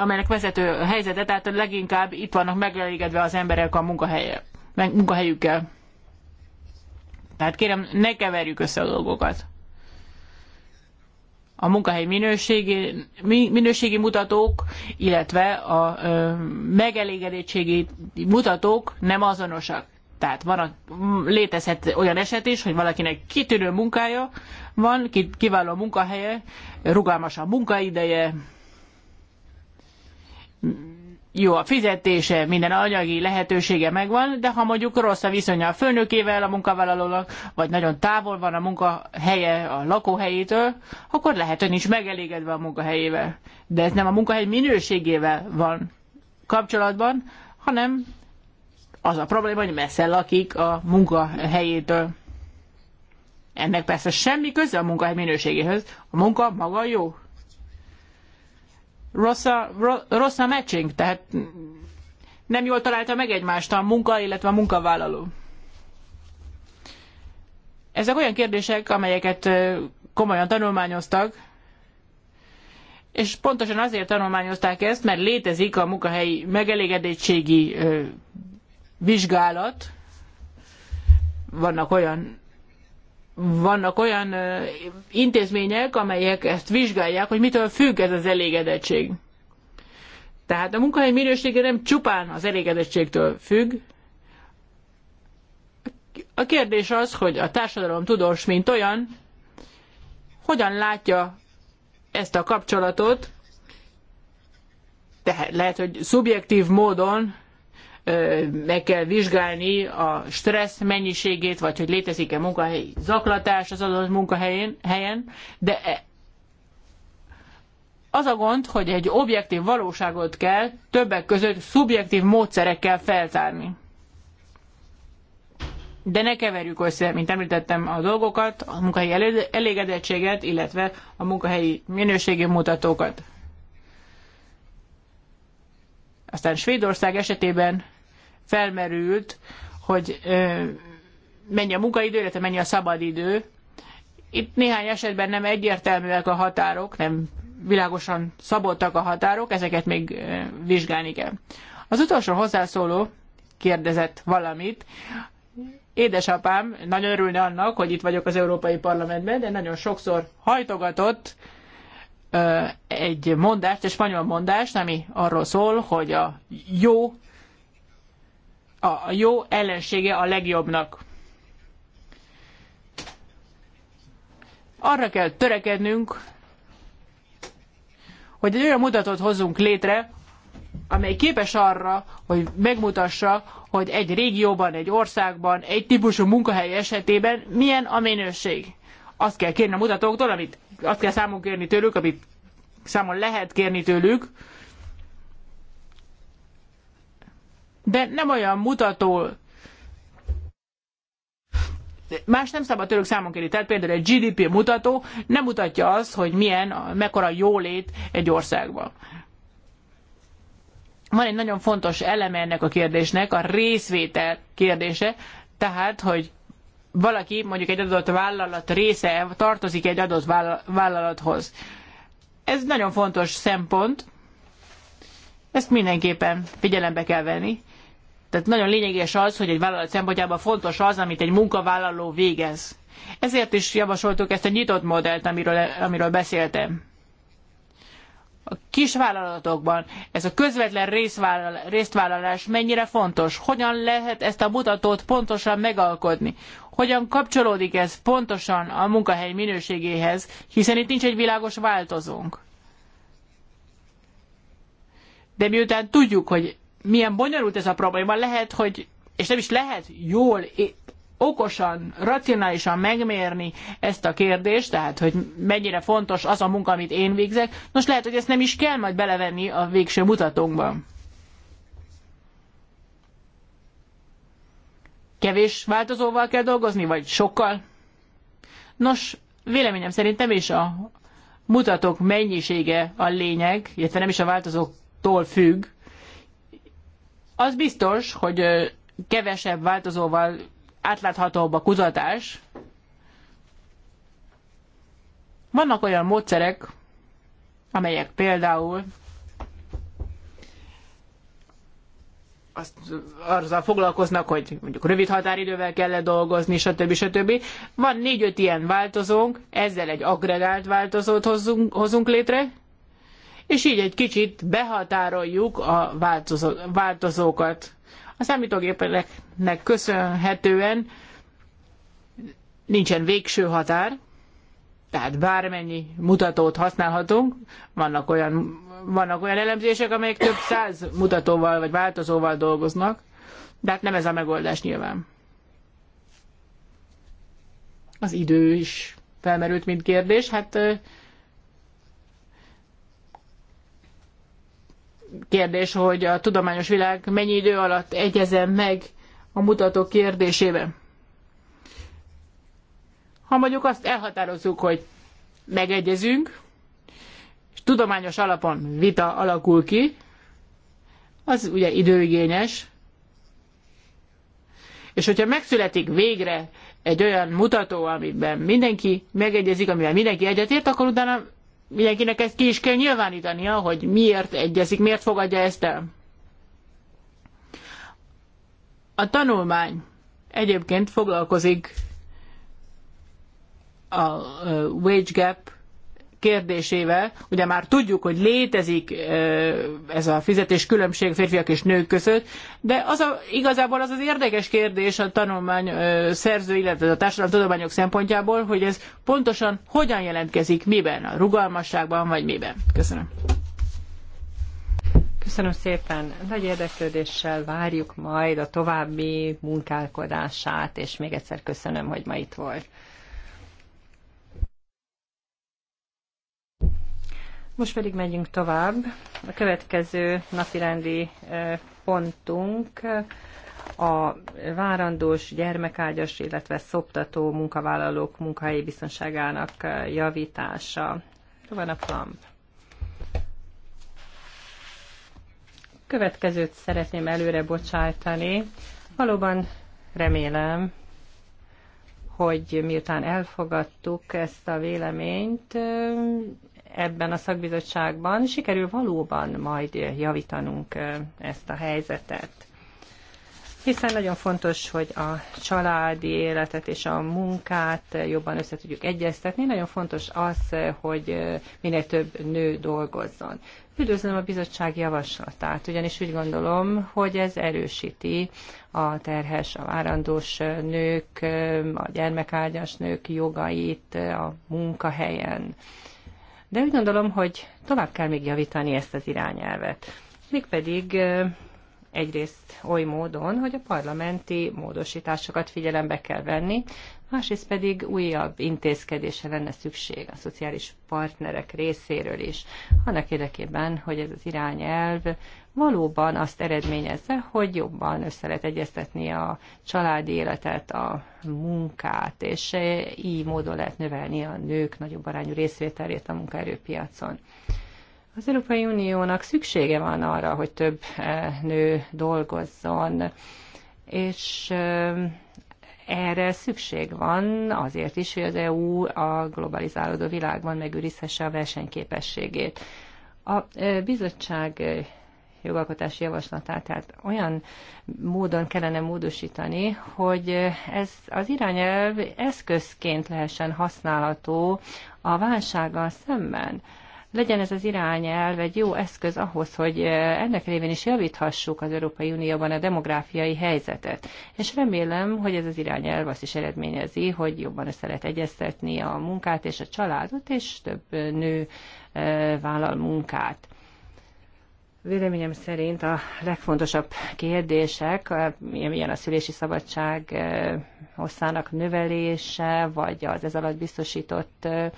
amelynek vezető helyzete, tehát leginkább itt vannak megelégedve az emberek a munkahelyen munkahelyükkel. Tehát kérem, ne keverjük össze a dolgokat. A munkahely minőségi, minőségi mutatók, illetve a ö, megelégedettségi mutatók nem azonosak. Tehát van a, létezhet olyan eset is, hogy valakinek kitűnő munkája van, kiváló munkahelye, rugalmas a munkaideje, jó a fizetése, minden anyagi lehetősége megvan, de ha mondjuk rossz a viszonya a főnökével, a munkavállalónak, vagy nagyon távol van a munkahelye a lakóhelyétől, akkor lehet, hogy nincs megelégedve a munkahelyével. De ez nem a munkahely minőségével van kapcsolatban, hanem az a probléma, hogy messze lakik a munkahelyétől. Ennek persze semmi köze a munkahely minőségéhez. A munka maga jó rossz a, rossz a matching, tehát nem jól találta meg egymást a munka, illetve a munkavállaló. Ezek olyan kérdések, amelyeket komolyan tanulmányoztak, és pontosan azért tanulmányozták ezt, mert létezik a munkahelyi megelégedettségi vizsgálat. Vannak olyan vannak olyan intézmények, amelyek ezt vizsgálják, hogy mitől függ ez az elégedettség. Tehát a munkahely minősége nem csupán az elégedettségtől függ. A kérdés az, hogy a társadalom tudós, mint olyan, hogyan látja ezt a kapcsolatot, tehát lehet, hogy szubjektív módon meg kell vizsgálni a stressz mennyiségét, vagy hogy létezik-e munkahelyi zaklatás az adott munkahelyen, helyen, de e, az a gond, hogy egy objektív valóságot kell többek között szubjektív módszerekkel feltárni. De ne keverjük össze, mint említettem, a dolgokat, a munkahelyi elégedettséget, illetve a munkahelyi minőségi mutatókat. Aztán Svédország esetében felmerült, hogy mennyi a munkaidő, illetve mennyi a szabadidő. Itt néhány esetben nem egyértelműek a határok, nem világosan szabottak a határok, ezeket még vizsgálni kell. Az utolsó hozzászóló kérdezett valamit. Édesapám nagyon örülne annak, hogy itt vagyok az Európai Parlamentben, de nagyon sokszor hajtogatott, egy mondást, egy spanyol mondást, ami arról szól, hogy a jó, a jó ellensége a legjobbnak. Arra kell törekednünk, hogy egy olyan mutatót hozzunk létre, amely képes arra, hogy megmutassa, hogy egy régióban, egy országban, egy típusú munkahely esetében milyen a minőség. Azt kell kérni a mutatóktól, amit azt kell számon kérni tőlük, amit számon lehet kérni tőlük, de nem olyan mutató, más nem szabad tőlük számon kérni. Tehát például egy GDP mutató nem mutatja azt, hogy milyen, mekkora jólét egy országban. Van egy nagyon fontos eleme ennek a kérdésnek, a részvétel kérdése, tehát, hogy valaki, mondjuk egy adott vállalat része tartozik egy adott vállalathoz. Ez nagyon fontos szempont, ezt mindenképpen figyelembe kell venni. Tehát nagyon lényeges az, hogy egy vállalat szempontjában fontos az, amit egy munkavállaló végez. Ezért is javasoltuk ezt a nyitott modellt, amiről, amiről beszéltem a kisvállalatokban ez a közvetlen résztvállalás mennyire fontos? Hogyan lehet ezt a mutatót pontosan megalkotni? Hogyan kapcsolódik ez pontosan a munkahely minőségéhez, hiszen itt nincs egy világos változónk. De miután tudjuk, hogy milyen bonyolult ez a probléma, lehet, hogy, és nem is lehet jól okosan, racionálisan megmérni ezt a kérdést, tehát hogy mennyire fontos az a munka, amit én végzek, nos lehet, hogy ezt nem is kell majd belevenni a végső mutatónkba. Kevés változóval kell dolgozni, vagy sokkal? Nos, véleményem szerint nem is a mutatók mennyisége a lényeg, illetve nem is a változóktól függ. Az biztos, hogy kevesebb változóval átláthatóbb a kutatás. Vannak olyan módszerek, amelyek például azt, azzal foglalkoznak, hogy mondjuk rövid határidővel kell dolgozni, stb. stb. Van négy-öt ilyen változónk, ezzel egy agregált változót hozzunk, hozunk létre, és így egy kicsit behatároljuk a változó, változókat. A számítógépeknek köszönhetően nincsen végső határ, tehát bármennyi mutatót használhatunk, vannak olyan, vannak olyan elemzések, amelyek több száz mutatóval vagy változóval dolgoznak, de hát nem ez a megoldás nyilván. Az idő is felmerült, mint kérdés. Hát kérdés, hogy a tudományos világ mennyi idő alatt egyezem meg a mutatók kérdésében. Ha mondjuk azt elhatározzuk, hogy megegyezünk, és tudományos alapon vita alakul ki, az ugye időigényes, és hogyha megszületik végre egy olyan mutató, amiben mindenki megegyezik, amivel mindenki egyetért, akkor utána mindenkinek ezt ki is kell nyilvánítania, hogy miért egyezik, miért fogadja ezt el. A tanulmány egyébként foglalkozik a wage gap kérdésével, ugye már tudjuk, hogy létezik ez a fizetés különbség férfiak és nők között, de az a, igazából az az érdekes kérdés a tanulmány szerző, illetve a társadalomtudományok szempontjából, hogy ez pontosan hogyan jelentkezik, miben, a rugalmasságban vagy miben. Köszönöm. Köszönöm szépen. Nagy érdeklődéssel várjuk majd a további munkálkodását, és még egyszer köszönöm, hogy ma itt volt. Most pedig megyünk tovább. A következő napirendi pontunk a várandós, gyermekágyas, illetve szoptató munkavállalók munkahelyi biztonságának javítása. Van a plamp. Következőt szeretném előre bocsájtani. Valóban remélem, hogy miután elfogadtuk ezt a véleményt, ebben a szakbizottságban sikerül valóban majd javítanunk ezt a helyzetet. Hiszen nagyon fontos, hogy a családi életet és a munkát jobban össze tudjuk egyeztetni. Nagyon fontos az, hogy minél több nő dolgozzon. Üdvözlöm a bizottság javaslatát, ugyanis úgy gondolom, hogy ez erősíti a terhes, a várandós nők, a gyermekágyas nők jogait a munkahelyen de úgy gondolom, hogy tovább kell még javítani ezt az irányelvet. Mégpedig egyrészt oly módon, hogy a parlamenti módosításokat figyelembe kell venni, másrészt pedig újabb intézkedése lenne szükség a szociális partnerek részéről is, annak érdekében, hogy ez az irányelv valóban azt eredményezze, hogy jobban össze lehet egyeztetni a családi életet, a munkát, és e, így módon lehet növelni a nők nagyobb arányú részvételét a munkaerőpiacon. Az Európai Uniónak szüksége van arra, hogy több e, nő dolgozzon, és e, erre szükség van azért is, hogy az EU a globalizálódó világban megőrizhesse a versenyképességét. A bizottság jogalkotási javaslatát, tehát olyan módon kellene módosítani, hogy ez az irányelv eszközként lehessen használható a válsággal szemben legyen ez az irányelv egy jó eszköz ahhoz, hogy ennek révén is javíthassuk az Európai Unióban a demográfiai helyzetet. És remélem, hogy ez az irányelv azt is eredményezi, hogy jobban össze lehet egyeztetni a munkát és a családot, és több nő eh, vállal munkát. Véleményem szerint a legfontosabb kérdések, milyen a szülési szabadság e, hosszának növelése, vagy az ez alatt biztosított e,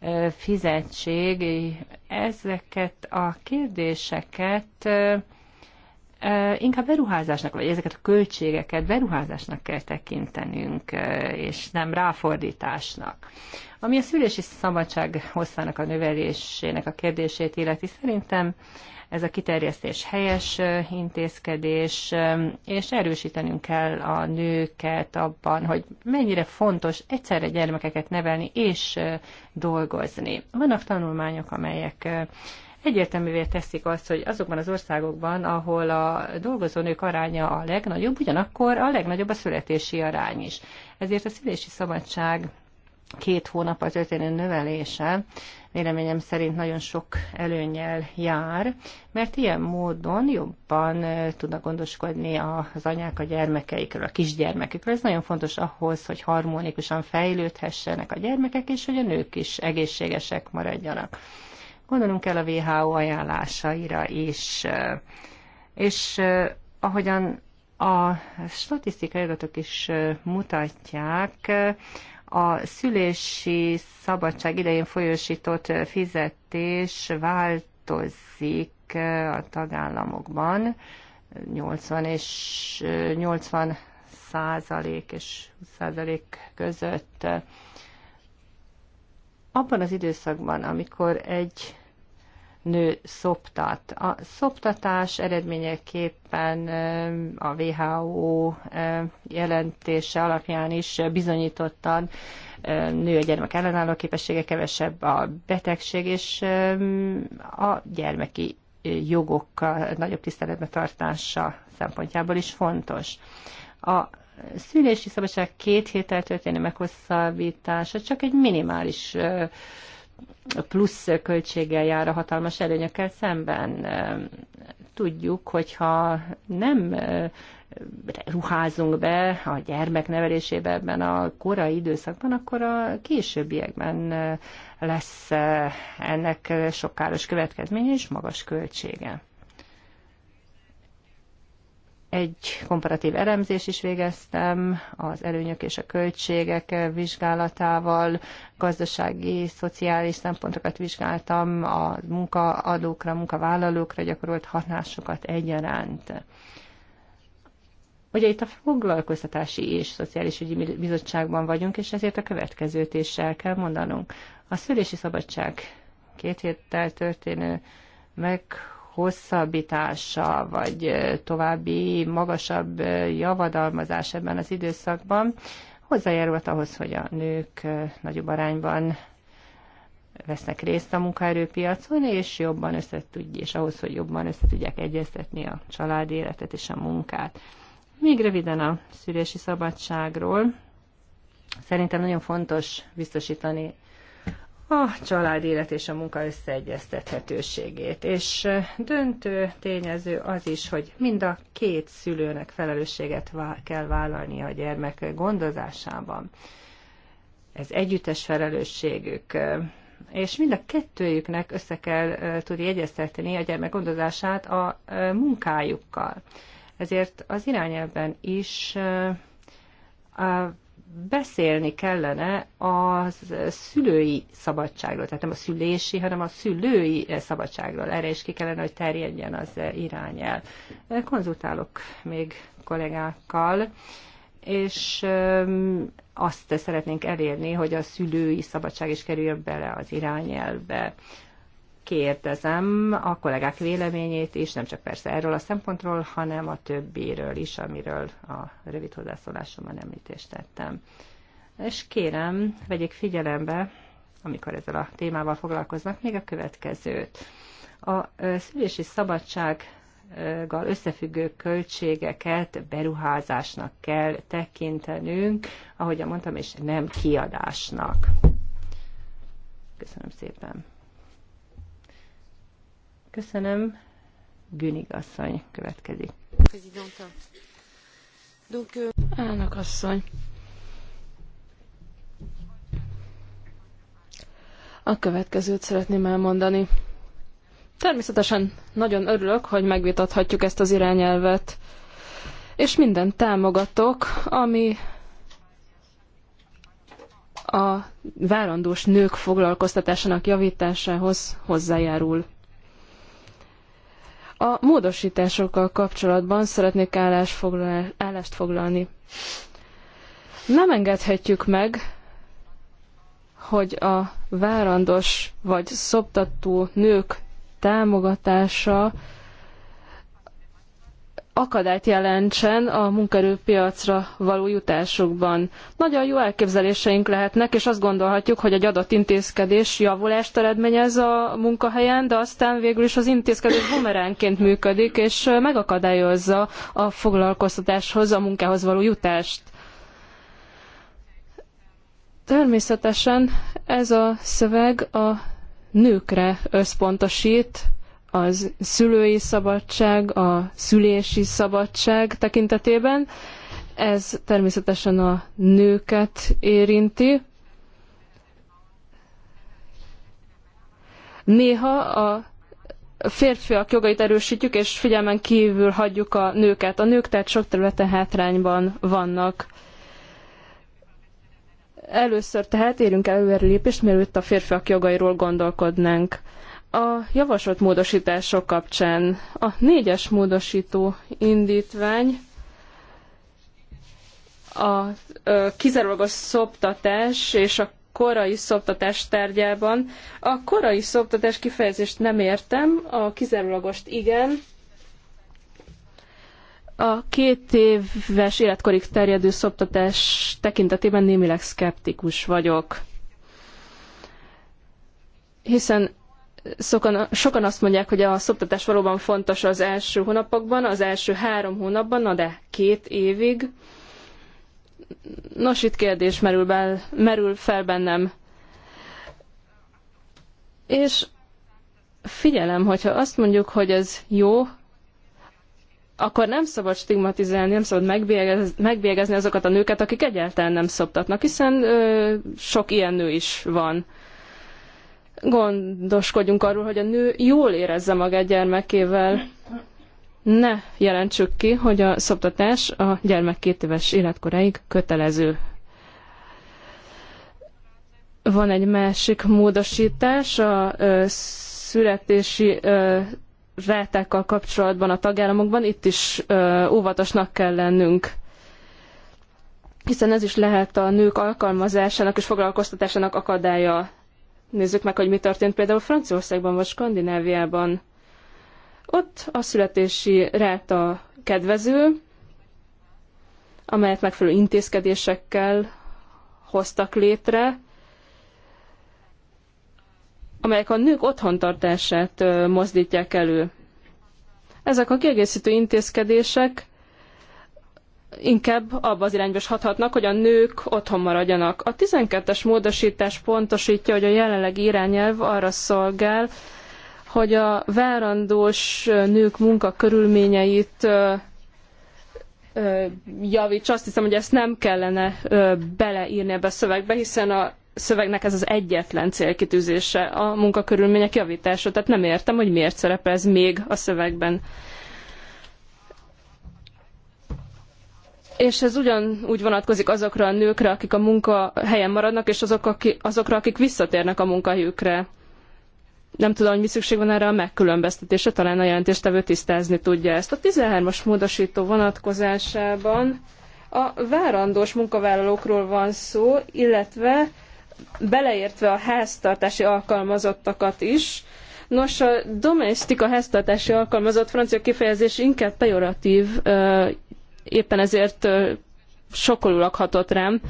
e, fizetség, ezeket a kérdéseket inkább beruházásnak, vagy ezeket a költségeket beruházásnak kell tekintenünk, és nem ráfordításnak. Ami a szülési szabadság hosszának a növelésének a kérdését illeti, szerintem ez a kiterjesztés helyes intézkedés, és erősítenünk kell a nőket abban, hogy mennyire fontos egyszerre gyermekeket nevelni és dolgozni. Vannak tanulmányok, amelyek egyértelművé teszik azt, hogy azokban az országokban, ahol a dolgozó nők aránya a legnagyobb, ugyanakkor a legnagyobb a születési arány is. Ezért a szülési szabadság két hónap az történő növelése véleményem szerint nagyon sok előnyel jár, mert ilyen módon jobban tudnak gondoskodni az anyák a gyermekeikről, a kisgyermekükről. Ez nagyon fontos ahhoz, hogy harmonikusan fejlődhessenek a gyermekek, és hogy a nők is egészségesek maradjanak. Gondolunk el a WHO ajánlásaira is. És ahogyan a statisztikai adatok is mutatják, a szülési szabadság idején folyosított fizetés változik a tagállamokban, 80 és 80 százalék és 20 százalék között. Abban az időszakban, amikor egy nő szoptat. A szoptatás eredményeképpen a WHO jelentése alapján is bizonyítottan nő a gyermek ellenálló képessége, kevesebb a betegség, és a gyermeki jogokkal nagyobb tiszteletbe tartása szempontjából is fontos. A szülési szabadság két héttel történő meghosszabbítása csak egy minimális plusz költséggel jár a hatalmas előnyökkel szemben. Tudjuk, hogyha nem ruházunk be a gyermek nevelésébe ebben a korai időszakban, akkor a későbbiekben lesz ennek sokáros következménye és magas költsége. Egy komparatív elemzés is végeztem az előnyök és a költségek vizsgálatával, gazdasági, szociális szempontokat vizsgáltam, a munkaadókra, munkavállalókra gyakorolt hatásokat egyaránt. Ugye itt a foglalkoztatási és szociális ügyi bizottságban vagyunk, és ezért a következőt is el kell mondanunk. A szülési szabadság két héttel történő meg hosszabbítása, vagy további magasabb javadalmazás ebben az időszakban hozzájárult ahhoz, hogy a nők nagyobb arányban vesznek részt a munkaerőpiacon, és jobban összetudj, és ahhoz, hogy jobban összetudják egyeztetni a család életet és a munkát. Még röviden a szülési szabadságról. Szerintem nagyon fontos biztosítani a család élet és a munka összeegyeztethetőségét. És döntő tényező az is, hogy mind a két szülőnek felelősséget kell vállalni a gyermek gondozásában. Ez együttes felelősségük, és mind a kettőjüknek össze kell tudni egyeztetni a gyermek gondozását a munkájukkal. Ezért az irányelben is beszélni kellene a szülői szabadságról, tehát nem a szülési, hanem a szülői szabadságról. Erre is ki kellene, hogy terjedjen az irányel. Konzultálok még kollégákkal, és azt szeretnénk elérni, hogy a szülői szabadság is kerüljön bele az irányelbe kérdezem a kollégák véleményét is, nem csak persze erről a szempontról, hanem a többiről is, amiről a rövid hozzászólásomban említést tettem. És kérem, vegyék figyelembe, amikor ezzel a témával foglalkoznak, még a következőt. A szülési szabadság összefüggő költségeket beruházásnak kell tekintenünk, ahogy mondtam, és nem kiadásnak. Köszönöm szépen. Köszönöm. Günig asszony következik. Elnök asszony. A következőt szeretném elmondani. Természetesen nagyon örülök, hogy megvitathatjuk ezt az irányelvet, és mindent támogatok, ami a várandós nők foglalkoztatásának javításához hozzájárul. A módosításokkal kapcsolatban szeretnék állást, foglalni. Nem engedhetjük meg, hogy a várandos vagy szoptató nők támogatása akadályt jelentsen a munkaerőpiacra való jutásukban. Nagyon jó elképzeléseink lehetnek, és azt gondolhatjuk, hogy egy adott intézkedés javulást eredményez a munkahelyen, de aztán végül is az intézkedés bumeránként működik, és megakadályozza a foglalkoztatáshoz, a munkához való jutást. Természetesen ez a szöveg a nőkre összpontosít, az szülői szabadság, a szülési szabadság tekintetében. Ez természetesen a nőket érinti. Néha a férfiak jogait erősítjük, és figyelmen kívül hagyjuk a nőket. A nők tehát sok területen hátrányban vannak. Először tehát érünk előre lépést, mielőtt a férfiak jogairól gondolkodnánk. A javasolt módosítások kapcsán a négyes módosító indítvány a kizárólagos szoptatás és a korai szoptatás tárgyában. A korai szoptatás kifejezést nem értem, a kizárólagost igen. A két éves életkorig terjedő szoptatás tekintetében némileg szkeptikus vagyok. Hiszen sokan, sokan azt mondják, hogy a szoptatás valóban fontos az első hónapokban, az első három hónapban, na de két évig. Nos, itt kérdés merül, be, merül fel bennem. És figyelem, hogyha azt mondjuk, hogy ez jó, akkor nem szabad stigmatizálni, nem szabad megbélyegezni azokat a nőket, akik egyáltalán nem szoptatnak, hiszen ö, sok ilyen nő is van gondoskodjunk arról, hogy a nő jól érezze magát gyermekével. Ne jelentsük ki, hogy a szoptatás a gyermek két éves életkoráig kötelező. Van egy másik módosítás, a ö, születési ö, rátákkal kapcsolatban a tagállamokban, itt is ö, óvatosnak kell lennünk hiszen ez is lehet a nők alkalmazásának és foglalkoztatásának akadálya. Nézzük meg, hogy mi történt például Franciaországban vagy Skandináviában. Ott a születési ráta kedvező, amelyet megfelelő intézkedésekkel hoztak létre, amelyek a nők otthontartását mozdítják elő. Ezek a kiegészítő intézkedések inkább abba az irányba is hathatnak, hogy a nők otthon maradjanak. A 12-es módosítás pontosítja, hogy a jelenlegi irányelv arra szolgál, hogy a várandós nők munkakörülményeit javíts. Azt hiszem, hogy ezt nem kellene beleírni ebbe a szövegbe, hiszen a szövegnek ez az egyetlen célkitűzése a munkakörülmények javítása. Tehát nem értem, hogy miért szerepel ez még a szövegben. és ez ugyanúgy vonatkozik azokra a nőkre, akik a munkahelyen maradnak, és azok, aki, azokra, akik visszatérnek a munkahelyükre. Nem tudom, hogy mi szükség van erre a megkülönböztetésre, talán a jelentéstevő tisztázni tudja ezt. A 13-as módosító vonatkozásában a várandós munkavállalókról van szó, illetve beleértve a háztartási alkalmazottakat is. Nos, a domestika háztartási alkalmazott francia kifejezés inkább pejoratív éppen ezért sokkolulak hatott rám.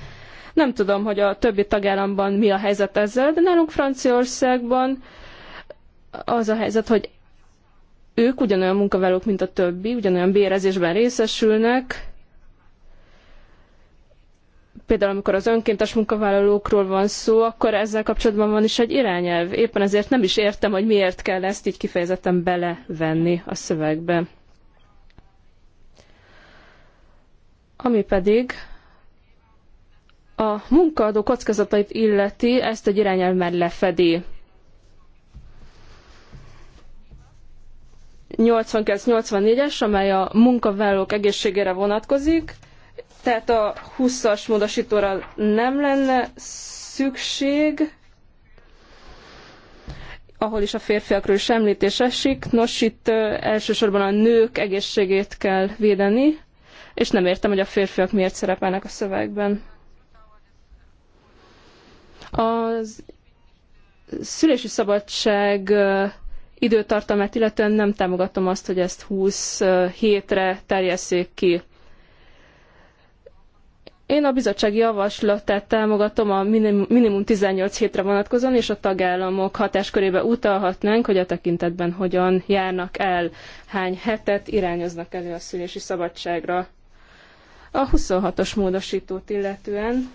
Nem tudom, hogy a többi tagállamban mi a helyzet ezzel, de nálunk Franciaországban az a helyzet, hogy ők ugyanolyan munkavállalók, mint a többi, ugyanolyan bérezésben részesülnek. Például amikor az önkéntes munkavállalókról van szó, akkor ezzel kapcsolatban van is egy irányelv. Éppen ezért nem is értem, hogy miért kell ezt így kifejezetten belevenni a szövegbe. Ami pedig a munkaadó kockázatait illeti, ezt egy irányelv már lefedi. 89-84-es, amely a munkavállalók egészségére vonatkozik, tehát a 20-as módosítóra nem lenne szükség, ahol is a férfiakról is említés esik. Nos, itt elsősorban a nők egészségét kell védeni és nem értem, hogy a férfiak miért szerepelnek a szövegben. Az szülési szabadság időtartamát illetően nem támogatom azt, hogy ezt 20 hétre terjesszék ki. Én a bizottsági javaslatát támogatom a minimum 18 hétre vonatkozóan, és a tagállamok hatáskörébe utalhatnánk, hogy a tekintetben hogyan járnak el, hány hetet irányoznak elő a szülési szabadságra. A 26-os módosítót illetően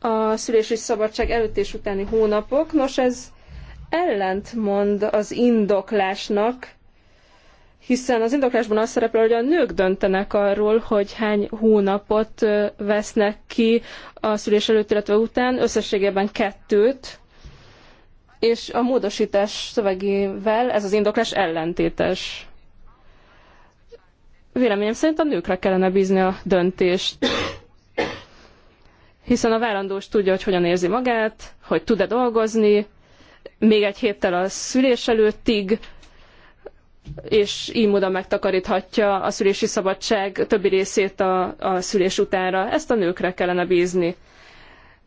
a szülési szabadság előtt és utáni hónapok. Nos, ez ellentmond az indoklásnak, hiszen az indoklásban az szerepel, hogy a nők döntenek arról, hogy hány hónapot vesznek ki a szülés előtt, illetve után, összességében kettőt, és a módosítás szövegével ez az indoklás ellentétes. Véleményem szerint a nőkre kellene bízni a döntést. Hiszen a várandós tudja, hogy hogyan érzi magát, hogy tud-e dolgozni, még egy héttel a szülés előttig, és így módon megtakaríthatja a szülési szabadság többi részét a, a szülés utánra. Ezt a nőkre kellene bízni.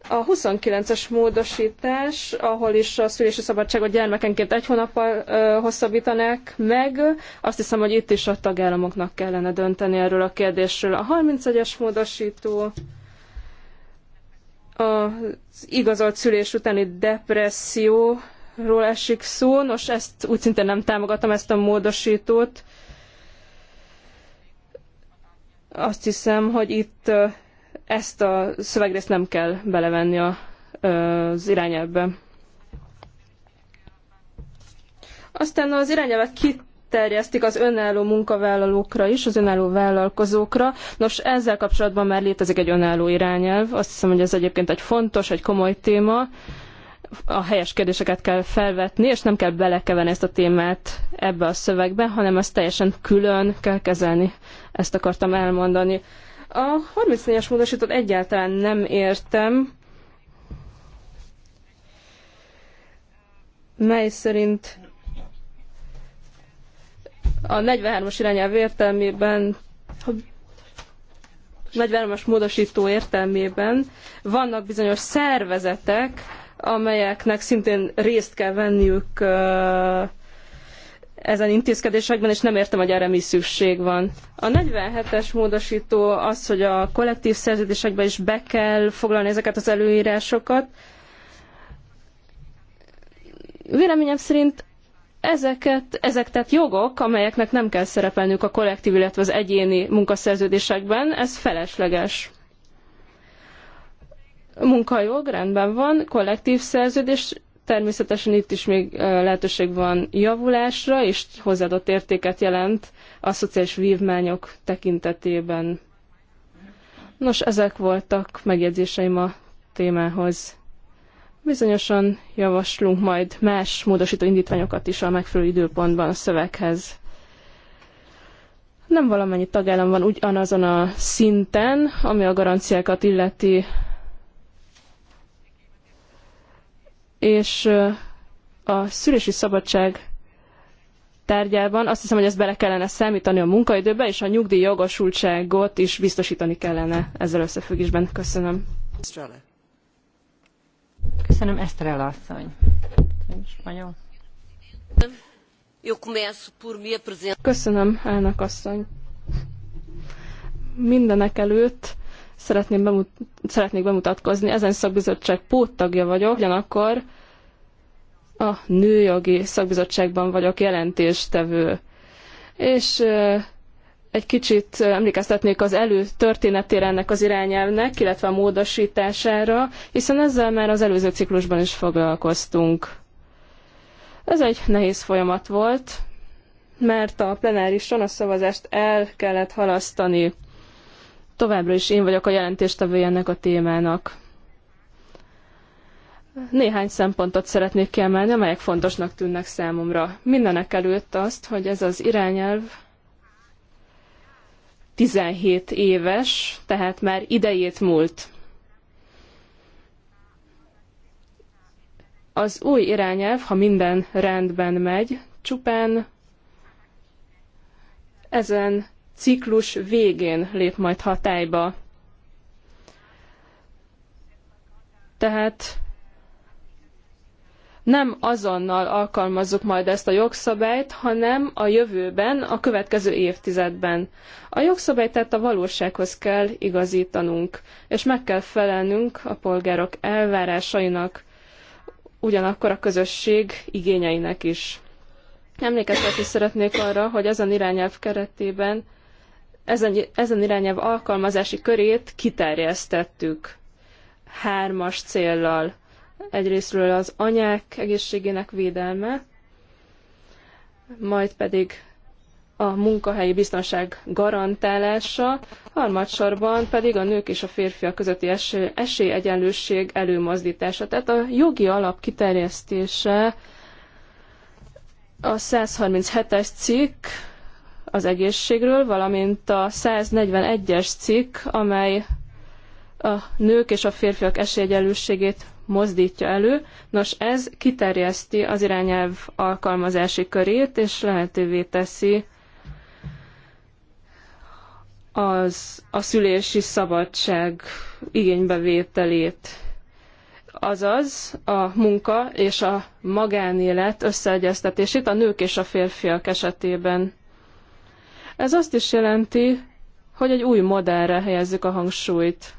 A 29-es módosítás, ahol is a szülési szabadságot gyermekenként egy hónappal ö, hosszabbítanák meg, azt hiszem, hogy itt is a tagállamoknak kellene dönteni erről a kérdésről. A 31-es módosító az igazolt szülés utáni depresszióról esik szó. Nos, ezt úgy szintén nem támogatom, ezt a módosítót. Azt hiszem, hogy itt ezt a szövegrészt nem kell belevenni a, az irányelvbe. Aztán az irányelvet kiterjesztik az önálló munkavállalókra is, az önálló vállalkozókra. Nos, ezzel kapcsolatban már létezik egy önálló irányelv. Azt hiszem, hogy ez egyébként egy fontos, egy komoly téma. A helyes kérdéseket kell felvetni, és nem kell belekeverni ezt a témát ebbe a szövegbe, hanem ezt teljesen külön kell kezelni. Ezt akartam elmondani. A 34-es módosítót egyáltalán nem értem, mely szerint a 43-as irányelv értelmében, a 43-as módosító értelmében vannak bizonyos szervezetek, amelyeknek szintén részt kell venniük ezen intézkedésekben, és nem értem, hogy erre mi szükség van. A 47-es módosító az, hogy a kollektív szerződésekbe is be kell foglalni ezeket az előírásokat. Véleményem szerint ezeket, ezek tehát jogok, amelyeknek nem kell szerepelniük a kollektív, illetve az egyéni munkaszerződésekben, ez felesleges. Munkajog rendben van, kollektív szerződés Természetesen itt is még lehetőség van javulásra, és hozzáadott értéket jelent a szociális vívmányok tekintetében. Nos, ezek voltak megjegyzéseim a témához. Bizonyosan javaslunk majd más módosító indítványokat is a megfelelő időpontban a szöveghez. Nem valamennyi tagállam van ugyanazon a szinten, ami a garanciákat illeti és a szülési szabadság tárgyában azt hiszem, hogy ezt bele kellene számítani a munkaidőbe, és a nyugdíj jogosultságot is biztosítani kellene ezzel összefüggésben. Köszönöm. Estrella. Köszönöm, Estrella asszony. Köszönöm, elnök asszony. Mindenek előtt Szeretném bemut- szeretnék bemutatkozni. Ezen szakbizottság póttagja vagyok, ugyanakkor a nőjogi szakbizottságban vagyok jelentéstevő. És egy kicsit emlékeztetnék az történetére ennek az irányelvnek, illetve a módosítására, hiszen ezzel már az előző ciklusban is foglalkoztunk. Ez egy nehéz folyamat volt, mert a plenárison a szavazást el kellett halasztani továbbra is én vagyok a jelentéstevő ennek a témának. Néhány szempontot szeretnék kiemelni, amelyek fontosnak tűnnek számomra. Mindenek előtt azt, hogy ez az irányelv 17 éves, tehát már idejét múlt. Az új irányelv, ha minden rendben megy, csupán ezen ciklus végén lép majd hatályba. Tehát nem azonnal alkalmazzuk majd ezt a jogszabályt, hanem a jövőben, a következő évtizedben. A jogszabályt tehát a valósághoz kell igazítanunk, és meg kell felelnünk a polgárok elvárásainak, ugyanakkor a közösség igényeinek is. Emlékeztetni szeretnék arra, hogy ezen irányelv keretében ezen, ezen irányelv alkalmazási körét kiterjesztettük hármas céllal. Egyrésztről az anyák egészségének védelme, majd pedig a munkahelyi biztonság garantálása, harmadsorban pedig a nők és a férfiak közötti esélyegyenlőség előmozdítása. Tehát a jogi alap kiterjesztése a 137-es cikk, az egészségről, valamint a 141-es cikk, amely a nők és a férfiak esélyegyenlőségét mozdítja elő. Nos, ez kiterjeszti az irányelv alkalmazási körét, és lehetővé teszi az a szülési szabadság igénybevételét. Azaz a munka és a magánélet összeegyeztetését a nők és a férfiak esetében. Ez azt is jelenti, hogy egy új modellre helyezzük a hangsúlyt.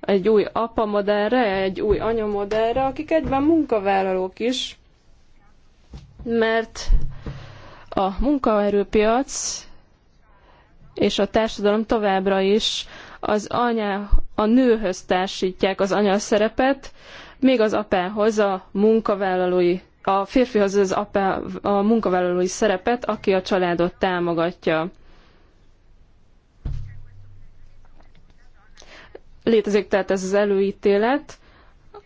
Egy új apa modellre, egy új anya modellre, akik egyben munkavállalók is, mert a munkaerőpiac és a társadalom továbbra is az anya, a nőhöz társítják az anya szerepet, még az apához a munkavállalói, a férfihoz az apá, a munkavállalói szerepet, aki a családot támogatja. Létezik tehát ez az előítélet,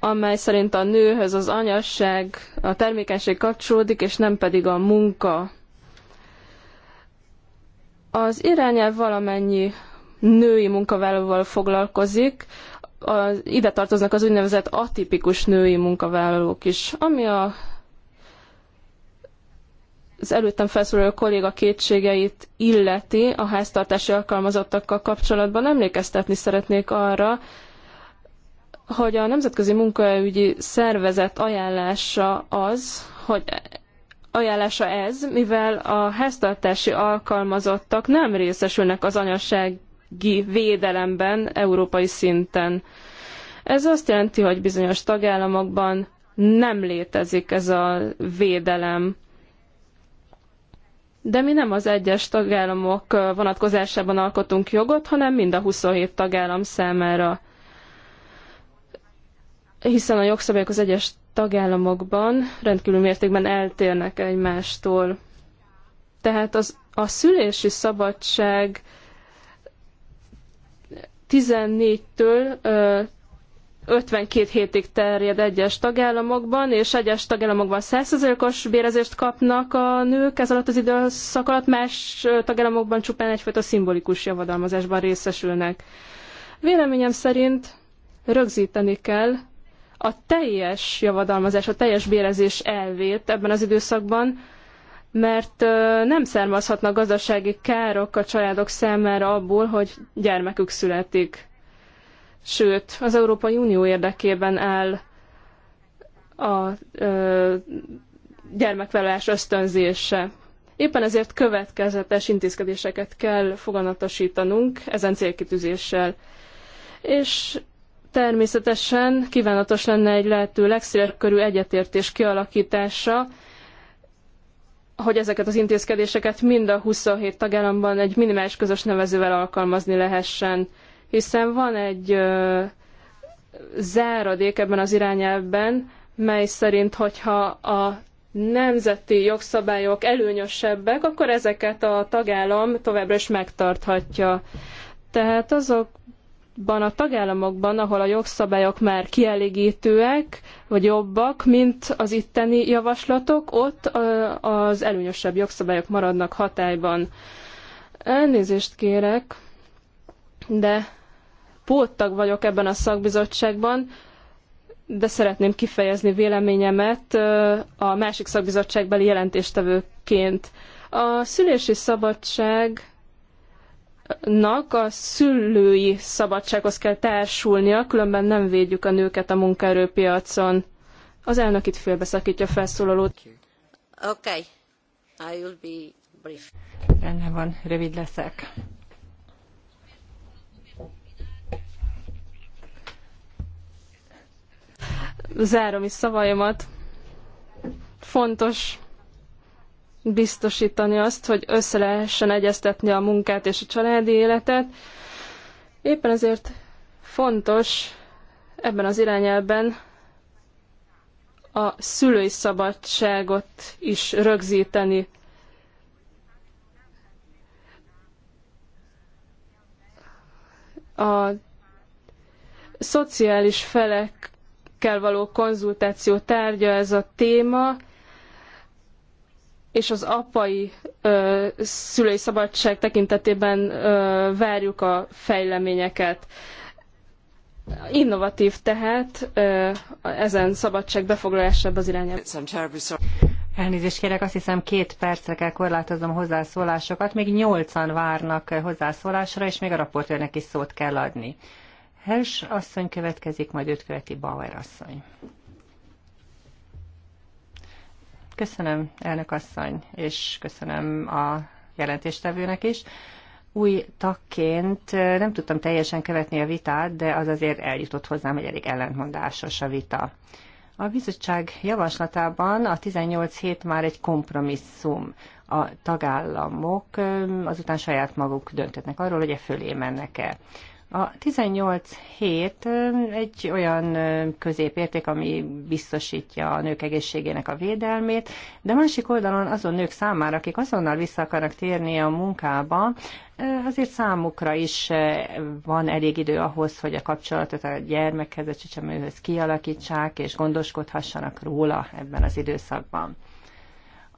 amely szerint a nőhöz az anyasság, a termékenység kapcsolódik, és nem pedig a munka. Az irányelv valamennyi női munkavállalóval foglalkozik, a, ide tartoznak az úgynevezett atipikus női munkavállalók is, ami a az előttem felszólaló kolléga kétségeit illeti a háztartási alkalmazottakkal kapcsolatban, emlékeztetni szeretnék arra, hogy a Nemzetközi Munkaügyi Szervezet ajánlása az, hogy ajánlása ez, mivel a háztartási alkalmazottak nem részesülnek az anyasági védelemben európai szinten. Ez azt jelenti, hogy bizonyos tagállamokban nem létezik ez a védelem de mi nem az egyes tagállamok vonatkozásában alkotunk jogot, hanem mind a 27 tagállam számára. Hiszen a jogszabályok az egyes tagállamokban rendkívül mértékben eltérnek egymástól. Tehát az, a szülési szabadság 14-től 52 hétig terjed egyes tagállamokban, és egyes tagállamokban 100%-os bérezést kapnak a nők ez alatt az időszak alatt, más tagállamokban csupán egyfajta szimbolikus javadalmazásban részesülnek. Véleményem szerint rögzíteni kell a teljes javadalmazás, a teljes bérezés elvét ebben az időszakban, mert nem származhatnak gazdasági károk a családok számára abból, hogy gyermekük születik sőt az Európai Unió érdekében áll a ö, gyermekvállalás ösztönzése. Éppen ezért következetes intézkedéseket kell foganatosítanunk ezen célkitűzéssel. És természetesen kívánatos lenne egy lehető legszélesebb körű egyetértés kialakítása, hogy ezeket az intézkedéseket mind a 27 tagállamban egy minimális közös nevezővel alkalmazni lehessen hiszen van egy záradék ebben az irányelvben, mely szerint, hogyha a nemzeti jogszabályok előnyösebbek, akkor ezeket a tagállam továbbra is megtarthatja. Tehát azokban a tagállamokban, ahol a jogszabályok már kielégítőek, vagy jobbak, mint az itteni javaslatok, ott az előnyösebb jogszabályok maradnak hatályban. Elnézést kérek, de póttag vagyok ebben a szakbizottságban, de szeretném kifejezni véleményemet a másik szakbizottságbeli jelentéstevőként. A szülési szabadságnak a szülői szabadsághoz kell társulnia, különben nem védjük a nőket a munkaerőpiacon. Az elnök itt félbeszakítja felszólalót. Okay. I will be brief. Benne van, rövid leszek. zárom is szavaimat. Fontos biztosítani azt, hogy össze lehessen egyeztetni a munkát és a családi életet. Éppen ezért fontos ebben az irányelben a szülői szabadságot is rögzíteni. A szociális felek cégekkel való konzultáció tárgya ez a téma, és az apai ö, szülői szabadság tekintetében ö, várjuk a fejleményeket. Innovatív tehát ö, ezen szabadság befoglalásába az irányába. Elnézést kérek, azt hiszem két percre kell korlátoznom a hozzászólásokat. Még nyolcan várnak hozzászólásra, és még a raportőrnek is szót kell adni. Hers asszony következik, majd őt követi Bauer asszony. Köszönöm, elnök asszony, és köszönöm a jelentéstevőnek is. Új tagként nem tudtam teljesen követni a vitát, de az azért eljutott hozzám, hogy elég ellentmondásos a vita. A bizottság javaslatában a 18 hét már egy kompromisszum. A tagállamok azután saját maguk döntetnek arról, hogy e fölé mennek-e. A 18 hét egy olyan középérték, ami biztosítja a nők egészségének a védelmét, de másik oldalon azon nők számára, akik azonnal vissza akarnak térni a munkába, azért számukra is van elég idő ahhoz, hogy a kapcsolatot a gyermekhez, a csecsemőhöz kialakítsák, és gondoskodhassanak róla ebben az időszakban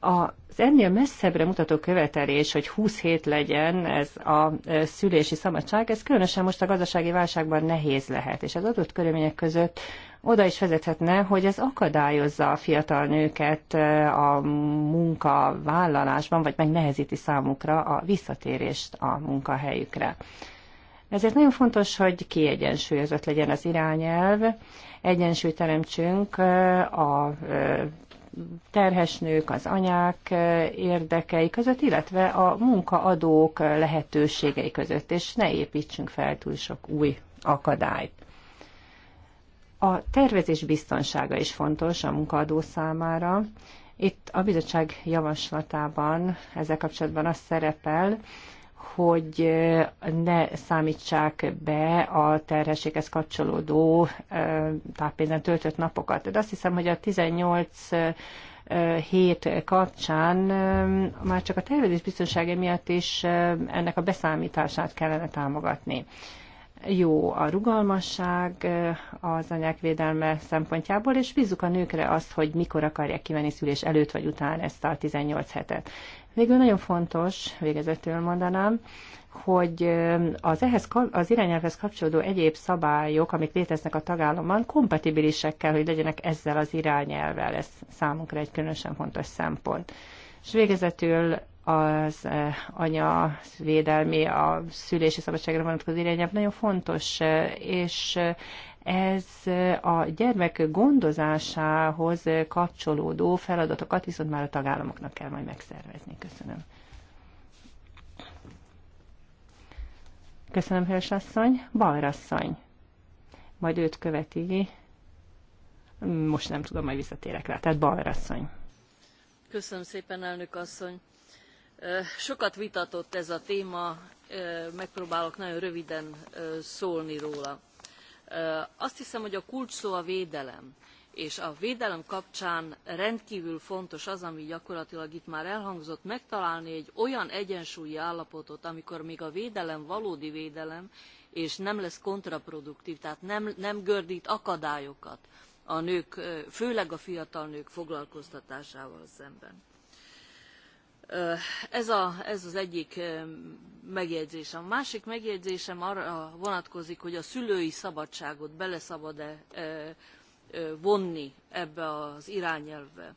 az ennél messzebbre mutató követelés, hogy 20 hét legyen ez a szülési szabadság, ez különösen most a gazdasági válságban nehéz lehet, és az adott körülmények között oda is vezethetne, hogy ez akadályozza a fiatal nőket a munkavállalásban, vagy megnehezíti számukra a visszatérést a munkahelyükre. Ezért nagyon fontos, hogy kiegyensúlyozott legyen az irányelv, egyensúlyt teremtsünk a terhesnők, az anyák érdekei között, illetve a munkaadók lehetőségei között, és ne építsünk fel túl sok új akadályt. A tervezés biztonsága is fontos a munkaadó számára. Itt a bizottság javaslatában ezzel kapcsolatban az szerepel, hogy ne számítsák be a terhességhez kapcsolódó tápénzen töltött napokat. De azt hiszem, hogy a 18 hét kapcsán már csak a tervezés biztonsága miatt is ennek a beszámítását kellene támogatni. Jó a rugalmasság az anyák védelme szempontjából, és bízzuk a nőkre azt, hogy mikor akarják kivenni szülés előtt vagy után ezt a 18 hetet. Végül nagyon fontos, végezetül mondanám, hogy az, ehhez, az irányelvhez kapcsolódó egyéb szabályok, amik léteznek a tagállamban, kompatibilisek kell, hogy legyenek ezzel az irányelvel. Ez számunkra egy különösen fontos szempont. És végezetül az anya védelmi, a szülési szabadságra vonatkozó irányelv nagyon fontos, és ez a gyermek gondozásához kapcsolódó feladatokat viszont már a tagállamoknak kell majd megszervezni. Köszönöm. Köszönöm, hősasszony. Balrasszony. Majd őt követi. Most nem tudom, majd visszatérek rá. Tehát Balrasszony. Köszönöm szépen, elnök asszony. Sokat vitatott ez a téma, megpróbálok nagyon röviden szólni róla azt hiszem, hogy a kulcs szó a védelem, és a védelem kapcsán rendkívül fontos az, ami gyakorlatilag itt már elhangzott, megtalálni egy olyan egyensúlyi állapotot, amikor még a védelem valódi védelem, és nem lesz kontraproduktív, tehát nem, nem gördít akadályokat a nők, főleg a fiatal nők foglalkoztatásával szemben ez, a, ez az egyik megjegyzésem. A másik megjegyzésem arra vonatkozik, hogy a szülői szabadságot bele szabad-e vonni ebbe az irányelvbe.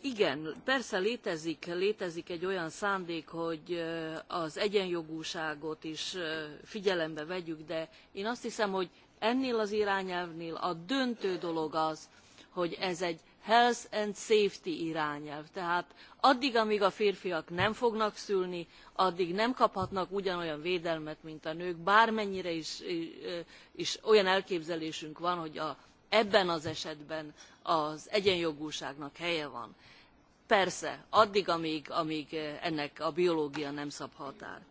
Igen, persze létezik, létezik egy olyan szándék, hogy az egyenjogúságot is figyelembe vegyük, de én azt hiszem, hogy ennél az irányelvnél a döntő dolog az, hogy ez egy health and safety irányelv tehát addig amg a férfiak nem fognak szülni addig nem kaphatnak ugyanolyan védelmet mint a nők bármennyire is, is olyan elképzelésünk van hogy a, ebben az esetben az egyenjogúságnak helye van. persze addig amg ennek a biológia nem szab határt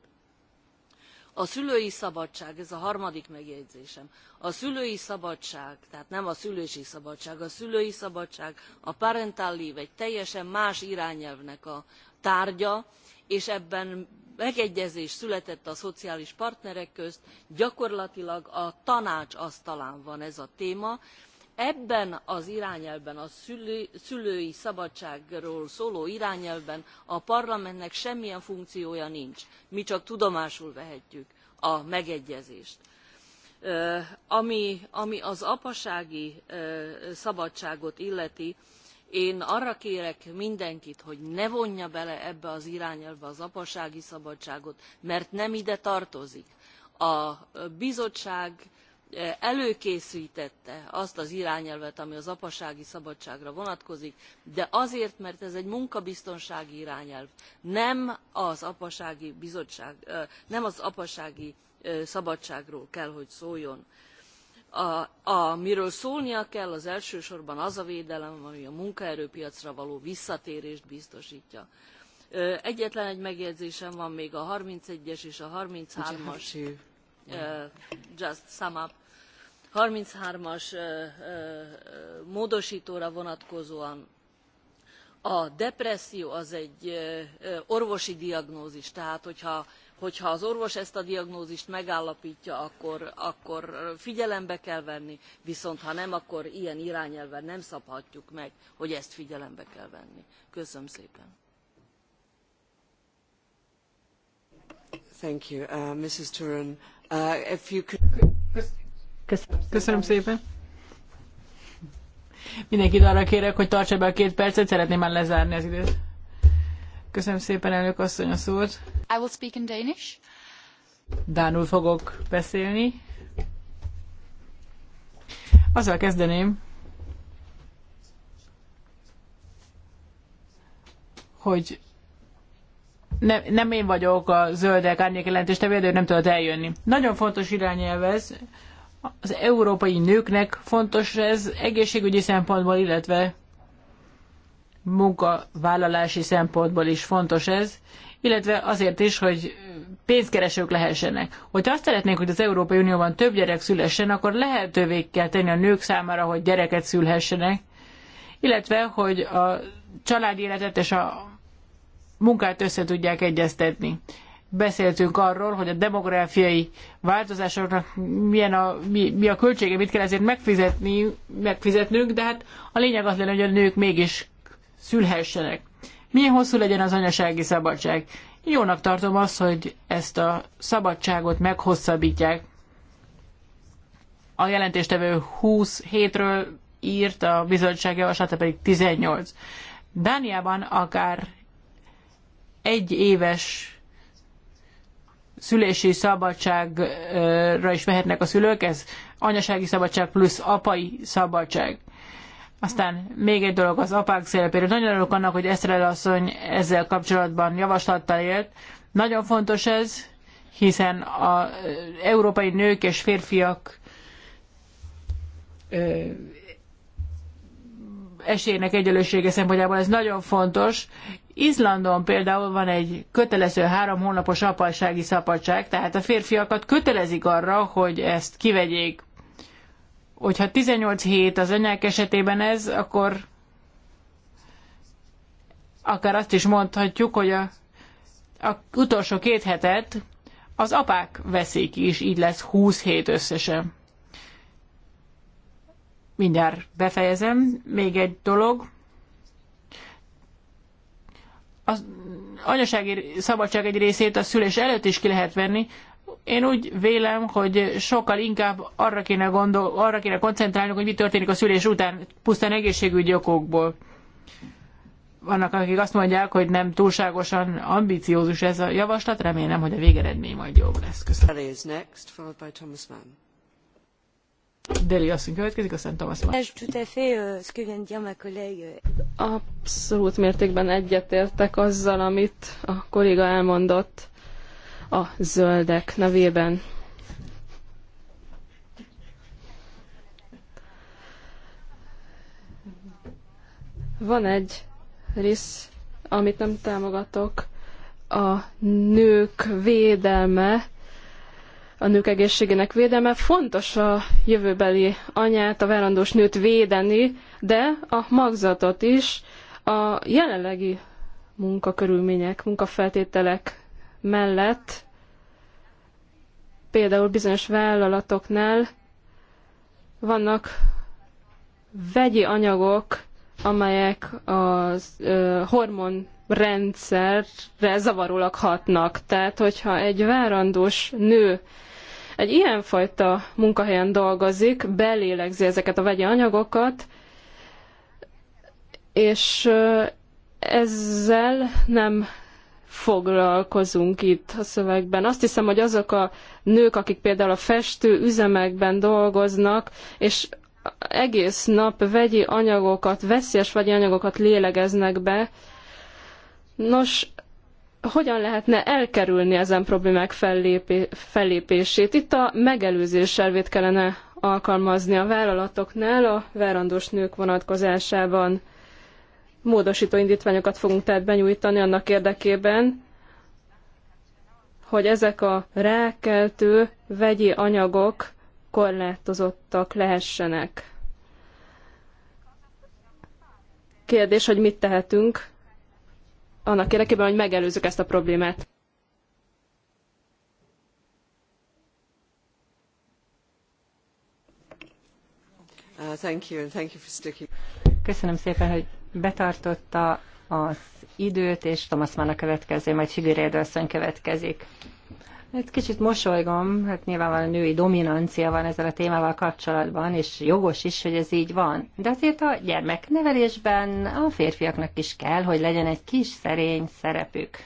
a szülői szabadság, ez a harmadik megjegyzésem, a szülői szabadság, tehát nem a szülési szabadság, a szülői szabadság, a parental leave egy teljesen más irányelvnek a tárgya, és ebben megegyezés született a szociális partnerek közt, gyakorlatilag a tanács asztalán van ez a téma, ebben az irányelvben a szülői szabadságról szóló irányelvben a parlamentnek semmilyen funkciója nincs mi csak tudomásul vehetjük a megegyezést. Ami, ami az apasági szabadságot illeti én arra kérek mindenkit hogy ne vonja bele ebbe az irányelvbe az apasági szabadságot mert nem ide tartozik. a bizottság előkésztette azt az irányelvet ami az apasági szabadságra vonatkozik de azért mert ez egy munkabiztonsági irányelv nem az apasági, bizottság, nem az apasági szabadságról kell hogy szóljon. A, amiről szólnia kell az elsősorban az a védelem ami a munkaerőpiacra való visszatérést biztostja. egyetlen egy megjegyzésem van még a thirty one es és a thirty three as just sum up. 33-as módostóra vonatkozóan a depresszió az egy orvosi diagnózis, tehát hogyha, hogyha az orvos ezt a diagnózist megállapítja, akkor, akkor figyelembe kell venni, viszont ha nem, akkor ilyen irányelven nem szabhatjuk meg, hogy ezt figyelembe kell venni. Köszönöm szépen. Thank you. Uh, Mrs. Turin, Uh, Köszönöm, Köszönöm szépen. Mindenkit arra kérek, hogy tartsa be a két percet, szeretném már lezárni az időt. Köszönöm szépen, elnök asszony a szót. I will speak in Danish. Dánul fogok beszélni. Azzal kezdeném, hogy nem, nem én vagyok a zöldek árnyék jelentéstevője, de nem tudott eljönni. Nagyon fontos irányelv ez. Az európai nőknek fontos ez egészségügyi szempontból, illetve munkavállalási szempontból is fontos ez, illetve azért is, hogy pénzkeresők lehessenek. Hogyha azt szeretnénk, hogy az Európai Unióban több gyerek szülessen, akkor lehetővé kell tenni a nők számára, hogy gyereket szülhessenek, illetve, hogy a családi életet és a munkát össze tudják egyeztetni. Beszéltünk arról, hogy a demográfiai változásoknak milyen a, mi, mi a költsége, mit kell ezért megfizetni, megfizetnünk, de hát a lényeg az lenne, hogy a nők mégis szülhessenek. Milyen hosszú legyen az anyasági szabadság? Jónak tartom azt, hogy ezt a szabadságot meghosszabbítják. A jelentéstevő 20 hétről írt, a bizottság javaslata pedig 18. Dániában akár egy éves szülési szabadságra is mehetnek a szülők, ez anyasági szabadság plusz apai szabadság. Aztán még egy dolog az apák szerepéről. Nagyon örülök annak, hogy Eszrel asszony ezzel kapcsolatban javaslattal élt. Nagyon fontos ez, hiszen az európai nők és férfiak esélynek egyenlősége szempontjából ez nagyon fontos, Izlandon például van egy kötelező három hónapos apasági szabadság, tehát a férfiakat kötelezik arra, hogy ezt kivegyék. Hogyha 18 hét az anyák esetében ez, akkor akár azt is mondhatjuk, hogy a, a utolsó két hetet az apák veszik is, így lesz 20 hét összesen. Mindjárt befejezem. Még egy dolog az anyasági szabadság egy részét a szülés előtt is ki lehet venni. Én úgy vélem, hogy sokkal inkább arra kéne, gondol, arra kéne koncentrálnunk, hogy mi történik a szülés után, pusztán egészségügyi okokból. Vannak, akik azt mondják, hogy nem túlságosan ambiciózus ez a javaslat, remélem, hogy a végeredmény majd jobb lesz. Köszönöm. Deli asszony következik, aztán Thomas euh, euh. Abszolút mértékben egyetértek azzal, amit a kolléga elmondott a zöldek nevében. Van egy rész, amit nem támogatok, a nők védelme, a nők egészségének védelme. Fontos a jövőbeli anyát, a várandós nőt védeni, de a magzatot is a jelenlegi munkakörülmények, munkafeltételek mellett például bizonyos vállalatoknál vannak vegyi anyagok, amelyek a hormon rendszerre zavarólag hatnak. Tehát, hogyha egy várandós nő egy ilyenfajta munkahelyen dolgozik, belélegzi ezeket a vegyi anyagokat, és ezzel nem foglalkozunk itt a szövegben. Azt hiszem, hogy azok a nők, akik például a festő üzemekben dolgoznak, és egész nap vegyi anyagokat, veszélyes vegyi anyagokat lélegeznek be, Nos, hogyan lehetne elkerülni ezen problémák fellépé, fellépését? Itt a megelőzés elvét kellene alkalmazni a vállalatoknál, a várandós nők vonatkozásában. Módosító indítványokat fogunk tehát benyújtani annak érdekében, hogy ezek a rákeltő vegyi anyagok korlátozottak lehessenek. Kérdés, hogy mit tehetünk annak érdekében, hogy megelőzzük ezt a problémát. Uh, Köszönöm szépen, hogy betartotta az időt, és Thomas Mann a következő, majd Figuréd asszony következik. Hát kicsit mosolygom, hát nyilvánvalóan női dominancia van ezzel a témával kapcsolatban, és jogos is, hogy ez így van. De azért a gyermeknevelésben a férfiaknak is kell, hogy legyen egy kis szerény szerepük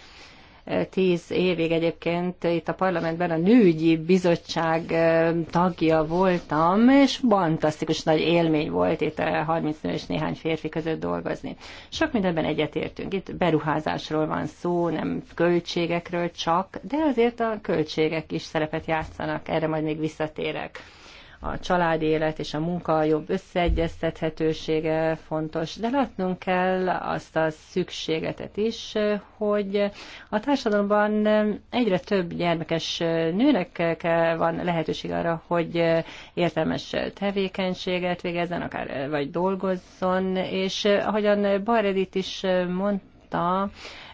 tíz évig egyébként itt a parlamentben a nőgyi bizottság tagja voltam, és fantasztikus nagy élmény volt itt 30 nő és néhány férfi között dolgozni. Sok mindenben egyetértünk. Itt beruházásról van szó, nem költségekről csak, de azért a költségek is szerepet játszanak, erre majd még visszatérek a családi élet és a munka jobb összeegyeztethetősége fontos, de látnunk kell azt a szükségetet is, hogy a társadalomban egyre több gyermekes nőnek van lehetőség arra, hogy értelmes tevékenységet végezzen, akár vagy dolgozzon, és ahogyan Barredit is mondta,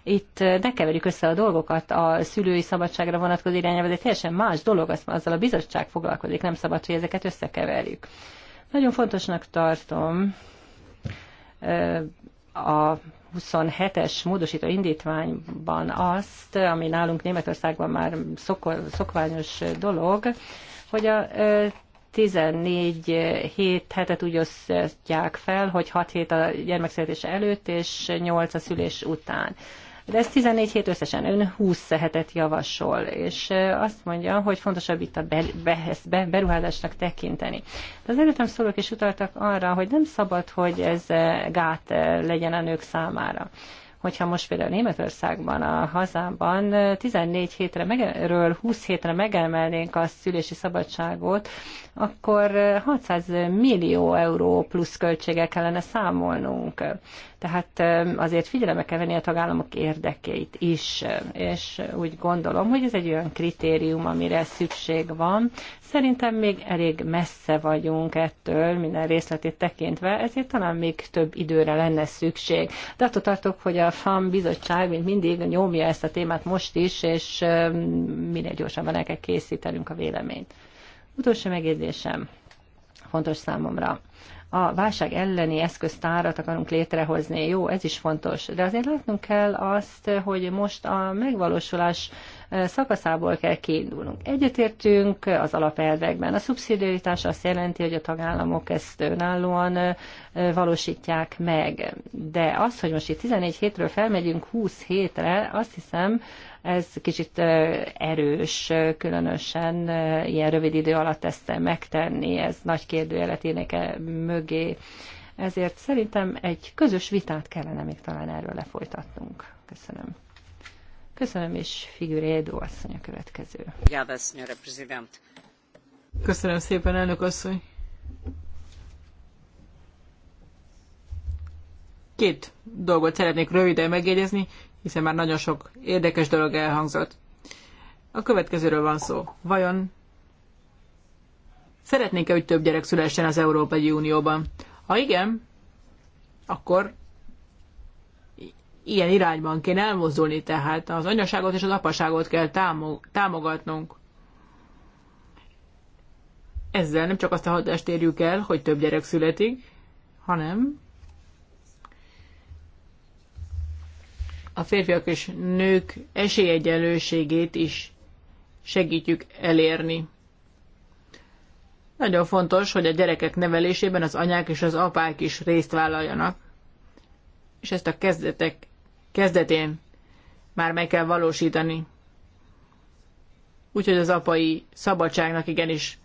itt eh, ne keverjük össze a dolgokat, a szülői szabadságra vonatkozó irányelv, de teljesen más dolog, azt azzal a bizottság foglalkozik, nem szabad, hogy ezeket összekeverjük. Nagyon fontosnak tartom eh, a 27-es módosító indítványban azt, ami nálunk Németországban már szokványos dolog, hogy a 14 eh, hét hetet úgy osztják fel, hogy 6 hét a gyermekszületés előtt, és 8 a szülés után. De ez 14 hét összesen, ön 20 szehetet javasol, és azt mondja, hogy fontosabb itt a be, beruházásnak tekinteni. De az előttem szólók is utaltak arra, hogy nem szabad, hogy ez gát legyen a nők számára hogyha most például Németországban, a hazámban 14 hétre, megerről 20 hétre megemelnénk a szülési szabadságot, akkor 600 millió euró plusz költsége kellene számolnunk. Tehát azért figyelembe kell venni a tagállamok érdekeit is, és úgy gondolom, hogy ez egy olyan kritérium, amire szükség van. Szerintem még elég messze vagyunk ettől, minden részletét tekintve, ezért talán még több időre lenne szükség. De attól tartok, hogy a FAM bizottság, mint mindig, nyomja ezt a témát most is, és minél gyorsabban el kell készítenünk a véleményt. Utolsó megjegyzésem fontos számomra a válság elleni eszköztárat akarunk létrehozni. Jó, ez is fontos, de azért látnunk kell azt, hogy most a megvalósulás szakaszából kell kiindulnunk. Egyetértünk az alapelvekben. A szubszidiaritás azt jelenti, hogy a tagállamok ezt önállóan valósítják meg. De az, hogy most itt 14 hétről felmegyünk 20 hétre, azt hiszem, ez kicsit erős, különösen ilyen rövid idő alatt ezt megtenni, ez nagy kérdőjelet éneke mögé. Ezért szerintem egy közös vitát kellene még talán erről lefolytatnunk. Köszönöm. Köszönöm, és Figurédo asszony a következő. Köszönöm szépen, elnök asszony. Két dolgot szeretnék röviden megjegyezni, hiszen már nagyon sok érdekes dolog elhangzott. A következőről van szó. Vajon szeretnék-e, hogy több gyerek szülessen az Európai Unióban? Ha igen, akkor ilyen irányban kéne elmozdulni, tehát az anyaságot és az apaságot kell támogatnunk. Ezzel nem csak azt a hatást érjük el, hogy több gyerek születik, hanem a férfiak és nők esélyegyenlőségét is segítjük elérni. Nagyon fontos, hogy a gyerekek nevelésében az anyák és az apák is részt vállaljanak, és ezt a kezdetek kezdetén már meg kell valósítani. Úgyhogy az apai szabadságnak igenis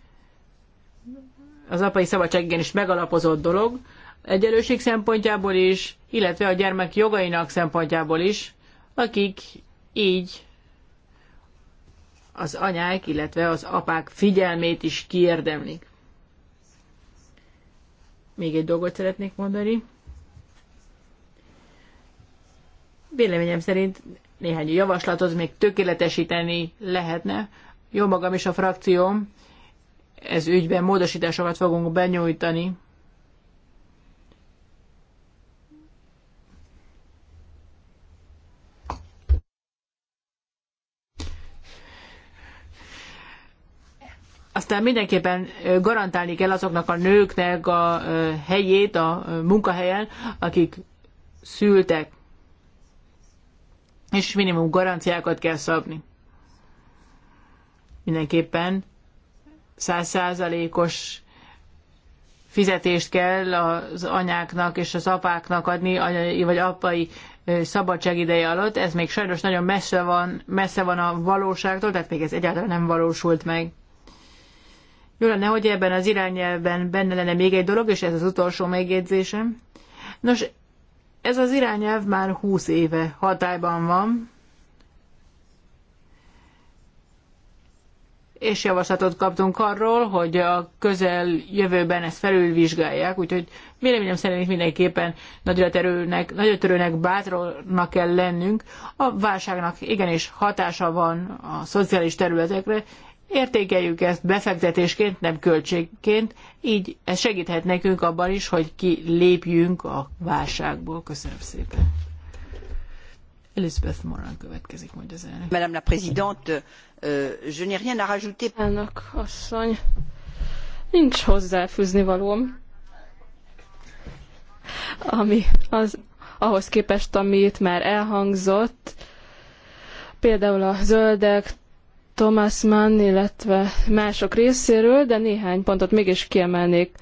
az apai szabadság igenis megalapozott dolog, egyenlőség szempontjából is, illetve a gyermek jogainak szempontjából is, akik így az anyák, illetve az apák figyelmét is kiérdemlik. Még egy dolgot szeretnék mondani. Véleményem szerint néhány javaslatot még tökéletesíteni lehetne. Jó magam is a frakcióm ez ügyben módosításokat fogunk benyújtani. Aztán mindenképpen garantálni kell azoknak a nőknek a helyét a munkahelyen, akik szültek és minimum garanciákat kell szabni. Mindenképpen százszázalékos fizetést kell az anyáknak és az apáknak adni, anyai vagy apai szabadságideje alatt. Ez még sajnos nagyon messze van, messze van a valóságtól, tehát még ez egyáltalán nem valósult meg. Jó lenne, hogy ebben az irányelben benne lenne még egy dolog, és ez az utolsó megjegyzésem. Nos, ez az irányelv már 20 éve hatályban van, és javaslatot kaptunk arról, hogy a közel jövőben ezt felülvizsgálják, úgyhogy véleményem szerint mindenképpen nagyra terülnek, nagyra törőnek, bátornak kell lennünk. A válságnak igenis hatása van a szociális területekre, Értékeljük ezt befektetésként, nem költségként, így ez segíthet nekünk abban is, hogy ki lépjünk a válságból. Köszönöm szépen. Elizabeth Moran következik, majd az elnök. Madame la Présidente, euh, je n'ai rien à rajouter. Elnök asszony, nincs hozzáfűzni valóm, ami az, ahhoz képest, amit már elhangzott, például a zöldek, Thomas Mann, illetve mások részéről, de néhány pontot mégis kiemelnék.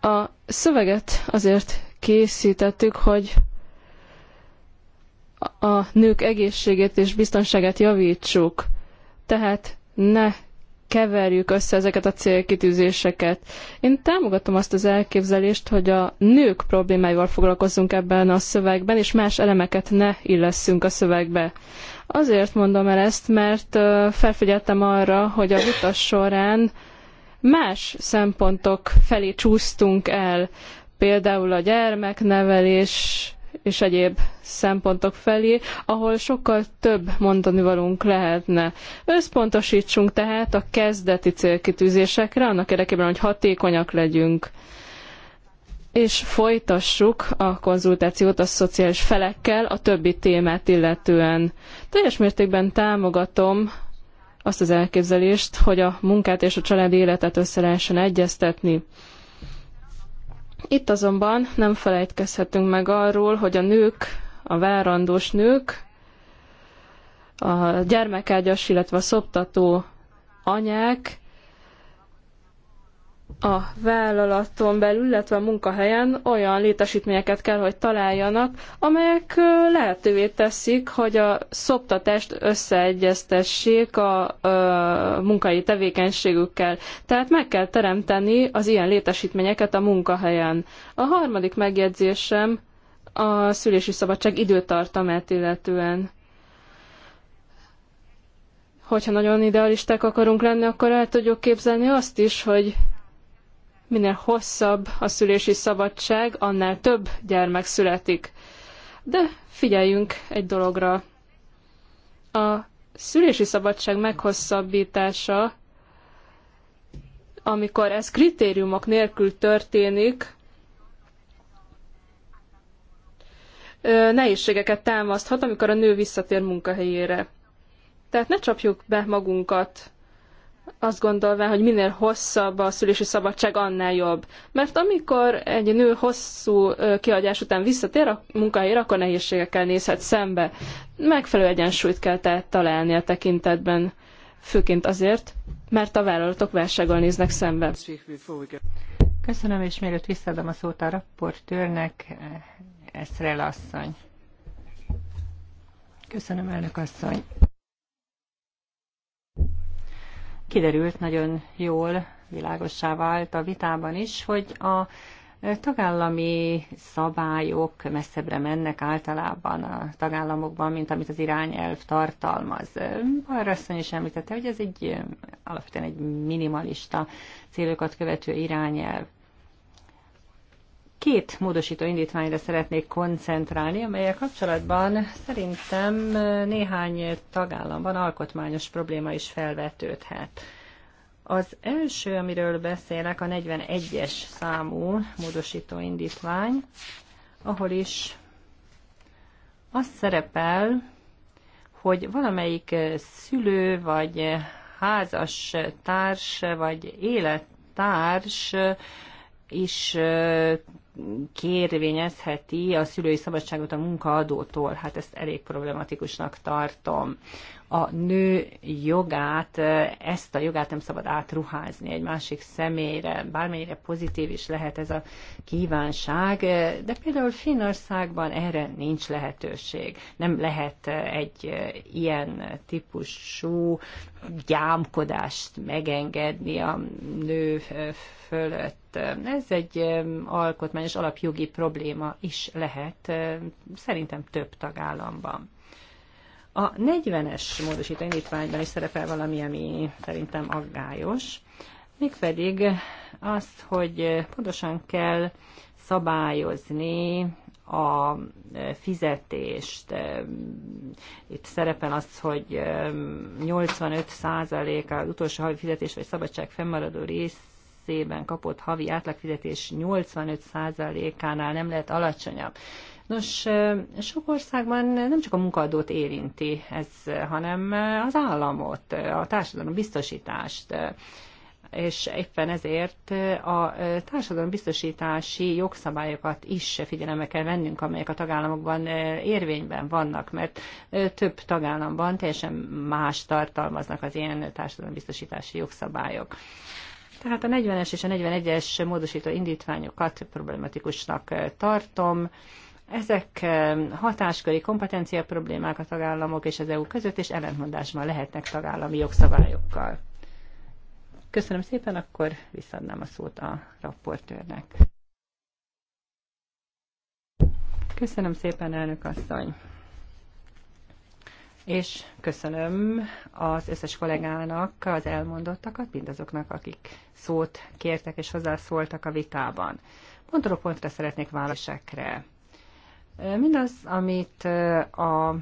A szöveget azért készítettük, hogy a nők egészségét és biztonságát javítsuk. Tehát ne keverjük össze ezeket a célkitűzéseket. Én támogatom azt az elképzelést, hogy a nők problémáival foglalkozzunk ebben a szövegben, és más elemeket ne illesszünk a szövegbe. Azért mondom el ezt, mert felfigyeltem arra, hogy a vita során más szempontok felé csúsztunk el, például a gyermeknevelés és egyéb szempontok felé, ahol sokkal több mondani valunk lehetne. Összpontosítsunk tehát a kezdeti célkitűzésekre, annak érdekében, hogy hatékonyak legyünk és folytassuk a konzultációt a szociális felekkel a többi témát illetően. Teljes mértékben támogatom azt az elképzelést, hogy a munkát és a családi életet össze lehessen egyeztetni. Itt azonban nem felejtkezhetünk meg arról, hogy a nők, a várandós nők, a gyermekágyas, illetve a szoptató anyák a vállalaton belül, illetve a munkahelyen olyan létesítményeket kell, hogy találjanak, amelyek lehetővé teszik, hogy a szoptatást összeegyeztessék a, munkai tevékenységükkel. Tehát meg kell teremteni az ilyen létesítményeket a munkahelyen. A harmadik megjegyzésem a szülési szabadság időtartamát illetően hogyha nagyon idealisták akarunk lenni, akkor el tudjuk képzelni azt is, hogy minél hosszabb a szülési szabadság, annál több gyermek születik. De figyeljünk egy dologra. A szülési szabadság meghosszabbítása, amikor ez kritériumok nélkül történik, nehézségeket támaszthat, amikor a nő visszatér munkahelyére. Tehát ne csapjuk be magunkat azt gondolva, hogy minél hosszabb a szülési szabadság, annál jobb. Mert amikor egy nő hosszú kiadás után visszatér a munkahelyére, akkor nehézségekkel nézhet szembe. Megfelelő egyensúlyt kell tehát találni a tekintetben, főként azért, mert a vállalatok válsággal néznek szembe. Köszönöm, és mielőtt visszaadom a szót a raportőrnek, eh, Eszrel asszony. Köszönöm, elnök asszony kiderült nagyon jól, világossá vált a vitában is, hogy a tagállami szabályok messzebbre mennek általában a tagállamokban, mint amit az irányelv tartalmaz. Arra asszony is említette, hogy ez egy alapvetően egy minimalista célokat követő irányelv két módosító indítványra szeretnék koncentrálni, amelyek kapcsolatban szerintem néhány tagállamban alkotmányos probléma is felvetődhet. Az első, amiről beszélek, a 41-es számú módosító indítvány, ahol is az szerepel, hogy valamelyik szülő, vagy házas társ, vagy élettárs is kérvényezheti a szülői szabadságot a munkaadótól. Hát ezt elég problematikusnak tartom a nő jogát, ezt a jogát nem szabad átruházni egy másik személyre, bármennyire pozitív is lehet ez a kívánság, de például Finnországban erre nincs lehetőség. Nem lehet egy ilyen típusú gyámkodást megengedni a nő fölött. Ez egy alkotmányos alapjogi probléma is lehet, szerintem több tagállamban. A 40-es módosító indítványban is szerepel valami, ami szerintem aggályos, mégpedig azt, hogy pontosan kell szabályozni a fizetést. Itt szerepel az, hogy 85% az utolsó havi fizetés vagy szabadság fennmaradó részében kapott havi átlagfizetés 85%-ánál nem lehet alacsonyabb. Nos, sok országban nem csak a munkaadót érinti ez, hanem az államot, a társadalom biztosítást és éppen ezért a társadalombiztosítási jogszabályokat is figyelembe kell vennünk, amelyek a tagállamokban érvényben vannak, mert több tagállamban teljesen más tartalmaznak az ilyen társadalombiztosítási jogszabályok. Tehát a 40-es és a 41-es módosító indítványokat problematikusnak tartom ezek eh, hatásköri kompetencia problémák a tagállamok és az EU között, és ellentmondásban lehetnek tagállami jogszabályokkal. Köszönöm szépen, akkor visszadnám a szót a raportőrnek. Köszönöm szépen, elnök asszony! És köszönöm az összes kollégának az elmondottakat, mindazoknak, akik szót kértek és hozzászóltak a vitában. Pontról pontra szeretnék válaszokra. Mindaz, amit a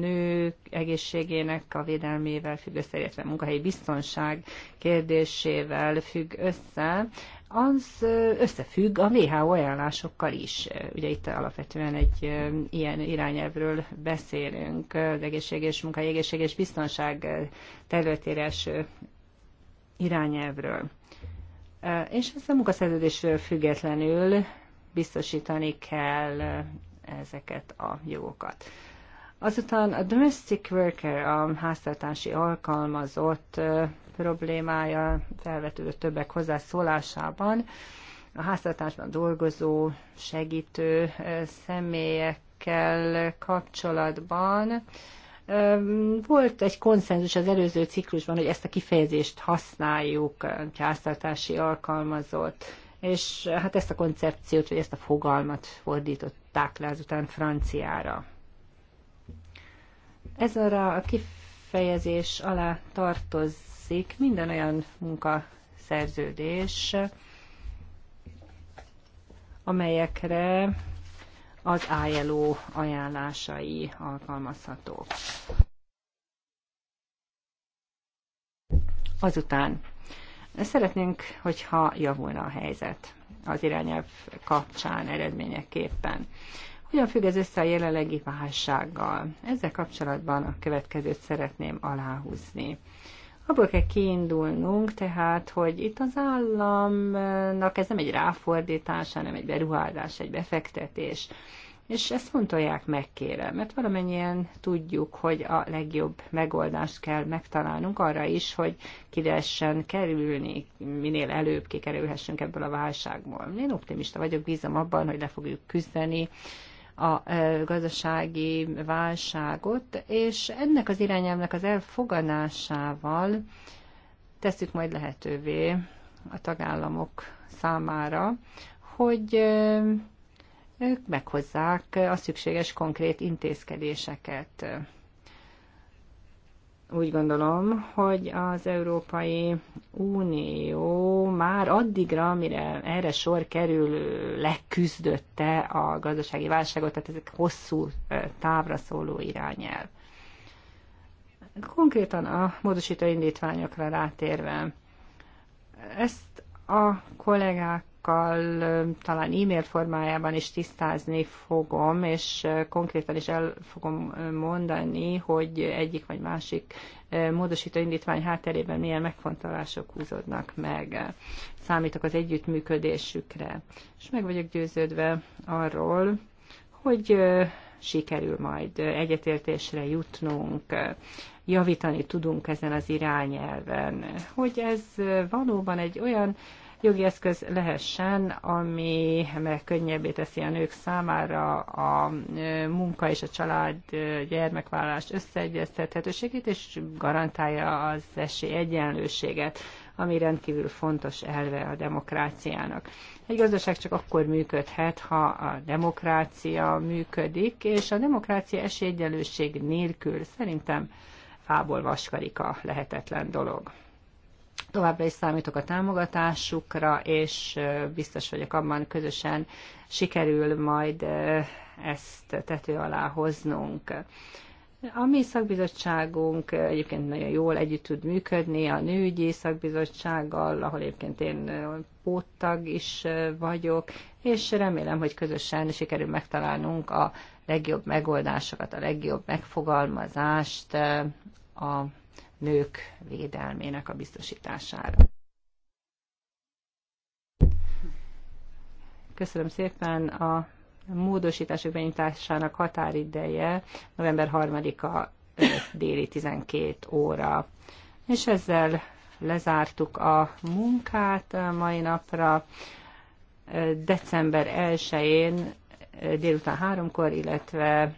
nők egészségének a védelmével függ össze, illetve munkahelyi biztonság kérdésével függ össze, az összefügg a WHO ajánlásokkal is. Ugye itt alapvetően egy ilyen irányelvről beszélünk, az egészség és munkahelyi egészség és biztonság területére eső irányelvről. És ez a munkaszerződésről függetlenül biztosítani kell ezeket a jogokat. Azután a domestic worker, a háztartási alkalmazott problémája felvetődött többek hozzászólásában. A háztartásban dolgozó, segítő személyekkel kapcsolatban volt egy konszenzus az előző ciklusban, hogy ezt a kifejezést használjuk, háztartási alkalmazott és eh, hát ezt a koncepciót, vagy ezt a fogalmat fordították le azután franciára. Ez arra a kifejezés alá tartozik minden olyan munkaszerződés, amelyekre az ILO ajánlásai alkalmazhatók. Azután Szeretnénk, hogyha javulna a helyzet az irányelv kapcsán eredményeképpen. Hogyan függ ez össze a jelenlegi válsággal? Ezzel kapcsolatban a következőt szeretném aláhúzni. Abból kell kiindulnunk, tehát, hogy itt az államnak ez nem egy ráfordítás, hanem egy beruházás, egy befektetés és ezt fontolják meg, kérem, mert valamennyien tudjuk, hogy a legjobb megoldást kell megtalálnunk arra is, hogy ki lehessen kerülni, minél előbb kikerülhessünk ebből a válságból. Én optimista vagyok, bízom abban, hogy le fogjuk küzdeni, a gazdasági válságot, és ennek az irányelvnek az elfogadásával tesszük majd lehetővé a tagállamok számára, hogy ők meghozzák a szükséges konkrét intézkedéseket. Úgy gondolom, hogy az Európai Unió már addigra, mire erre sor kerül, leküzdötte a gazdasági válságot, tehát ezek hosszú távra szóló irányel. Konkrétan a módosító indítványokra rátérve, ezt a kollégák kollégákkal talán e-mail formájában is tisztázni fogom, és konkrétan is el fogom mondani, hogy egyik vagy másik módosító indítvány hátterében milyen megfontolások húzódnak meg. Számítok az együttműködésükre. És meg vagyok győződve arról, hogy sikerül majd egyetértésre jutnunk, javítani tudunk ezen az irányelven, hogy ez valóban egy olyan jogi eszköz lehessen, ami könnyebbé teszi a nők számára a munka és a család gyermekvállalás összeegyeztethetőségét, és garantálja az esély egyenlőséget ami rendkívül fontos elve a demokráciának. Egy gazdaság csak akkor működhet, ha a demokrácia működik, és a demokrácia esélyegyenlőség nélkül szerintem fából vaskarika lehetetlen dolog. Továbbra is számítok a támogatásukra, és biztos vagyok abban közösen sikerül majd ezt tető alá hoznunk. A mi szakbizottságunk egyébként nagyon jól együtt tud működni a nőügyi szakbizottsággal, ahol egyébként én póttag is vagyok, és remélem, hogy közösen sikerül megtalálnunk a legjobb megoldásokat, a legjobb megfogalmazást a nők védelmének a biztosítására. Köszönöm szépen a módosítások benyitásának határideje november 3-a déli 12 óra. És ezzel lezártuk a munkát a mai napra. December 1-én délután háromkor, illetve